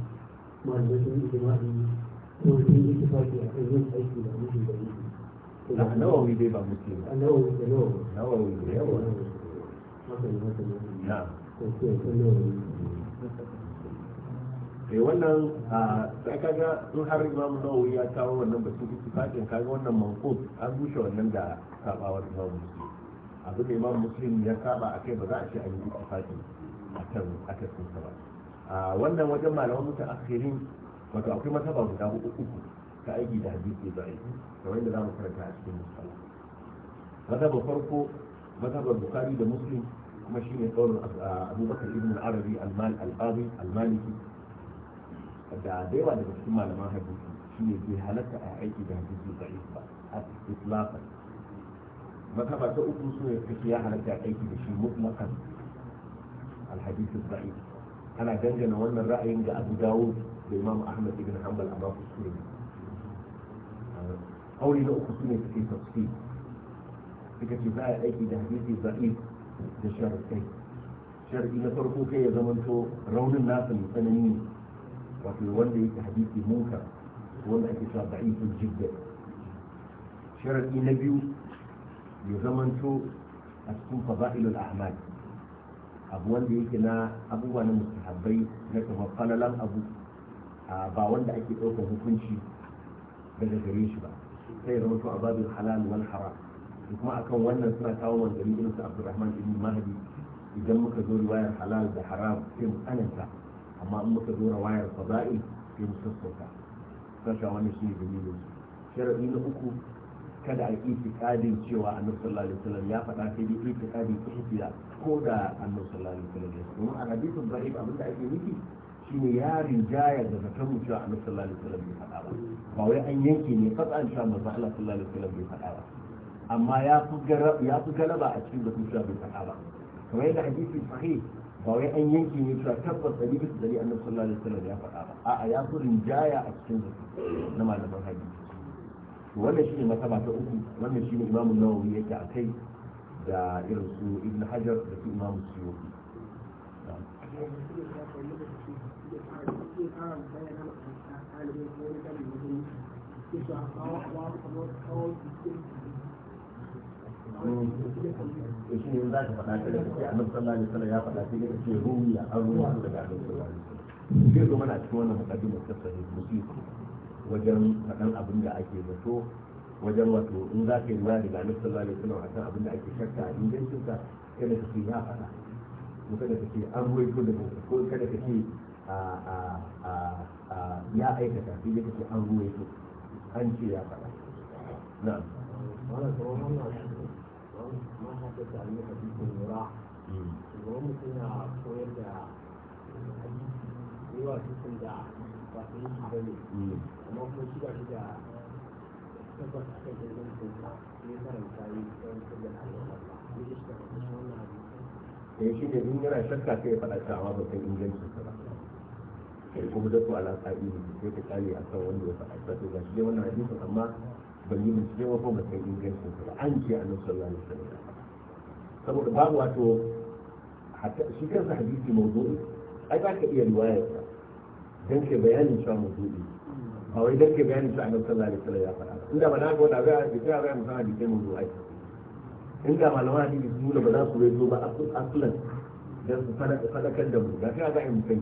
malamai sun yi ko sun yi ittifaqi a kan yin aiki da mutum da mutum na nawawi dai ba muke ba nawawi da nawawi nawawi da yawa haka ne haka ne na ko sai nawawi eh wannan sai kaga in har mu nawawi ya kawo wannan batun ittifaqin kaga wannan manqut an bushe wannan da sabawar imam muslim abu da imam muslim ya saba akai ba za a ce an yi ittifaqi akan akan sun ba wannan wajen malaman mutaakhirin wato akwai masaba guda uku uku ta aiki da hadisi da aiki kamar yadda mu karanta a cikin musalla mazhabar farko mazhabar bukari da muslim kuma shine qaulun abubakar ibn al-arabi al-mal al-qadi al-maliki da da yawa daga cikin malaman hadisi shi ne bai halatta a aiki da hadisi da isba a islafan mazhaba ta uku su ne kake ya halatta a aiki da shi mutlakan alhadisi da ana dangana wannan ra'ayin ga abu dawud da imam ahmad ibn hanbal amma kuskure ne قولي له خصوصية في تفصيل فكرة بقى أيدي ده حديثي ضعيف ده شرطين شرطي نفرقه كي يزمنتو رون الناس المسننين wato wanda yake hadisi munkar wanda ake cewa da'ifin jidda sharadi na biyu ya zamanto a cikin fada'ilul ahmad abu wanda yake na abubuwa na mustahabbai na kamar falalan abu ba wanda ake ɗaukar hukunci daga gare shi ba sai ya zamanto a babin halal wal haram kuma akan wannan suna kawo wanzari irin su abdurrahman ibn mahdi idan muka zo riwayar halal da haram sai mu tsananta amma in muka zo wayar fada'i sai mu sassauta sassa wani shi dalilin sharadi na uku kada a itikadin cewa annabi sallallahu alaihi wasallam ya faɗa sai dai itikadi ta hijiya ko da annabi sallallahu alaihi wasallam ya kuma a hadisin da'if abin da ake nufi shine ya rinjaya da zaton mu cewa annabi sallallahu alaihi wasallam bai faɗa ba ba wai an yanke ne fatsan cewa manzo Allah sallallahu alaihi wasallam bai faɗa ba amma ya fi galaba a cikin da cewa bai faɗa ba kamar yadda hadisi sahih ba wai an yanki ne cewa tabbas dari bisa dari annabi sallallahu alaihi sallar ya faɗa ba a'a ya fi rinjaya a cikin na malaman hadisi wannan ne masaba ta uku wannan shi ne imamu nawawi yake a kai da irin su ibn hajar da su imamu suyuti Thank you. to shi ne za ka faɗa ta da kake annabi sallallahu alaihi wasallam ya faɗa ta da kake a an ruwa su daga annabi sallallahu alaihi sai kuma na cikin wannan hadisi da kasa ne musu wajen faɗan abin da ake zato wajen wato in za ka yi ruwa daga annabi sallallahu alaihi wasallam akan abin da ake shakka a ingancin sa kada ka ce ya faɗa ko kada ka ce an ruwaito da ko kada ka ce ya aikata sai dai ka ce an ruwa ruwaito an ce ya faɗa na'am yadda an hadisin mutum na koyar da yawa da ba su yi ba ne amma kuma shi ba shi da kan jirgin karanta yi don ne shi wannan shi ne in yana shakka sai ya faɗa ta amma ba san ba sai kuma da alaƙa ne sai ka kare a kan wanda ya faɗa to ga shi wannan hadisin amma ban yi bincike ko ba san ba an ce annabi sallallahu alaihi wasallam saboda babu wato shi kansa hadisi mawdu'i ai ba ka iya riwayar sa dan ke bayanin cewa mawdu'i ba wai dan ke bayanin cewa annabi sallallahu alaihi wasallam ya faɗa inda ba na ga wanda ga da ga ga musamman hadisi mawdu'i inda malaman hadisi su ba za su rezo ba asulan dan su fadakar da mu ga kai ga mu kai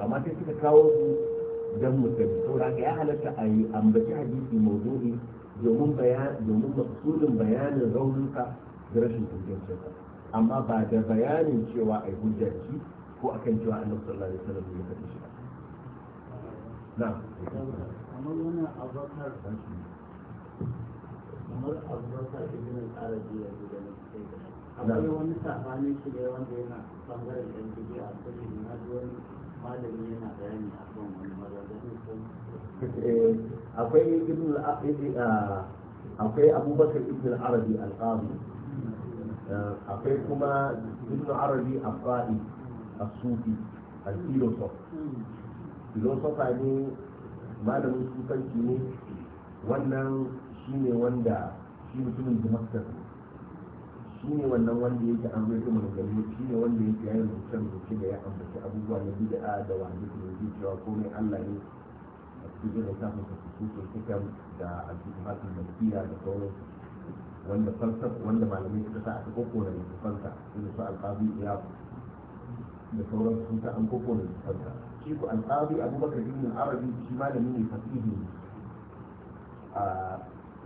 amma sai suka kawo su dan mu sani saboda ya halatta a yi ambaci hadisi mawdu'i domin bayan domin maksudin bayanin raunuka da rashin ingancin amma ba da bayanin cewa ai hujja shi ko kan cewa annabi sallallahu alaihi wasallam ya faɗi shi na amma wannan abubakar kamar abubakar ibn al-arabi ya ji da akwai wani sabani shi da wanda yana bangaren yan gidi a kullum na wani malami yana bayani a kan wani maganganu eh, akwai ibn al-arabi eh, eh, ah, akwai abubakar ibn al-arabi al-qadi Eh, akwai kuma ibn arabi afra'i a sufi a filosof filosofa hmm. ne malamin sufanci ne wannan shi ne wanda shi mutumin damascus shi ne wannan wanda yake an zai kuma gani shi ne wanda yake yayin rubuce rubuce da ya ambaci abubuwa na bid'a da wani da yake cewa komai Allah ne a cikin da ta fuka su su da al-fuqahatul da sauransu wanda falsafa wanda malamai suka sa aka koko da falsa irin su alqabi ya da sauran sun ta an koko da falsa shi ko alqabi abubakar ibn arabi shi malami ne fasihi a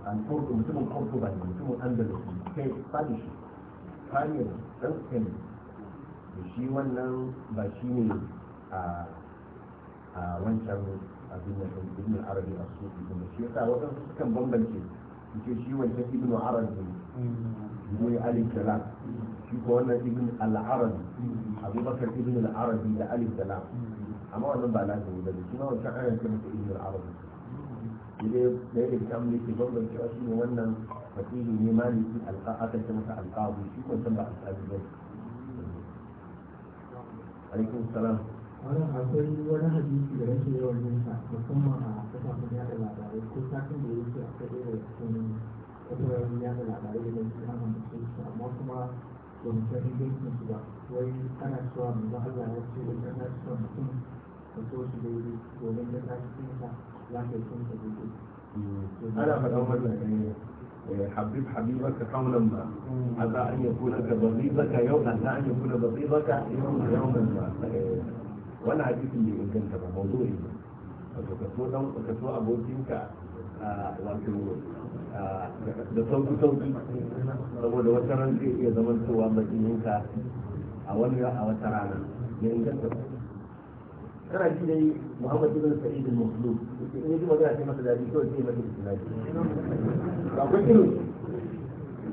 an kurdu mutumin kurdu ba ne mutumin andalus kai spanish spanish dan spain da shi wannan ba shi ne a wancan abin da ibn arabi a sufi kuma shi yasa wadansu sukan bambance ce shi wancan ibn ne salam mm. shi ko wannan ibn al abubakar ibn al da alif salam mm. amma wannan ba ne da shi ma wancan ana ce masa ibn al mm. da yake kan ne ke cewa shi ne wannan fasihi ne maliki masa shi ko ba ba alaikum salam wannan akwai wani hadisi da yake yawan yin sa musamman a kafafen yada labarai ko sakin da yake akwai ɗaya daga cikin kafafen yada labarai da yake kama da su amma kuma ba mu san ingancin su ba wai ana cewa mu ba Allah ya ce wai ana cewa mutum ka so shi daidai domin ya tashi kinsa za ka yi kinsa daidai. ana faɗan wannan ne حبيب حبيبك قولا ما عسى ان يكون كبغيضك يوم عسى ان يكون بغيضك يوما ما wani hadisin bai inganta ba mazo ne wato ka so dan ka so abokinka wato da sauki sauki saboda wata ran zai iya zaman cewa majininka a wani a wata rana ya inganta ba kana ji dai Muhammad ibn Sa'id al-Muslim in yaji magana sai masa dadi kawai sai masa isnadi akwai irin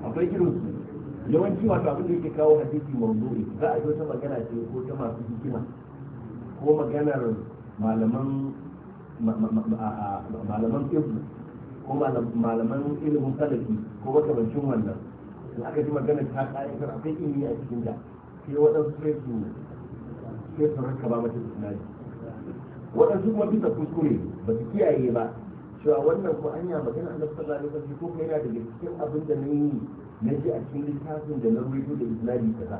akwai irin yawanci wato abin da yake kawo hadisi mawdu'i za a yi wata magana ce ko ta masu hikima ko maganar malaman malaman ibnu ko malaman ilimin salafi ko makamancin wannan da aka ji magana ta ƙa'idar akwai ilimi a cikin da sai waɗansu sai su sai su ranka ba mata da waɗansu kuma bisa kuskure ba su kiyaye ba cewa wannan ko yi magana annabi sallallahu alaihi wasallam ko kuma yana da cikin abin da na yi na ji a cikin littafin da na rubuto da isnadi kaza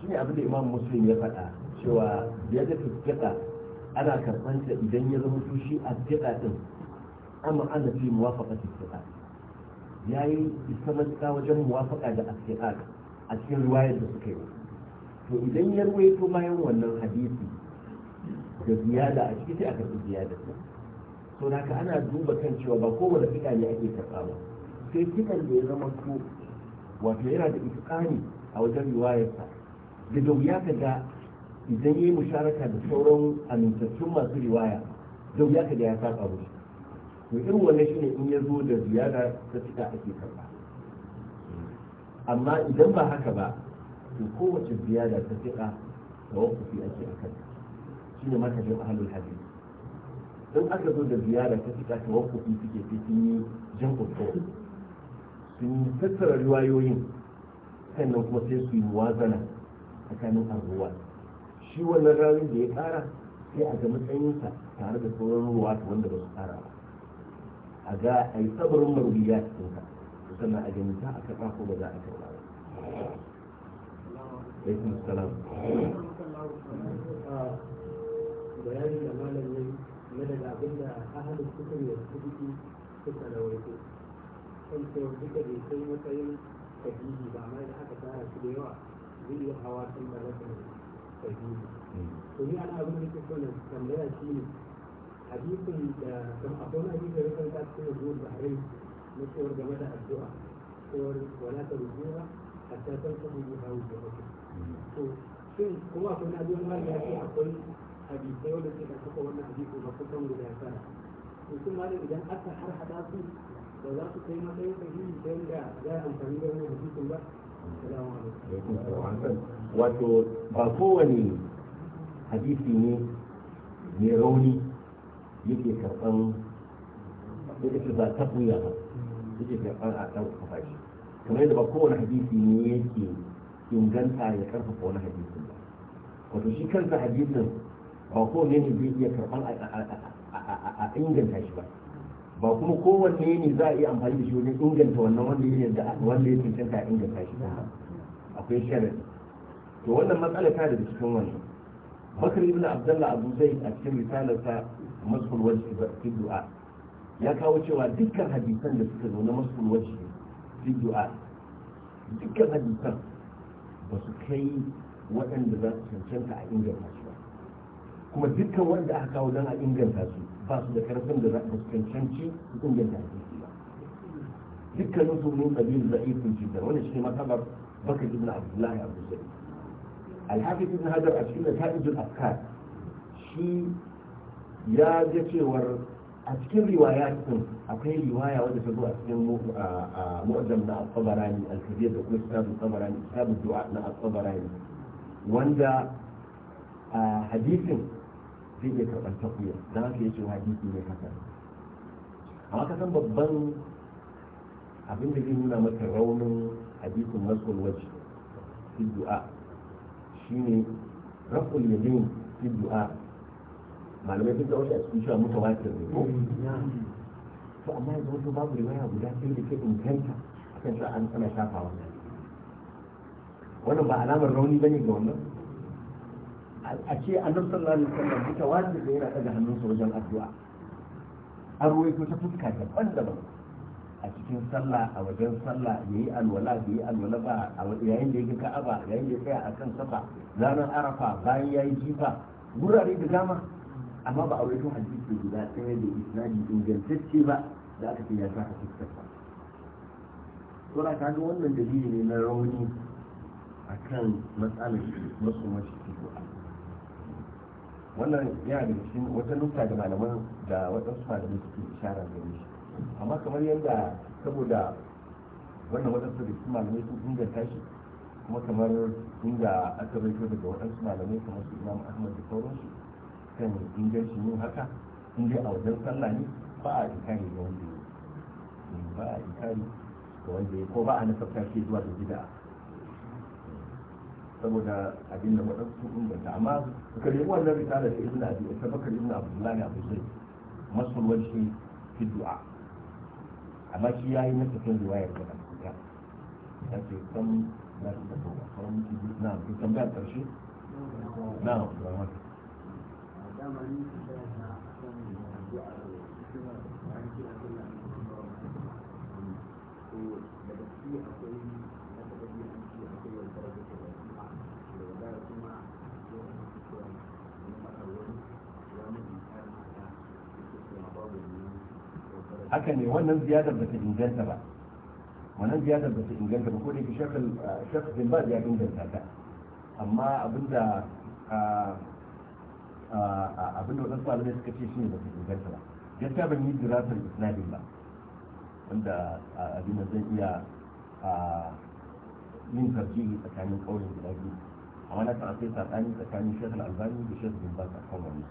shi ne abin da imam muslim ya faɗa cewa ya ga fiƙa ana karɓanta idan ya zama shi a fiƙa ɗin amma ana fi muwafaƙa fiƙa ya yi isa matuƙa wajen muwafaƙa da fiƙa a cikin ruwayar da suka yi to idan ya ruwaito bayan wannan hadisi da ziyada a ciki sai aka fi ziyada to da ka ana duba kan cewa ba kowane fiƙa ne ake karɓa ba sai fiƙan da ya zama ko wato yana da iskani a wajen riwayarsa daga ya ka ga idan ya yi musharaka da sauran amintattun masu riwaya da ya ka ga ya saba musu to irin wannan shine in ya zo da ziyara ta cika ake karba amma idan ba haka ba to kowace ziyara ta cika tawaffufi ake a kanta shine matajin ahlul hadith in aka zo da ziyara ta cika wakufi suke sun yi jan kokoro sun tattara riwayoyin sannan kuma sai su yi muwazana tsakanin arruwa shi wannan rawin da ya ƙara sai a ga matsayinsa tare da sauran ruwa wanda ba su ƙara ba a ga a yi sabarin marubiya cikinsa sannan a gani ta a karɓa ko ba za a karɓa ba. Alaikum salam. Bayanin da malamin na daga abin da ahalin sukan da suke suka rawaito. Kan cewa duka bai kai matsayin tafiyi ba amma da haka tara su da yawa zai iya hawa kan mallakar sahihi to ni ana abin da ke so na tambaya shi ne hadisin da kan akwai wani hadisi da ya kanta cikin zuwa bahrain na cewar game da addu'a cewar wala ta rubuwa hatta san ta hudu hawo da wata to shin kuma akwai na zuwa mara ya ce akwai hadisai wanda suka kafa wannan hadisi ba kusan guda tara to sun ma idan aka har hada su ba za su kai matsayin sahihi ta yadda za a amfani da wannan hadisin ba wato ba kowane hadisi ne mai rauni yake karɓan yake ce ba ta buya ba yake karɓan a ɗan kafa shi kamar yadda ba kowane hadisi ne yake inganta ya karfafa wani hadisin ba wato shi kansa hadisin ba kowane ne zai iya karɓan a inganta shi ba ba kuma kowanne ne za a yi amfani da shi wajen inganta wannan wanda ya yadda wanda ya cancanta a inganta shi akwai sharadi to wannan matsala ta daga cikin wannan bakar ibn abdullah abu zai a cikin risalarsa masul wajhi fi du'a ya kawo cewa dukkan hadisan da suka zo na masul wajhi fi du'a dukkan hadisan ba su kai waɗanda za su cancanta a inganta shi. ba kuma dukkan wanda aka kawo don a inganta su ba su da karfin da za su cancanci kungiyar da hadisi ba dukkanin su min qabil da'ifun jiddan wannan shine matsalar bakr ibn abdullah abu zaid al-hafiz ibn hajar a cikin nataijul afkar shi ya ga cewar a cikin riwaya cikin akwai riwaya wadda ta zo a cikin mu'ajam na al-tabarani al-kabir da kuma kitabul tabarani kitabul du'a na al-tabarani wanda hadisin zai iya karɓar tafiya don haka yake hadisi ne haka amma san babban abin da zai nuna maka raunin hadisin masul waje fi du'a raful yadin fi du'a malamai sun shi a cikin ne to amma yanzu wasu babu riwaya guda da ke inganta akan an shafa wannan wannan ba alamar rauni bane ga wannan a ce annabi sallallahu alaihi wasallam wani da yana daga hannunsa wajen addu'a an ruwaito ta fuska daban-daban a cikin sallah a wajen sallah ya yi alwala bai yi alwala ba yayin da ya ga ka'aba yayin da ya tsaya a kan safa ranar arafa bayan ya yi jifa gurare da dama amma ba a wajen hadisi guda ɗaya da isnadi ingantacce ba da aka ce ya sa a fuskar ba saboda ka wannan dalili ne na rauni akan matsalar masu mashi a wannan ya da cikin wata nufta da malaman da waɗansu malamai suke ishara gare shi amma kamar yadda saboda wannan waɗansu da cikin malamai sun inganta shi kuma kamar inda aka raito daga waɗansu malamai kamar su imam ahmad da sauransu kan inganci yin haka in dai a wajen sallah ne ba a ikari ga wanda ya eh, ba a ikari ga wanda ya ko ba a nasabta shi zuwa da bid'a saboda abin da waɗansu inganta amma suka nemi wannan risala ta ibn abi ta bakar ibn abdullahi abu zai masul wajhi fi du'a amma shi yayi masa kan riwayar da ya ce san na ta ko san mutum na ki tambaya karshe na rahmat Thank you. haka ne wannan ziyadar ba ta inganta ba wannan ziyadar ba ta inganta ba ko da yake shakal bin ba ya inganta ta amma abinda abinda wadansu malamai suka ce shine ba ta inganta ba gaskiya ban yi dirasar isnadin ba wanda abinda zan iya yin tarjihi tsakanin ƙauyen guda biyu amma na kan sai tsakanin tsakanin shekul albani da shekul bin ba a kan wani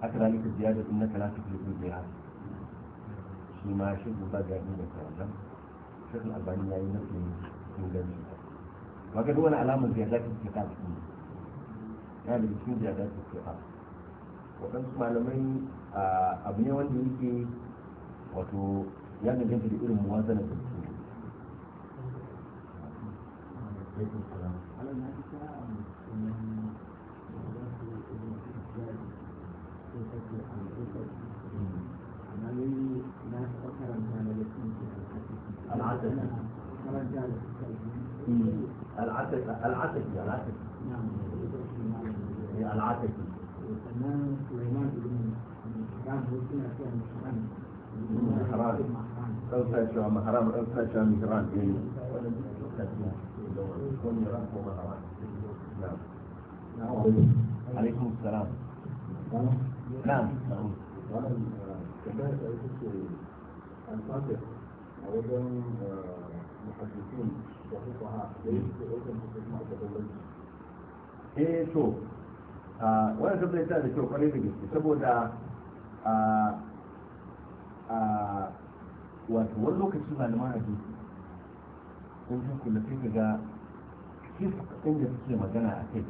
haka zalika ziyadar innaka la tukhliful mi'ad shi ma shi ba ga ni da kawalan shi shirin albani yayi na nufi inganci maka duk wani alamun zai zaki ke ta ciki ya da cikin da zaki ke ta waɗansu malamai abu ne wanda yake wato ya danganta da irin muwazana da su Thank you. العسل إيه، العسل العسل العسل نعم إيه، العسل الفنان سليمان بن كان بوكينا كان حرام ألف شام حرام ألف شام مهران عليكم السلام نعم نعم, نعم. نعم. a wajen muhaddisin da fuqaha da yake ɗaukar su kuma a gaban eh to wannan tabbata yana da kyau kwarai da gaske saboda wato wani lokaci malaman hadisi sun san kula sai ga fiskin da suke magana a kai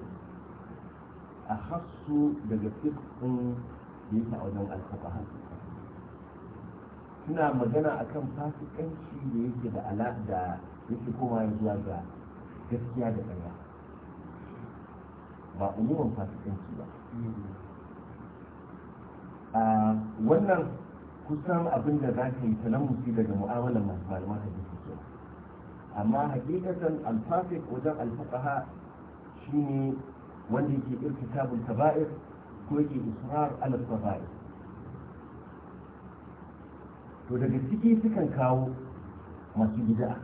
a hasu daga fiskin da yake a wajen alfafahan suna magana akan fasikanci da yake da alaƙa da yake koma zuwa ga gaskiya da ƙarya ba umuman fasikanci ba a wannan kusan abin da za ka yi talamusi daga mu'amalar masu malaman hadisi ke amma hakikatan alfasik wajen alfaqaha shine wanda yake irkitabul taba'ir ko yake israr al-kaba'ir to daga ciki sukan kawo masu gida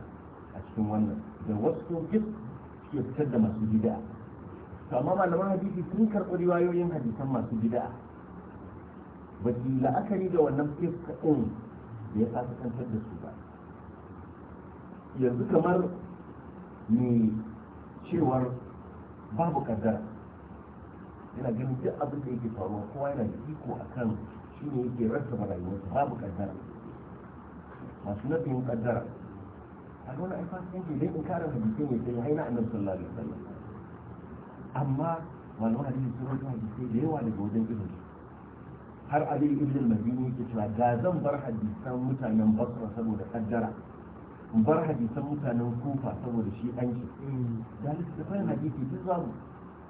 a cikin wannan da wasu duk suke fitar da masu gida to amma malaman hadisi sun karɓi riwayoyin hadisan masu gida ba su la'akari da wannan fiska ɗin da ya fasa kantar da su ba yanzu kamar mai cewar babu kaddara yana ganin duk abin da yake faruwa kowa yana da iko akan kan shi ne yake rasa rayuwarsa babu kaddara masu nafin kaddara a ga wani aifa dai in kara da hadisi mai sai haina annabi sallallahu alaihi wasallam amma malaman hadisi sun rubuta hadisi da yawa daga wajen ibn har abin ibn al-madini yake cewa ga zan bar hadisan mutanen basra saboda kaddara bar hadisan mutanen kufa saboda shi an shi da littafin hadisi duk zamu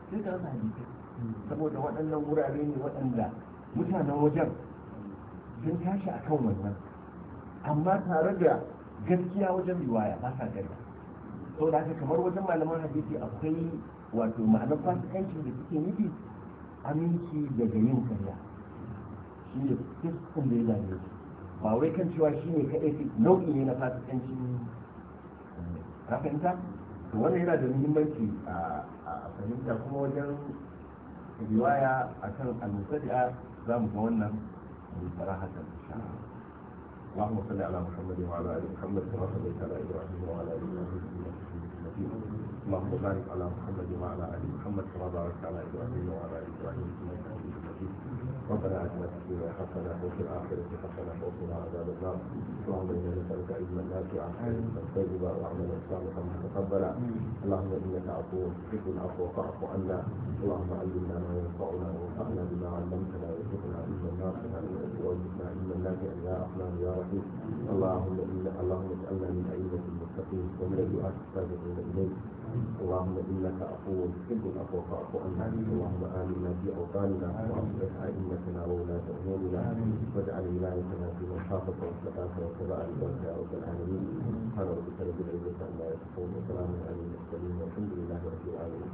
sai ka rasa hadisi saboda waɗannan wurare ne waɗanda mutanen wajen sun tashi a kan wannan amma tare da gaskiya wajen riwaya ba sa gari so da haka kamar wajen malaman hadisi akwai wato ma'anar fasikancin da suke nufi aminci daga yin karya shi ne fiskun da ya dame ba wai kan cewa shi ne kaɗai nau'i ne na fasikancin rafinta to wannan yana da muhimmanci a fahimta kuma wajen riwaya akan al-musadi'a za mu ga wannan musara hasan اللهم صل على محمد وعلى ال محمد كما صليت على ابراهيم وعلى ال ابراهيم اللهم بارك على محمد وعلى ال محمد كما باركت على ابراهيم وعلى ال ابراهيم انك حميد مجيد ربنا اتنا في الدنيا حسنه وفي الاخره حسنه وقنا عذاب النار اللهم انا نسالك علما نافعا حديثا طيبا وعملا صالحا متقبلا اللهم انك عفو تحب العفو فاعف عنا اللهم علمنا ما ينفعنا وانفعنا بما علمتنا وارزقنا علما نافعا وإنا إلا الله يا رحمن يا رحيم اللهم إلا اللهم اجعلنا من أئمة المتقين ومن الدعاة السابقين إليك اللهم إنك عفو تحب العفو فاعف عنا اللهم آمنا في أوطاننا وأصلح أئمتنا وولاة أمورنا واجعل ولايتنا في من خافك واتقاك واتبع رضاك يا رب العالمين سبحان ربك رب العزة عما يصفون وسلام على المرسلين والحمد لله رب العالمين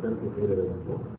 karfe ɗaya da rabi